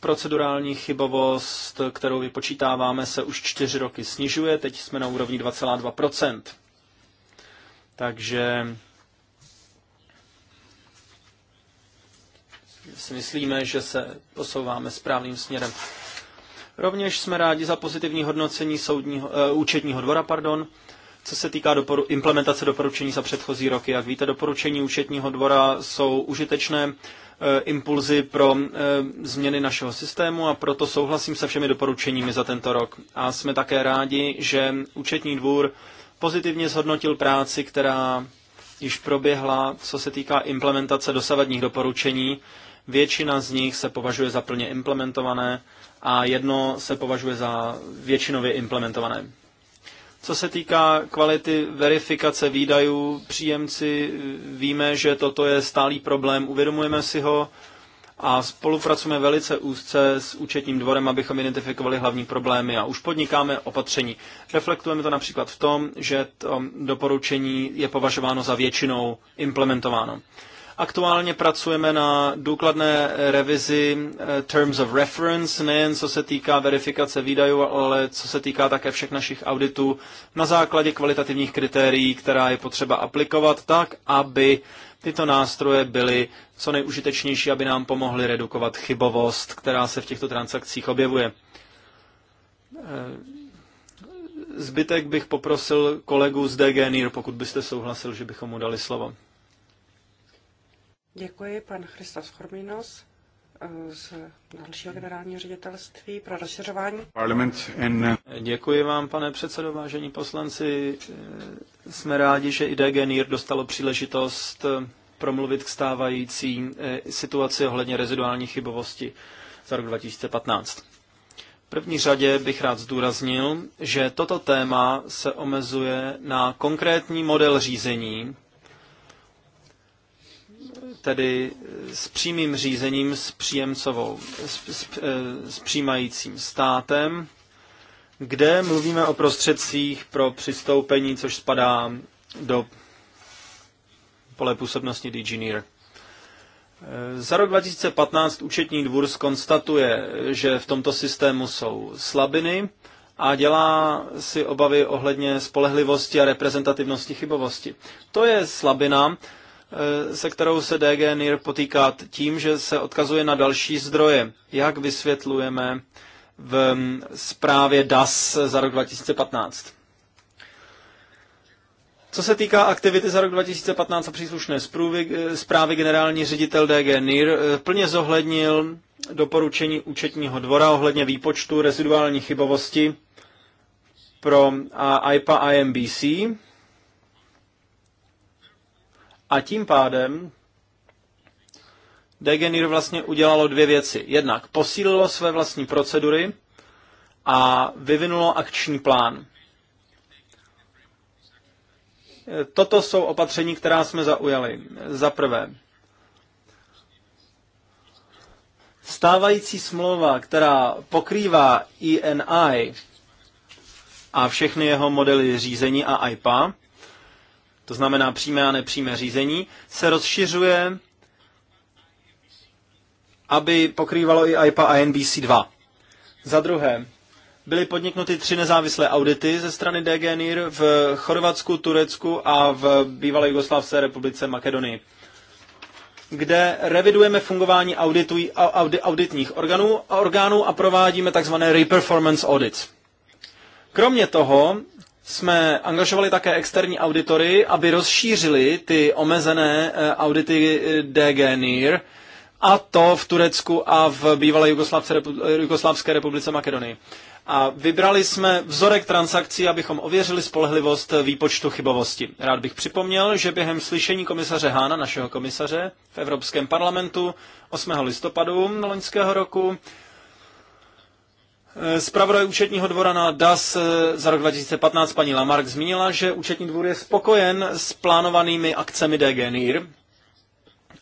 procedurální chybovost, kterou vypočítáváme, se už čtyři roky snižuje, teď jsme na úrovni 2,2%. Takže si myslíme, že se posouváme správným směrem. Rovněž jsme rádi za pozitivní hodnocení soudního, e, účetního dvora, pardon, co se týká doporu, implementace doporučení za předchozí roky. Jak víte, doporučení účetního dvora jsou užitečné e, impulzy pro e, změny našeho systému a proto souhlasím se všemi doporučeními za tento rok. A jsme také rádi, že účetní dvůr pozitivně zhodnotil práci, která již proběhla, co se týká implementace dosavadních doporučení Většina z nich se považuje za plně implementované a jedno se považuje za většinově implementované. Co se týká kvality verifikace výdajů, příjemci víme, že toto je stálý problém, uvědomujeme si ho a spolupracujeme velice úzce s účetním dvorem, abychom identifikovali hlavní problémy a už podnikáme opatření. Reflektujeme to například v tom, že to doporučení je považováno za většinou implementováno. Aktuálně pracujeme na důkladné revizi eh, Terms of Reference, nejen co se týká verifikace výdajů, ale co se týká také všech našich auditů na základě kvalitativních kritérií, která je potřeba aplikovat tak, aby tyto nástroje byly co nejužitečnější, aby nám pomohly redukovat chybovost, která se v těchto transakcích objevuje. Eh, zbytek bych poprosil kolegu z DG NIR, pokud byste souhlasil, že bychom mu dali slovo. Děkuji, pan Christos Chorminos eh, z dalšího generálního ředitelství pro rozšiřování. Eh, Děkuji vám, pane předsedo, vážení poslanci. Eh, jsme rádi, že i DGNIR dostalo příležitost promluvit k stávající situaci ohledně reziduální chybovosti za rok 2015. V první řadě bych rád zdůraznil, že toto téma se omezuje na konkrétní model řízení, tedy s přímým řízením s příjemcovou, s, s, eh, s přijímajícím státem, kde mluvíme o prostředcích pro přistoupení, což spadá do pole působnosti DGNIR. Eh, za rok 2015 účetní dvůr skonstatuje, že v tomto systému jsou slabiny a dělá si obavy ohledně spolehlivosti a reprezentativnosti chybovosti. To je slabina, Eh, se kterou se DG NIR potýká tím, že se odkazuje na další zdroje. Jak vysvětlujeme v mm, zprávě DAS za rok 2015? Co se týká aktivity za rok 2015 a příslušné zprůvy, eh, zprávy generální ředitel DG NIR eh, plně zohlednil doporučení účetního dvora ohledně výpočtu reziduální chybovosti pro IPA IMBC a tím pádem Degenir vlastně udělalo dvě věci. Jednak posílilo své vlastní procedury a vyvinulo akční plán. Toto jsou opatření, která jsme zaujali. Za prvé, stávající smlouva, která pokrývá ENI a všechny jeho modely řízení a IPA, to znamená přímé a nepřímé řízení, se rozšiřuje, aby pokrývalo i IPA a NBC 2. Za druhé, byly podniknuty tři nezávislé audity ze strany DGNIR v Chorvatsku, Turecku a v bývalé Jugoslávské republice Makedonii kde revidujeme fungování auditu, audit, auditních orgánů, orgánů a provádíme tzv. reperformance audits. Kromě toho jsme angažovali také externí auditory, aby rozšířili ty omezené eh, audity eh, DG NIR, a to v Turecku a v bývalé eh, Jugoslávské republice Makedonii. A vybrali jsme vzorek transakcí, abychom ověřili spolehlivost výpočtu chybovosti. Rád bych připomněl, že během slyšení komisaře Hána, našeho komisaře, v Evropském parlamentu 8. listopadu loňského roku Eh, zpravodaj účetního dvora na DAS eh, za rok 2015 paní Lamarck zmínila, že účetní dvůr je spokojen s plánovanými akcemi DG NIR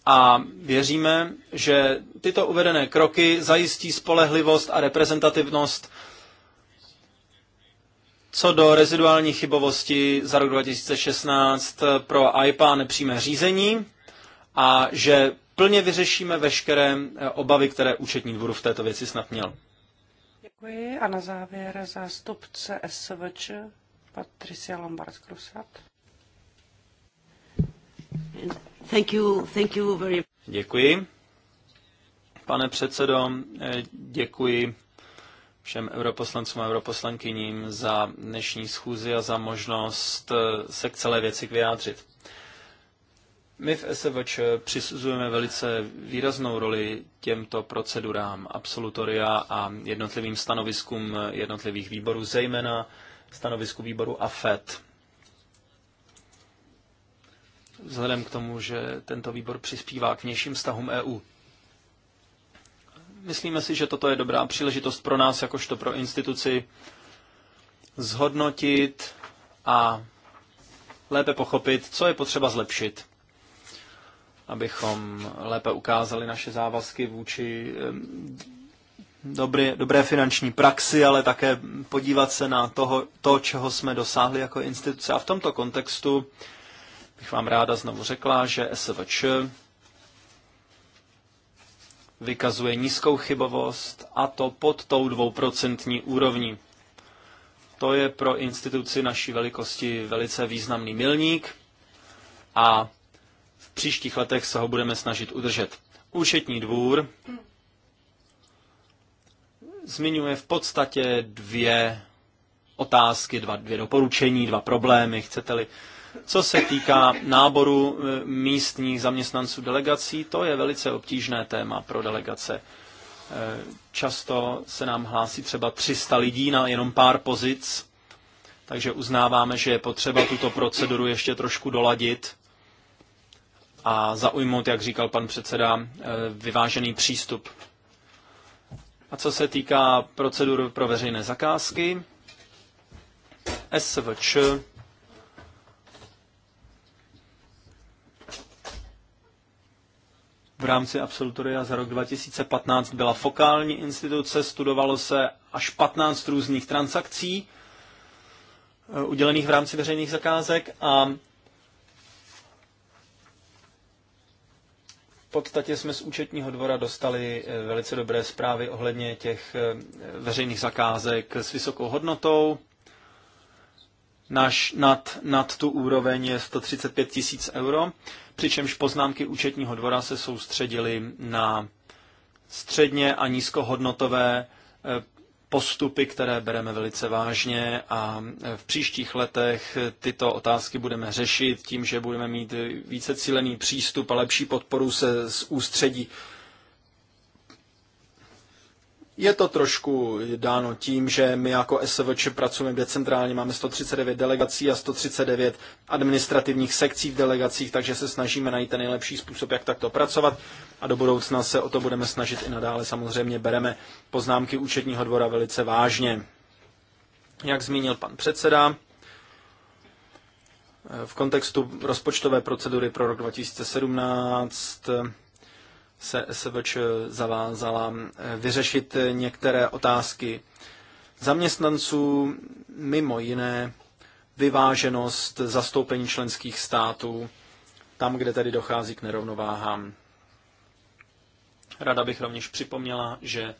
a věříme, že tyto uvedené kroky zajistí spolehlivost a reprezentativnost co do reziduální chybovosti za rok 2016 eh, pro IPA nepřímé řízení a že plně vyřešíme veškeré obavy, které účetní dvůr v této věci snad měl. Děkuji a na závěr zástupce SVČ Patricia Lombard Krusat. Thank you, thank you very... Děkuji. Pane předsedo, děkuji všem europoslancům a europoslankyním za dnešní schůzi a za možnost se k celé věci vyjádřit. My v SVČ přisuzujeme velice výraznou roli těmto procedurám absolutoria a jednotlivým stanoviskům jednotlivých výborů, zejména stanovisku výboru AFET. Vzhledem k tomu, že tento výbor přispívá k nějším vztahům EU. Myslíme si, že toto je dobrá příležitost pro nás, jakožto pro instituci, zhodnotit a lépe pochopit, co je potřeba zlepšit abychom lépe ukázali naše závazky vůči dobré, dobré finanční praxi, ale také podívat se na toho, to, čeho jsme dosáhli jako instituce. A v tomto kontextu bych vám ráda znovu řekla, že SVČ vykazuje nízkou chybovost a to pod tou dvouprocentní úrovní. To je pro instituci naší velikosti velice významný milník a příštích letech se ho budeme snažit udržet. Účetní dvůr zmiňuje v podstatě dvě otázky, dva, dvě doporučení, dva problémy, chcete-li. Co se týká náboru e, místních zaměstnanců delegací, to je velice obtížné téma pro delegace. E, často se nám hlásí třeba 300 lidí na jenom pár pozic, takže uznáváme, že je potřeba tuto proceduru ještě trošku doladit, a zaujmout, jak říkal pan předseda, eh, vyvážený přístup. A co se týká procedur pro veřejné zakázky, SVČ v rámci absolutoria za rok 2015 byla fokální instituce, studovalo se až 15 různých transakcí eh, udělených v rámci veřejných zakázek a podstatě jsme z účetního dvora dostali eh, velice dobré zprávy ohledně těch eh, veřejných zakázek s vysokou hodnotou. Naš nad, nad tu úroveň je 135 tisíc euro, přičemž poznámky účetního dvora se soustředily na středně a nízkohodnotové eh, postupy, které bereme velice vážně a v příštích letech tyto otázky budeme řešit tím, že budeme mít více cílený přístup a lepší podporu se z ústředí je to trošku dáno tím, že my jako SVČ pracujeme decentrálně, máme 139 delegací a 139 administrativních sekcí v delegacích, takže se snažíme najít ten nejlepší způsob, jak takto pracovat a do budoucna se o to budeme snažit i nadále. Samozřejmě bereme poznámky účetního dvora velice vážně. Jak zmínil pan předseda, v kontextu rozpočtové procedury pro rok 2017 se SVČ zavázala eh, vyřešit eh, některé otázky zaměstnanců, mimo jiné vyváženost zastoupení členských států, tam, kde tedy dochází k nerovnováhám. Rada bych rovněž připomněla, že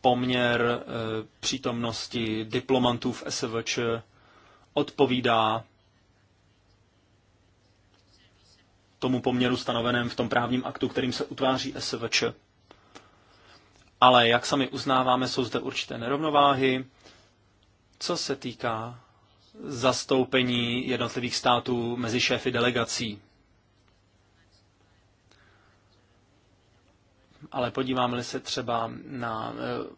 poměr eh, přítomnosti diplomantů v SVČ odpovídá tomu poměru stanoveném v tom právním aktu, kterým se utváří SVČ. Ale jak sami uznáváme, jsou zde určité nerovnováhy, co se týká zastoupení jednotlivých států mezi šéfy delegací. Ale podíváme-li se třeba na eh,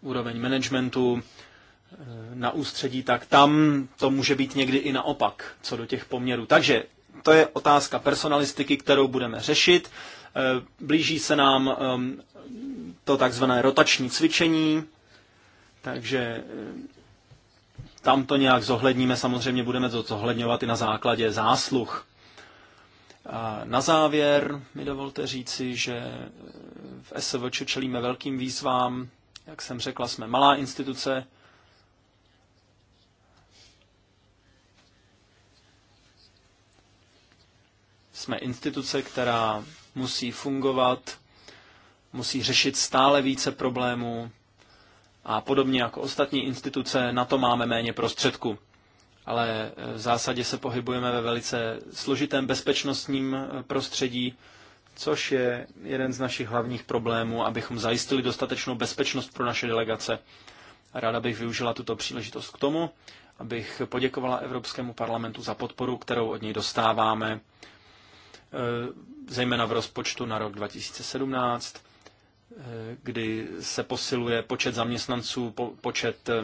úroveň managementu, eh, na ústředí, tak tam to může být někdy i naopak, co do těch poměrů. Takže to je otázka personalistiky, kterou budeme řešit. Eh, blíží se nám ehm, to takzvané rotační cvičení, takže eh, tam to nějak zohledníme, samozřejmě budeme to zohledňovat i na základě zásluh. A na závěr mi dovolte říci, že eh, v SVČ čelíme velkým výzvám. Jak jsem řekla, jsme malá instituce, Jsme instituce, která musí fungovat, musí řešit stále více problémů a podobně jako ostatní instituce, na to máme méně prostředků. Ale v zásadě se pohybujeme ve velice složitém bezpečnostním prostředí, což je jeden z našich hlavních problémů, abychom zajistili dostatečnou bezpečnost pro naše delegace. Ráda bych využila tuto příležitost k tomu, abych poděkovala Evropskému parlamentu za podporu, kterou od něj dostáváme Eh, zejména v rozpočtu na rok 2017, eh, kdy se posiluje počet zaměstnanců, počet eh,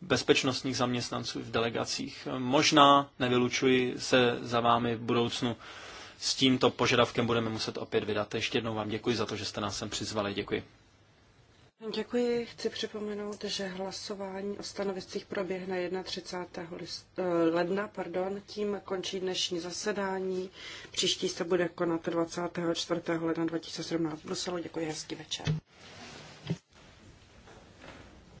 bezpečnostních zaměstnanců v delegacích. Možná, nevylučuji, se za vámi v budoucnu s tímto požadavkem budeme muset opět vydat. Ještě jednou vám děkuji za to, že jste nás sem přizvali. Děkuji. Děkuji. Chci připomenout, že hlasování o stanoviscích proběhne 31. List, eh, ledna. Pardon. Tím končí dnešní zasedání. Příští se bude konat 24. ledna 2017 v Bruselu. Děkuji, hezký večer.